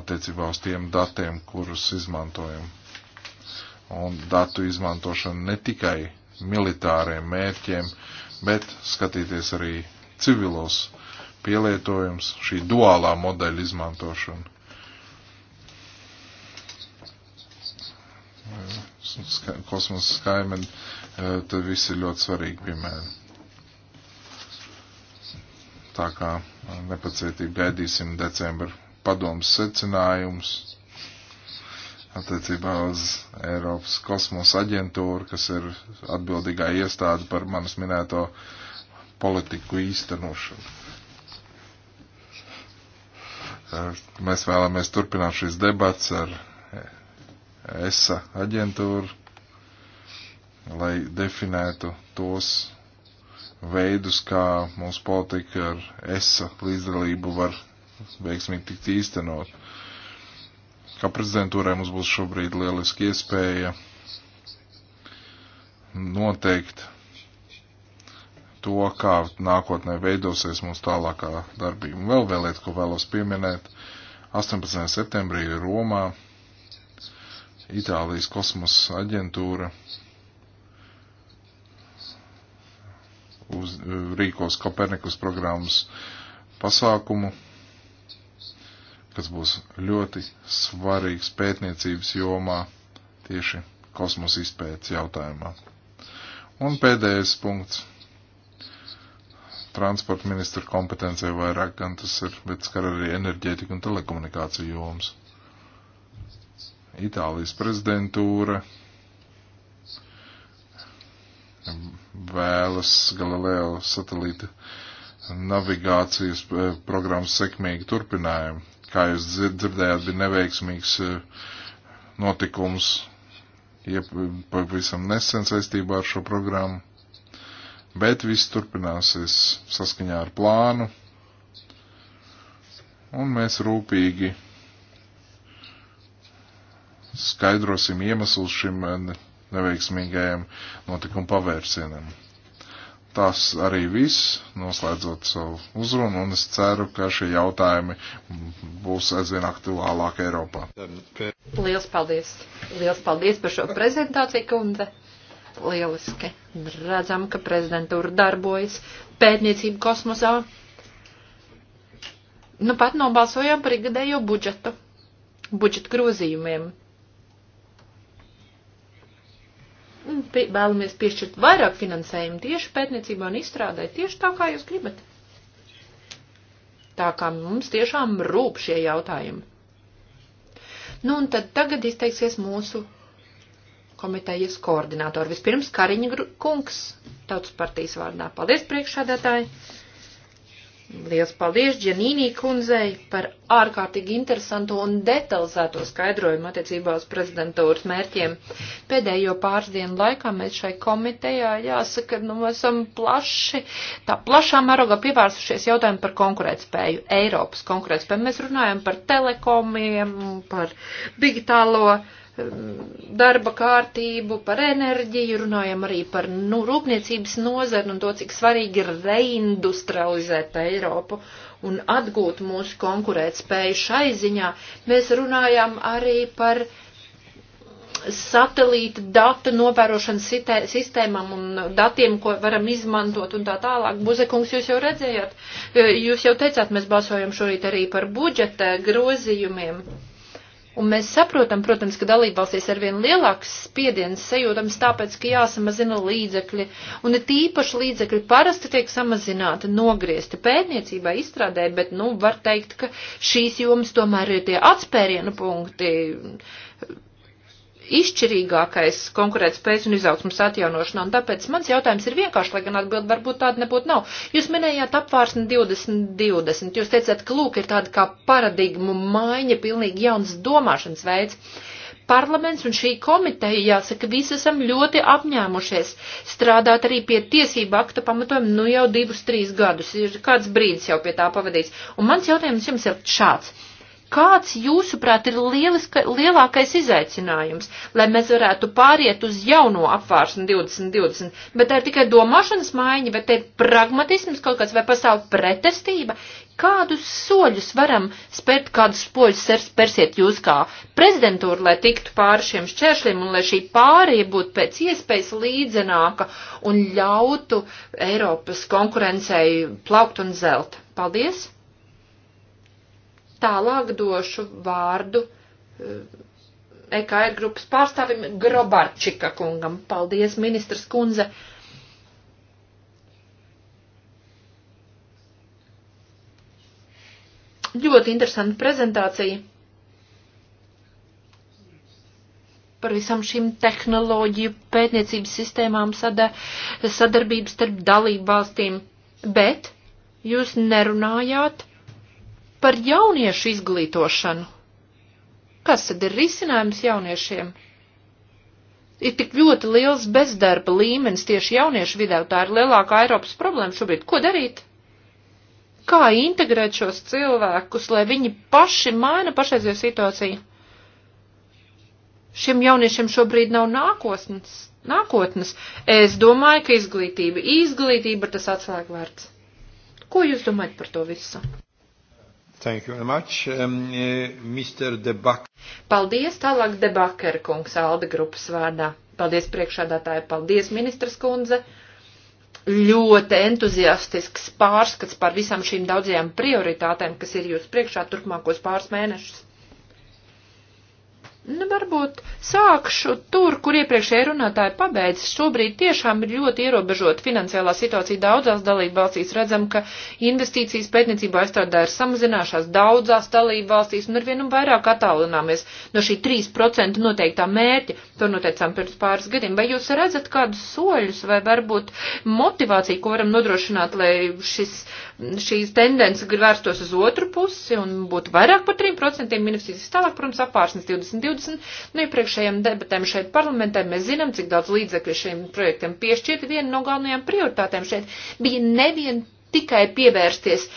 attiecībā uz tiem datiem, kurus izmantojam. Un datu izmantošana ne tikai militāriem mērķiem, bet skatīties arī civilos pielietojums, šī duālā modeļa izmantošana. Kosmosa skaimeni, eh, tad viss ir ļoti svarīgi, piemēram tā kā uh, nepacietību gaidīsim decembra padomus secinājumus attiecībā uz Eiropas kosmosa aģentūru, kas ir atbildīgā iestāde par manas minēto politiku īstenošanu. Uh, mēs vēlamies turpināt šīs debats ar ESA aģentūru, lai definētu tos veidus, kā mūsu politika ar ESA līdzdalību var veiksmīgi tikt īstenot. Kā prezidentūrai mums būs šobrīd lieliski iespēja noteikt to, kā nākotnē veidosies mūsu tālākā darbība. Un vēl vēl lieta, ko vēlos pieminēt, 18. septembrī Romā Itālijas kosmosa aģentūra uz, rīkos Kopernikus programmas pasākumu, kas būs ļoti svarīgs pētniecības jomā tieši kosmosa izpētes jautājumā. Un pēdējais punkts. Transporta ministra kompetencija vairāk gan tas ir, bet skar arī enerģētika un telekomunikāciju joms. Itālijas prezidentūra vēlas Galileo satelīta navigācijas eh, programmas sekmīgu turpinājumu. Kā jūs dzirdējāt, bija neveiksmīgs eh, notikums eh, pavisam nesen saistībā ar šo programmu, bet viss turpināsies saskaņā ar plānu, un mēs rūpīgi skaidrosim iemeslus šim neveiksmīgajiem notikumu pavērsienam. Tas arī viss, noslēdzot savu uzrunu, un es ceru, ka šie jautājumi būs aizvien aktuālāk Eiropā. Liels paldies! Liels paldies par šo prezentāciju, kundze! Lieliski! Redzam, ka prezidentūra darbojas pētniecību kosmosā. Nu pat nobalsojām par ikgadējo budžetu, budžetu grozījumiem. vēlamies piešķirt vairāk finansējumu tieši pētniecībā un izstrādē, tieši tā, kā jūs gribat. Tā kā mums tiešām rūp šie jautājumi. Nu, un tad tagad izteiksies mūsu komitejas koordinātori. Vispirms Kariņa kungs, tautas partijas vārdā. Paldies, priekšādātāji! Liels paldies Džanīnī kundzei par ārkārtīgi interesantu un detalizēto skaidrojumu attiecībā uz prezidentūras mērķiem. Pēdējo pāris dienu laikā mēs šai komitejā, jāsaka, nu, esam plaši, tā plašā mērogā pievērsušies jautājumu par konkurētspēju, Eiropas konkurētspēju. Mēs runājam par telekomiem, par digitālo uh, darba kārtību, par enerģiju, runājam arī par nu, rūpniecības nozaru un to, cik svarīgi ir reindustrializēt Eiropu un atgūt mūsu konkurētspēju šai ziņā. Mēs runājam arī par satelīta datu novērošanas sistēmām un datiem, ko varam izmantot un tā tālāk. Buzekungs, jūs jau redzējāt, jūs jau teicāt, mēs balsojam šorīt arī par budžeta grozījumiem. Un mēs saprotam, protams, ka dalībvalstīs ar vien lielāks spiediens sajūtams tāpēc, ka jāsamazina līdzekļi, un ir tīpaši līdzekļi parasti tiek samazināti, nogriezti pētniecībai, izstrādē, bet, nu, var teikt, ka šīs jomas tomēr ir tie atspērienu punkti izšķirīgākais konkurētspējas un izaugsmas atjaunošanā. Un tāpēc mans jautājums ir vienkārši, lai gan atbild varbūt tāda nebūtu nav. Jūs minējāt apvārsni 2020, jūs teicāt, ka lūk ir tāda kā paradigmu maiņa, pilnīgi jauns domāšanas veids. Parlaments un šī komiteja, jāsaka, visi esam ļoti apņēmušies strādāt arī pie tiesību akta pamatojuma, nu jau divus, trīs gadus, ir kāds brīdis jau pie tā pavadīts. Un mans jautājums jums ir šāds Kāds, jūsuprāt, ir lieliska, lielākais izaicinājums, lai mēs varētu pāriet uz jauno apvārsni 2020? Bet tā ir tikai domāšanas maiņa, vai te ir pragmatisms kaut kāds, vai pastāv pretestība? Kādus soļus varam spērt, kādus spoļus persiet jūs kā prezidentūra, lai tiktu pāri šiem šķēršļiem un lai šī pārie būtu pēc iespējas līdzenāka un ļautu Eiropas konkurencei plaukt un zelt? Paldies! Tālāk došu vārdu EKR eh, e grupas pārstāvim Grobarčika kungam. Paldies, ministrs kundze! Ļoti interesanta prezentācija par visam šīm tehnoloģiju pētniecības sistēmām sada, sadarbības starp dalību valstīm, bet jūs nerunājāt par jauniešu izglītošanu. Kas tad ir risinājums jauniešiem? Ir tik ļoti liels bezdarba līmenis tieši jauniešu vidē, tā ir lielākā Eiropas problēma šobrīd. Ko darīt? Kā integrēt šos cilvēkus, lai viņi paši maina pašreizējo situāciju? Šiem jauniešiem šobrīd nav nākotnes. nākotnes. Es domāju, ka izglītība, izglītība ir tas atslēgvārds. Ko jūs domājat par to visu? Thank you very much. Um, uh, Mr. Debak. Paldies, tālāk Debaker kungs Alda grupas vārdā. Paldies priekšādātāji, paldies ministras kundze. Ļoti entuziastisks pārskats par visām šīm daudzajām prioritātēm, kas ir jūs priekšā turpmākos pāris mēnešus. Nu, varbūt sākšu tur, kur iepriekšēji runātāji pabeidz. Šobrīd tiešām ir ļoti ierobežota finansiālā situācija daudzās dalību valstīs. Redzam, ka investīcijas pētniecībā aizstrādā ir samazināšās daudzās dalību valstīs un arvien vairāk attālināmies no šī 3% noteiktā mērķa. To noteicām pirms pāris gadiem. Vai jūs redzat kādus soļus vai varbūt motivāciju, ko varam nodrošināt, lai šis šīs tendences vērstos uz otru pusi un būtu vairāk par 3% investīcijas. Tālāk, protams, apārsnes 2020. No iepriekšējiem debatēm šeit parlamentē mēs zinām, cik daudz līdzekļu šiem projektiem piešķirta. Viena no galvenajām prioritātēm šeit bija nevien tikai pievērsties e,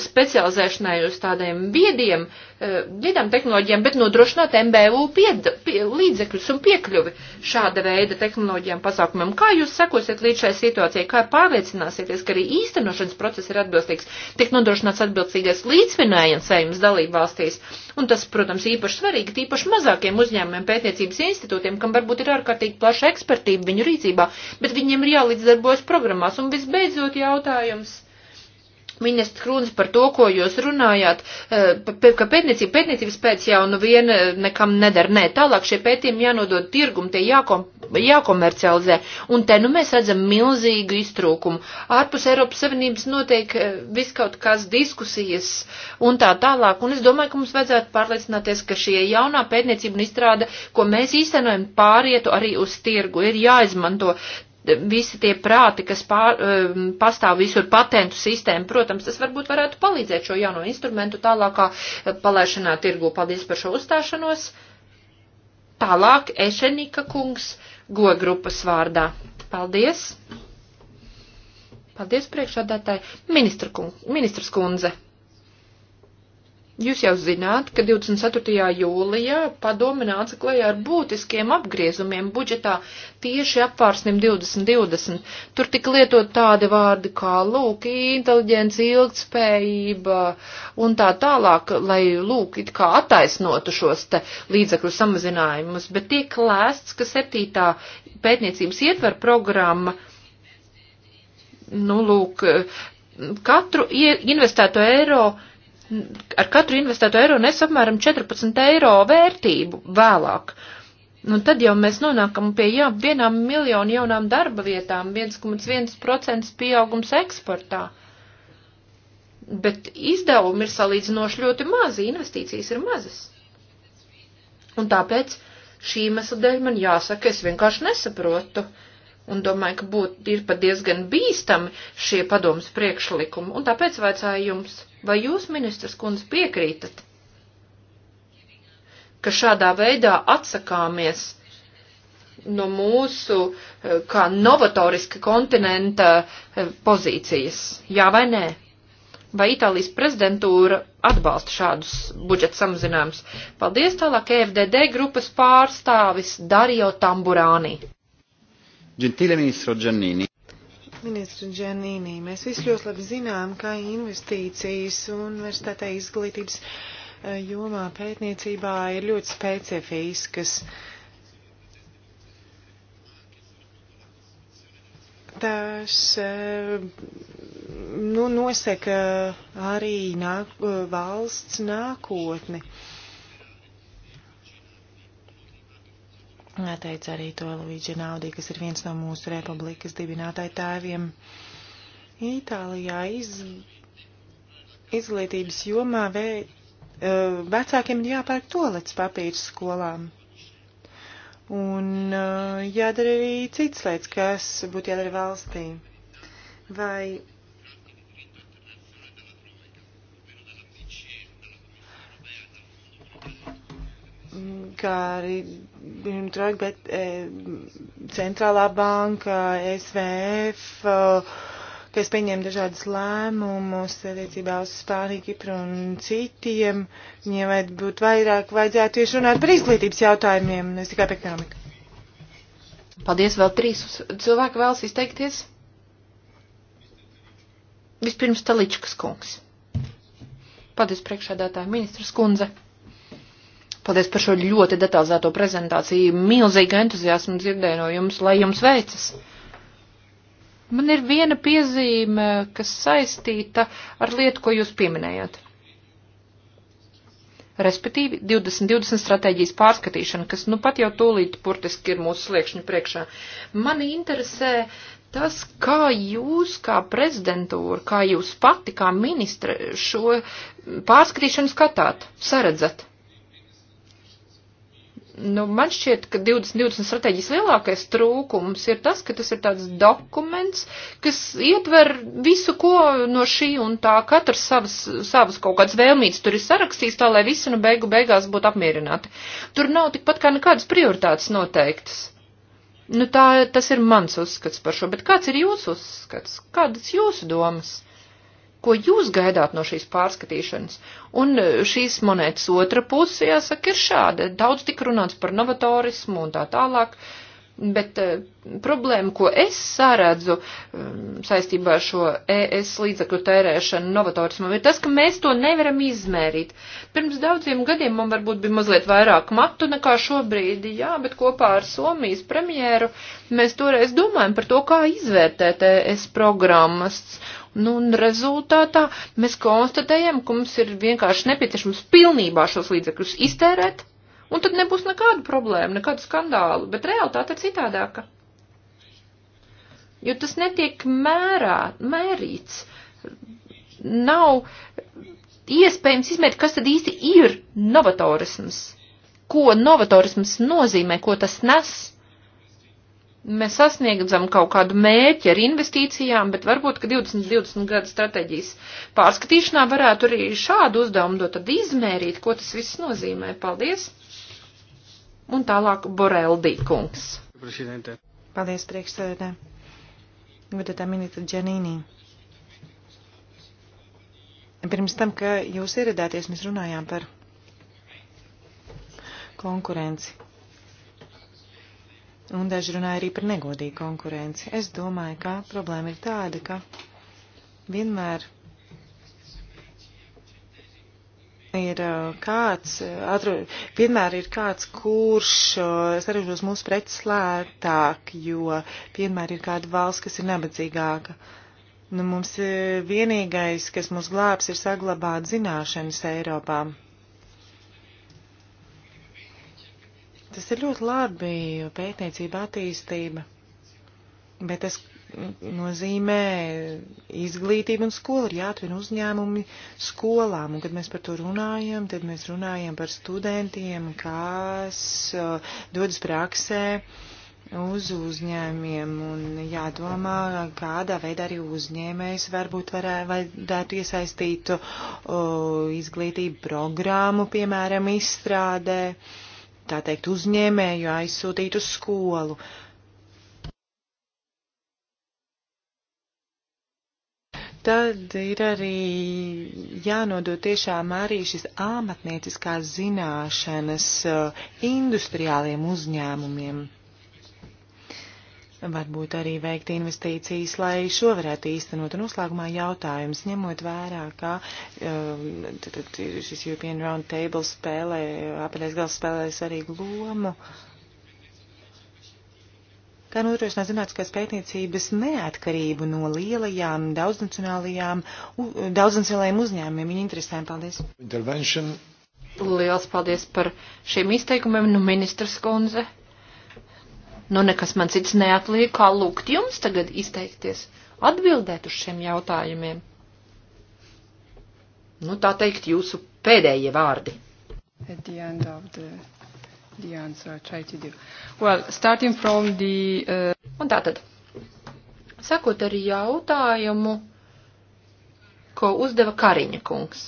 specializēšanai uz tādiem viediem e, viedām tehnoloģijām, bet nodrošināt MBU pied, pie, līdzekļus un piekļuvi šāda veida tehnoloģijām pasākumiem. Kā jūs sekosiet līdz šai situācijai, kā pārliecināsieties, ka arī īstenošanas process ir atbilstīgs, tiek nodrošināts atbilstīgais līdzfinansējums dalību valstīs, un tas, protams, īpaši svarīgi, tīpaši mazākiem uzņēmumiem pētniecības institūtiem, kam varbūt ir ārkārtīgi plaša ekspertība viņu rīcībā, bet viņiem ir jālīdzdarbojas programmās, un visbeidzot jautājums ministrs Krūns par to, ko jūs runājāt, eh, ka pētniecība, pētniecības pēc jau nu vien eh, nekam nedara. Nē, tālāk šie pētījumi jānodod tirgum, tie jākom, jākomercializē. Un te nu mēs redzam milzīgu iztrūkumu. Ārpus Eiropas Savienības notiek eh, viskaut kāds diskusijas un tā tālāk. Un es domāju, ka mums vajadzētu pārliecināties, ka šie jaunā pētniecība un izstrāde, ko mēs īstenojam, pārietu arī uz tirgu. Ir jāizmanto visi tie prāti, kas pār, um, pastāv visur patentu sistēmu, protams, tas varbūt varētu palīdzēt šo jauno instrumentu tālākā uh, palaišanā tirgu. Paldies par šo uzstāšanos. Tālāk Ešenika kungs go grupas vārdā. Paldies. Paldies priekšādātāji. Ministra kundze. Jūs jau zināt, ka 24. jūlijā padome nāca klajā ar būtiskiem apgriezumiem budžetā tieši apvārsnim 2020. Tur tika lietot tādi vārdi kā lūk, inteliģence, ilgtspējība un tā tālāk, lai lūk, it kā attaisnotu šos te līdzekļu samazinājumus, bet tiek lēsts, ka septītā pētniecības ietver programma nu, lūk, katru investēto eiro ar katru investēto eiro nes apmēram 14 eiro vērtību vēlāk. Nu, tad jau mēs nonākam pie jā, vienām miljonu jaunām darba vietām, 1,1% pieaugums eksportā. Bet izdevumi ir salīdzinoši ļoti mazi, investīcijas ir mazas. Un tāpēc šī iemesla dēļ man jāsaka, es vienkārši nesaprotu. Un domāju, ka būt, ir pat diezgan bīstami šie padomas priekšlikumi. Un tāpēc vajadzēja jums Vai jūs, ministrs kundze, piekrītat, ka šādā veidā atsakāmies no mūsu eh, kā novatoriska kontinenta eh, pozīcijas? Jā vai nē? Vai Itālijas prezidentūra atbalsta šādus budžeta samazinājumus? Paldies tālāk EFDD grupas pārstāvis Dario Tamburāni. Gentile ministro Giannini. Ministru Džanīnī, mēs visi ļoti labi zinām, ka investīcijas universitātē izglītības eh, jomā pētniecībā ir ļoti specifiskas. Tas eh, nu, nosaka arī nāk, valsts nākotni. Uh, Teica arī to Luīģi Naudī, kas ir viens no mūsu republikas dibinātāju tēviem. Itālijā iz, izglītības jomā vē, e, vecākiem ir jāpērk tolets papīrs skolām. Un e, jādara arī citas lietas, kas būtu jādara valstī. Vai kā arī Trojka, bet e, centrālā banka, SVF, kas pieņēma dažādas lēmumus attiecībā uz Spāniju, Kipru un citiem, viņiem vajadzētu būt vairāk, vajadzētu tieši runāt par izglītības jautājumiem, ne tikai par ekonomiku. Paldies, vēl trīs cilvēki vēlas izteikties. Vispirms Taličkas kungs. Paldies, priekšādātāja ministras kundze. Paldies par šo ļoti detalizēto prezentāciju. Milzīgu entuziasmu dzirdēju no jums, lai jums veicas. Man ir viena piezīme, kas saistīta ar lietu, ko jūs pieminējāt. Respektīvi 2020 stratēģijas pārskatīšana, kas nu pat jau tūlīt burtiski ir mūsu sliekšņu priekšā. Mani interesē tas, kā jūs, kā prezidentūra, kā jūs pati, kā ministra šo pārskatīšanu skatāt, saredzat. Nu, man šķiet, ka 2020 stratēģijas lielākais trūkums ir tas, ka tas ir tāds dokuments, kas ietver visu, ko no šī un tā, katrs savas, savas kaut kādas vēlmītes tur ir sarakstījis, tā lai visi nu beigu beigās būtu apmierināti. Tur nav tikpat kā nekādas prioritātes noteiktas. Nu, tā, tas ir mans uzskats par šo, bet kāds ir jūsu uzskats? Kādas jūsu domas? Ko jūs gaidāt no šīs pārskatīšanas? Un e, šīs monētas otra puse, jāsaka, ir šāda. Daudz tik runāts par novatorismu un tā tālāk, bet uh, problēma, ko es sāredzu um, e, saistībā ar šo ES līdzakļu tērēšanu novatorismam, ir tas, ka mēs to nevaram izmērīt. Pirms daudziem gadiem man varbūt bija mazliet vairāk matu nekā šobrīd, jā, bet kopā ar Somijas premjeru mēs toreiz domājam par to, kā izvērtēt ES programmas Nu, un rezultātā mēs konstatējam, ka mums ir vienkārši nepieciešams pilnībā šos līdzekļus iztērēt, un tad nebūs nekādu problēmu, nekādu skandālu, bet realitāte ir citādāka. Jo tas netiek mērā, mērīts. Nav iespējams izmēt, kas tad īsti ir novatorisms, ko novatorisms nozīmē, ko tas nes mēs sasniegam kaut kādu mērķi ar investīcijām, bet varbūt, ka 2020 gada stratēģijas pārskatīšanā varētu arī šādu uzdevumu dot, tad izmērīt, ko tas viss nozīmē. Paldies! Un tālāk Boreldī kungs. Presidente. Paldies, priekšsēdē. Vadētā ministra Džanīnī. Pirms tam, ka jūs ieradāties, mēs runājām par konkurenci Un daži runāja arī par negodīgu konkurenci. Es domāju, ka problēma ir tāda, ka vienmēr ir uh, kāds, uh, atru, vienmēr ir kāds, kurš uh, saražos mūsu preces lētāk, jo vienmēr ir kāda valsts, kas ir nabadzīgāka. Nu, mums vienīgais, kas mūs glābs, ir saglabāt zināšanas Eiropā. Tas ir ļoti labi, jo pētniecība attīstība, bet tas nozīmē izglītība un skola ir jāatvina uzņēmumi skolām, un kad mēs par to runājam, tad mēs runājam par studentiem, kas uh, dodas praksē uz uzņēmiem, un jādomā, kādā veidā arī uzņēmējs varbūt varē, varētu iesaistīt uh, izglītību programmu, piemēram, izstrādē. Uh, tā teikt, uzņēmēju aizsūtīt uz skolu. Tad ir arī jānodod tiešām arī šis āmatnieciskās zināšanas uh, industriāliem uzņēmumiem varbūt arī veikt investīcijas, lai šo varētu īstenot. Un uzslēgumā jautājums, ņemot vērā, ka um, šis European Round Table spēlē, apaļais gals spēlē svarīgu lomu. Kā nodrošināt zinātniskās pētniecības neatkarību no lielajām daudznacionālajām, daudznacionālajiem uzņēmumiem un interesēm? Paldies! Liels paldies par šiem izteikumiem, nu ministrs Konze. Nu, nekas man cits neatliek, kā lūgt jums tagad izteikties, atbildēt uz šiem jautājumiem. Nu, tā teikt, jūsu pēdējie vārdi. At the end of the, the answer I try to do. Well, starting from the... Uh... Un tātad, sakot ar jautājumu, ko uzdeva Kariņa kungs.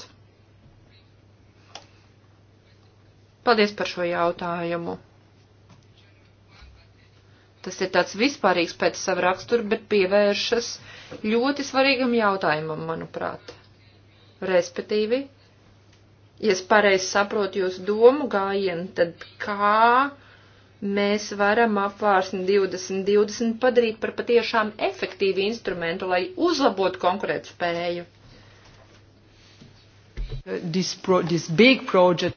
Paldies par šo jautājumu. Tas ir tāds vispārīgs pēc sava rakstura, bet pievēršas ļoti svarīgam jautājumam, manuprāt. Respektīvi, ja es pareizi saprotu jūsu domu gājienu, tad kā mēs varam apvārsni 2020 padarīt par patiešām efektīvu instrumentu, lai uzlabotu konkurēt spēju? This pro, this big project.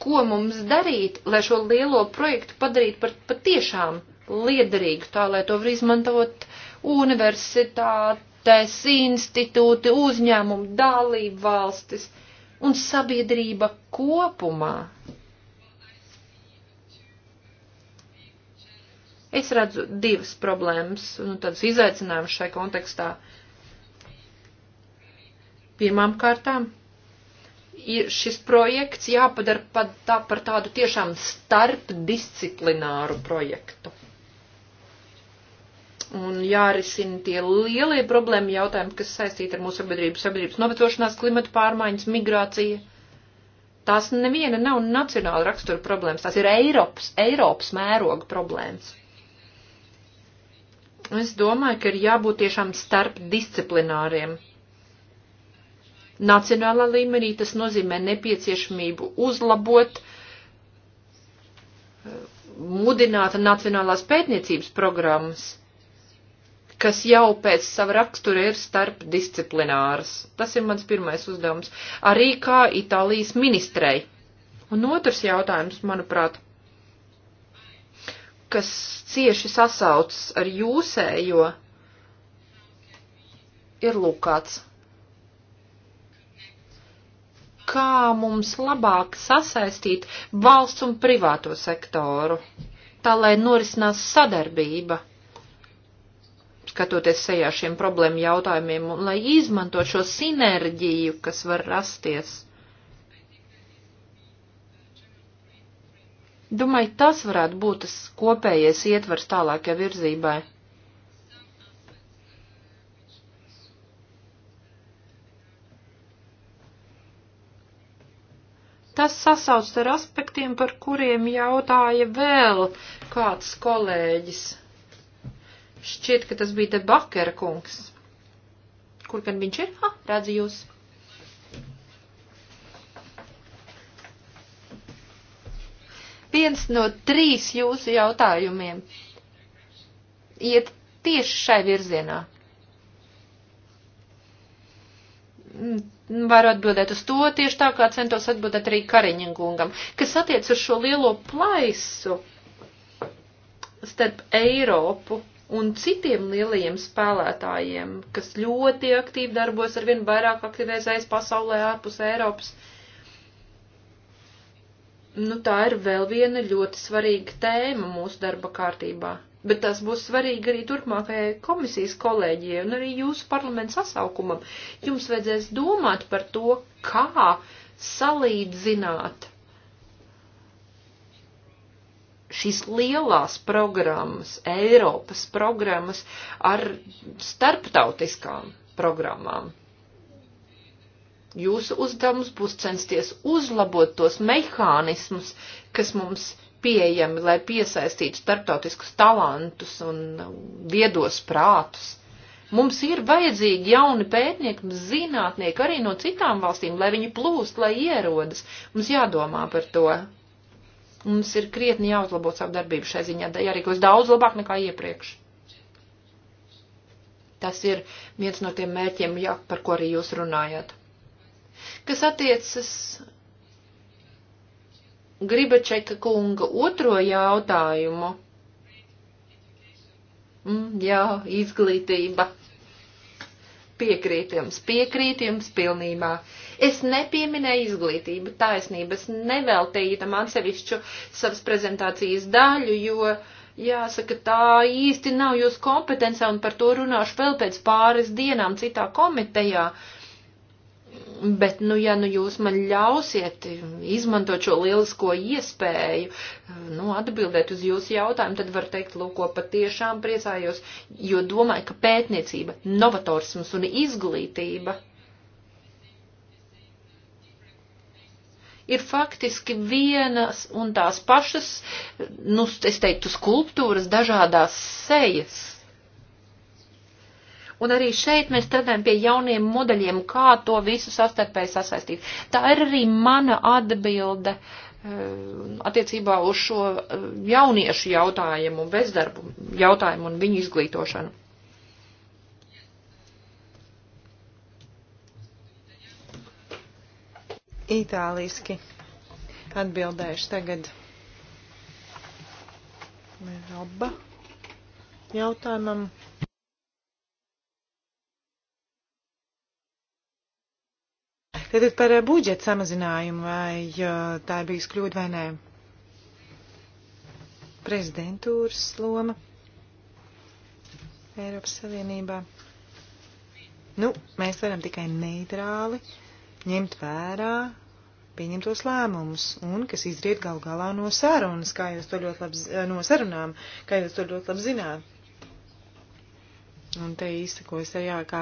Ko mums darīt, lai šo lielo projektu padarītu par patiešām liederīgu, tā lai to var izmantot universitātes, institūti, uzņēmumu, dalību valstis un sabiedrība kopumā. Es redzu divas problēmas, nu, tādas izaicinājumas šai kontekstā. Pirmām kārtām ir šis projekts jāpadara pat tā par tādu tiešām starpdisciplināru projektu un jārisina tie lielie problēma jautājumi, kas saistīti ar mūsu sabiedrību, sabiedrības novecošanās, klimata pārmaiņas, migrācija. Tās neviena nav nacionāla rakstura problēmas, tās ir Eiropas, Eiropas mēroga problēmas. Es domāju, ka ir jābūt tiešām starp disciplināriem. Nacionālā līmenī tas nozīmē nepieciešamību uzlabot eh, mudināta nacionālās pētniecības programmas kas jau pēc sava rakstura ir starpdisciplināras. Tas ir mans pirmais uzdevums. Arī kā Itālijas ministrei. Un otrs jautājums, manuprāt, kas cieši sasaucas ar jūsējo, ir lūkāts. Kā mums labāk sasaistīt valsts un privāto sektoru, tā lai norisinās sadarbība? skatoties sejā šiem problēmu jautājumiem, un lai izmanto šo sinerģiju, kas var rasties. Domāju, tas varētu būt tas kopējais ietvars tālākajai virzībai. Tas sasaucas ar aspektiem, par kuriem jautāja vēl kāds kolēģis. Šķiet, ka tas bija debakera kungs. Kur gan viņš ir? Ha, redzu jūs. Viens no trīs jūsu jautājumiem iet tieši šai virzienā. Mm, varu atbildēt uz to tieši tā, kā centos atbildēt arī Kariņģungam, kas attiec uz šo lielo plaisu starp Eiropu un citiem lielajiem spēlētājiem, kas ļoti aktīvi darbojas, arvien vairāk aktivizējas pasaulē ārpus Eiropas. Nu, tā ir vēl viena ļoti svarīga tēma mūsu darba kārtībā, bet tas būs svarīgi arī turpmākajai komisijas kolēģijai un arī jūsu parlamentu sasaukumam. Jums vajadzēs domāt par to, kā salīdzināt šīs lielās programmas, Eiropas programmas ar starptautiskām programmām. Jūsu uzdevums būs censties uzlabot tos mehānismus, kas mums pieejami, lai piesaistītu starptautiskus talantus un viedos prātus. Mums ir vajadzīgi jauni pētnieki, zinātnieki arī no citām valstīm, lai viņi plūst, lai ierodas. Mums jādomā par to. Mums ir krietni jāuzlabo savu darbību šai ziņā, jārīkos daudz labāk nekā iepriekš. Tas ir viens no tiem mērķiem, jā, par ko arī jūs runājat. Kas attiecas Gribačeka kunga otro jautājumu. Mm, jā, izglītība. Piekrīt jums, piekrīt jums pilnībā. Uh, Es nepieminēju izglītību, taisnības, neveltīju tam atsevišķu savas prezentācijas daļu, jo, jāsaka, tā īsti nav jūsu kompetence, un par to runāšu vēl pēc pāris dienām citā komitejā. Bet, nu, ja nu jūs man ļausiet izmantot šo lielisko iespēju, nu, atbildēt uz jūsu jautājumu, tad var teikt, lūk, ko patiešām priecājos, jo domāju, ka pētniecība, novatorsums un izglītība. Mm ir faktiski vienas un tās pašas, nu, es teiktu, skulptūras dažādās sejas. Un arī šeit mēs strādājam pie jauniem modeļiem, kā to visu sastarpēji sasaistīt. Tā ir arī mana atbilde eh, attiecībā uz šo eh, jauniešu jautājumu, bezdarbu jautājumu un viņu izglītošanu. Itāliski atbildēšu tagad Roba jautājumam. Tātad par budžeta samazinājumu, vai tā ir bijusi kļūda vai nē? Prezidentūras loma Eiropas Savienībā. Nu, mēs varam tikai neitrāli ņemt vērā pieņemtos lēmumus un kas izriet gal galā no sarunas, kā jūs to ļoti labi, eh, no sarunām, kā jūs to ļoti labi zināt. Un te izsakojas arī kā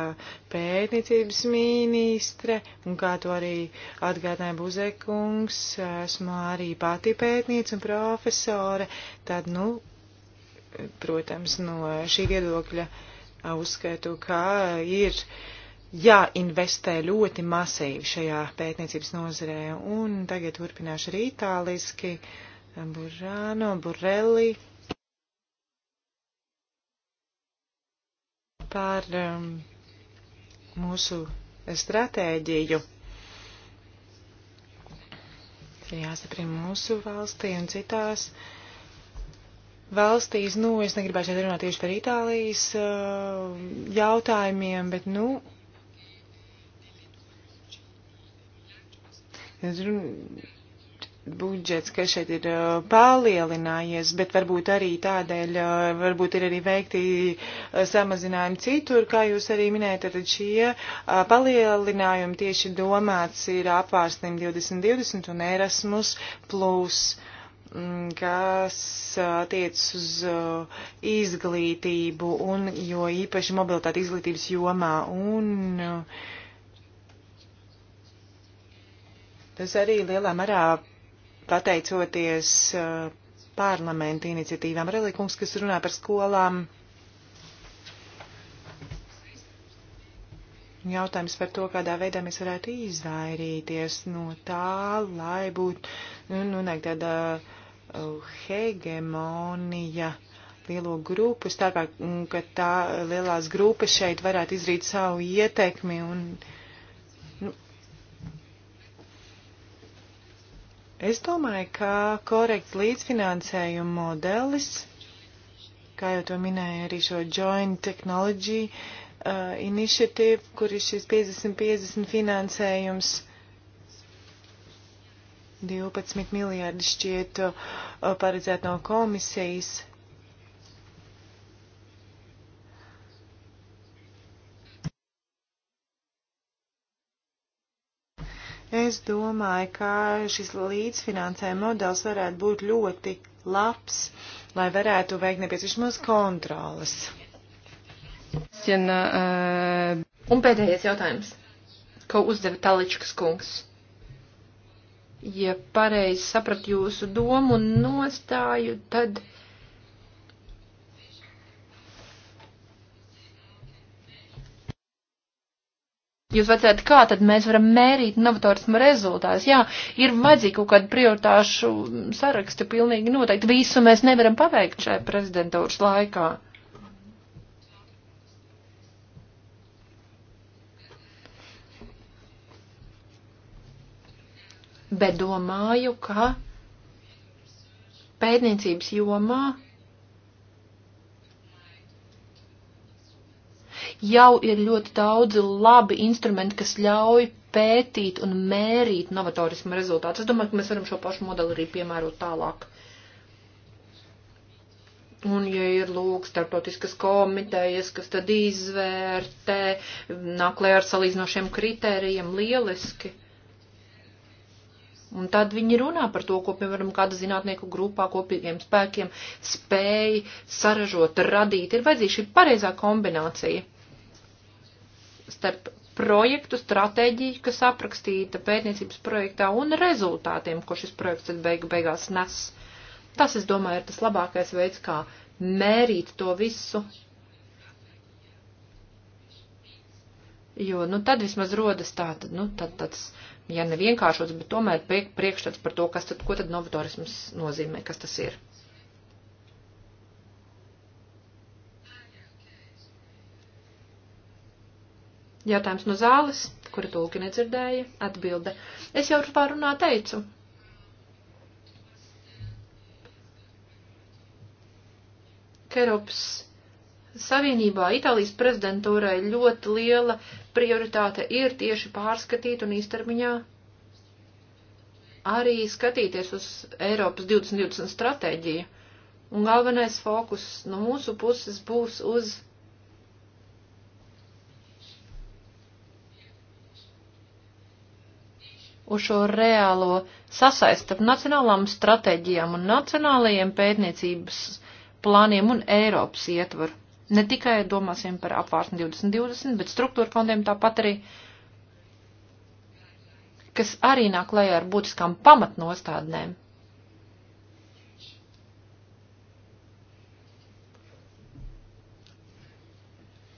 pētniecības ministre, un kā to arī atgādināja Buzekungs, esmu arī pati pētniece un profesore, tad, nu, protams, no šī viedokļa uzskatu, kā ir. Uh, jāinvestē ļoti masīvi šajā pētniecības nozarē. Un tagad turpināšu arī itāliski. Burrano, Burelli. Par um, mūsu stratēģiju. Jāsaprina mūsu valstī un citās valstīs. Nu, es negribēju šeit runāt tieši par Itālijas uh, jautājumiem, bet, nu, budžets, ka šeit ir uh, palielinājies, bet varbūt arī tādēļ, uh, varbūt ir arī veikti uh, samazinājumi citur, kā jūs arī minējat, tad šie palielinājumi tieši domāts ir apvārsnim 2020 un Erasmus plus mm, kas attiec uz izglītību un jo īpaši mobilitāti izglītības jomā un uh, Tas arī lielā mērā pateicoties uh, parlamenta iniciatīvām. Relikums, kas runā par skolām. Jautājums par to, kādā veidā mēs varētu izvairīties no tā, lai būtu nu, nu, tāda uh, hegemonija lielo grupu, tā kā ka tā lielās grupas šeit varētu izrīt savu ietekmi un uh, Es domāju, ka korekts līdzfinansējuma modelis, kā jau to minēja arī šo Joint Technology uh, Initiative, kur ir šis 50-50 finansējums, 12 miljārdi šķiet uh, paredzēt no komisijas Es domāju, ka šis līdzfinansējuma modelis varētu būt ļoti labs, lai varētu veikt nepieciešamos kontrolas. Uh, un pēdējais jautājums, ko uzdeva Taličkas kungs. Ja pareizi sapratu jūsu domu un nostāju, tad. Uh, Jūs vajadzētu, kā tad mēs varam mērīt novatorismu rezultātus? Jā, ir vajadzīgi kaut kādi prioritāšu saraksti pilnīgi noteikti. Visu mēs nevaram paveikt šajā prezidentūras laikā. Bet domāju, ka pētniecības jomā jau ir ļoti daudzi labi instrumenti, kas ļauj pētīt un mērīt novatorismu rezultātus. Es domāju, ka mēs varam šo pašu modeli arī piemērot tālāk. Un, ja ir lūk, starptautiskas komitejas, kas tad izvērtē, nāk lē ar salīdzinošiem kritērijiem, lieliski. Un tad viņi runā par to, ko, piemēram, kāda zinātnieku grupā kopīgiem spēkiem spēja saražot, radīt. Ir vajadzīga šī pareizā kombinācija starp projektu stratēģiju, kas aprakstīta pētniecības projektā un rezultātiem, ko šis projekts tad beigu beigās nes. Tas, es domāju, ir tas labākais veids, kā mērīt to visu. Jo, nu, tad vismaz rodas tā, tad, nu, tad tāds, ja nevienkāršots, bet tomēr priekšstats par to, kas tad, ko tad novatorisms nozīmē, kas tas ir. Jautājums no zāles, kura tulki nedzirdēja, atbilde. Es jau pārunā teicu. Ka Eiropas Savienībā Itālijas prezidentūrai ļoti liela prioritāte ir tieši pārskatīt un īstermiņā arī skatīties uz Eiropas 2020 stratēģiju. Un galvenais fokus no mūsu puses būs uz uz šo reālo sasaistību ar nacionālām stratēģijām un nacionālajiem pētniecības plāniem un Eiropas ietvaru. Ne tikai domāsim par apvārsni 2020, bet struktūra fondiem tāpat arī, kas arī nāk lejā ar būtiskām pamatnostādnēm.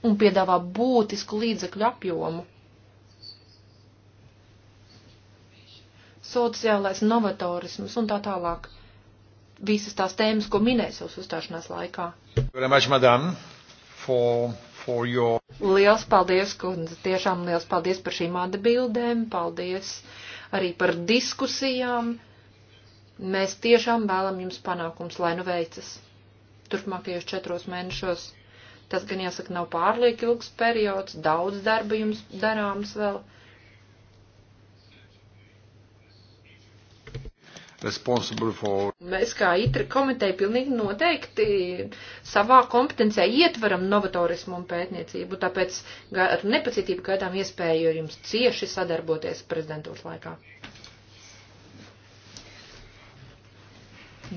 Un piedāvā būtisku līdzekļu apjomu soda zālēs, novatorisms un tā tālāk. Visas tās tēmas, ko minēs jūsu uzstāšanās laikā. Liels paldies, kundze, tiešām liels paldies par šīm atbildēm, paldies arī par diskusijām. Mēs tiešām vēlam jums panākums, lai nu veicas turpmākajos četros mēnešos. Tas gan jāsaka nav pārlieku ilgs periods, daudz darba jums darāms vēl For... Mēs kā ITRA komiteja pilnīgi noteikti savā kompetencē ietveram novatorismu un pētniecību, tāpēc ar nepacietību gaidām iespēju ar jums cieši sadarboties prezidentūras laikā.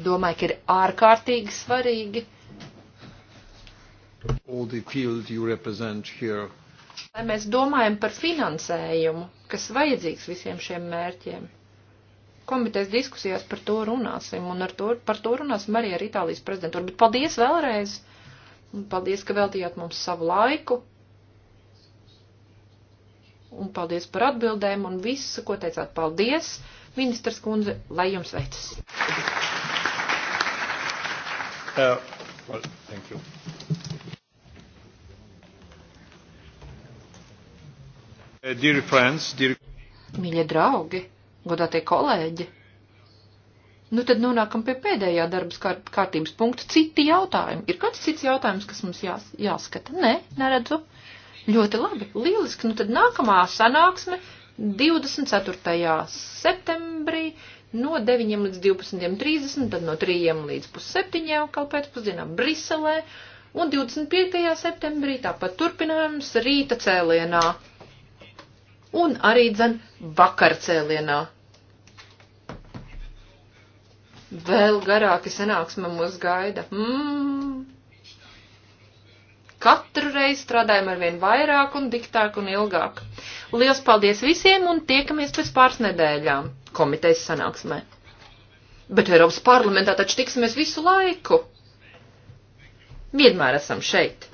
Domāju, ka ir ārkārtīgi svarīgi. Lai mēs domājam par finansējumu, kas vajadzīgs visiem šiem mērķiem komitejas diskusijās par to runāsim, un ar to, par to runāsim arī ar Itālijas prezidentūru. Bet paldies vēlreiz! Paldies, ka veltījāt mums savu laiku! Un paldies par atbildēm un visu, ko teicāt. Paldies, ministrs kundze, lai jums veicas! Uh, well, thank you. Uh, dear friends, dear... Mīļie draugi! godātie kolēģi. Nu tad nonākam pie pēdējā darbas kārt, kārtības punkta. Citi jautājumi. Ir kāds cits jautājums, kas mums jās, jāskata? Nē, neredzu. Ļoti labi, lieliski. Nu tad nākamā sanāksme 24. septembrī no 9 līdz 12.30, tad no 3 līdz pusseptiņiem, kaut pēcpusdienā Briselē, un 25. septembrī tāpat turpinājums rīta cēlienā, un arī dzen vakar cēlienā vēl garāka sanāksme mūs gaida. Mm. Katru reizi strādājam ar vien vairāk un diktāk un ilgāk. Liels paldies visiem un tiekamies pēc pāris nedēļām komitejas sanāksmē. Bet Eiropas parlamentā taču tiksimies visu laiku. Vienmēr esam šeit.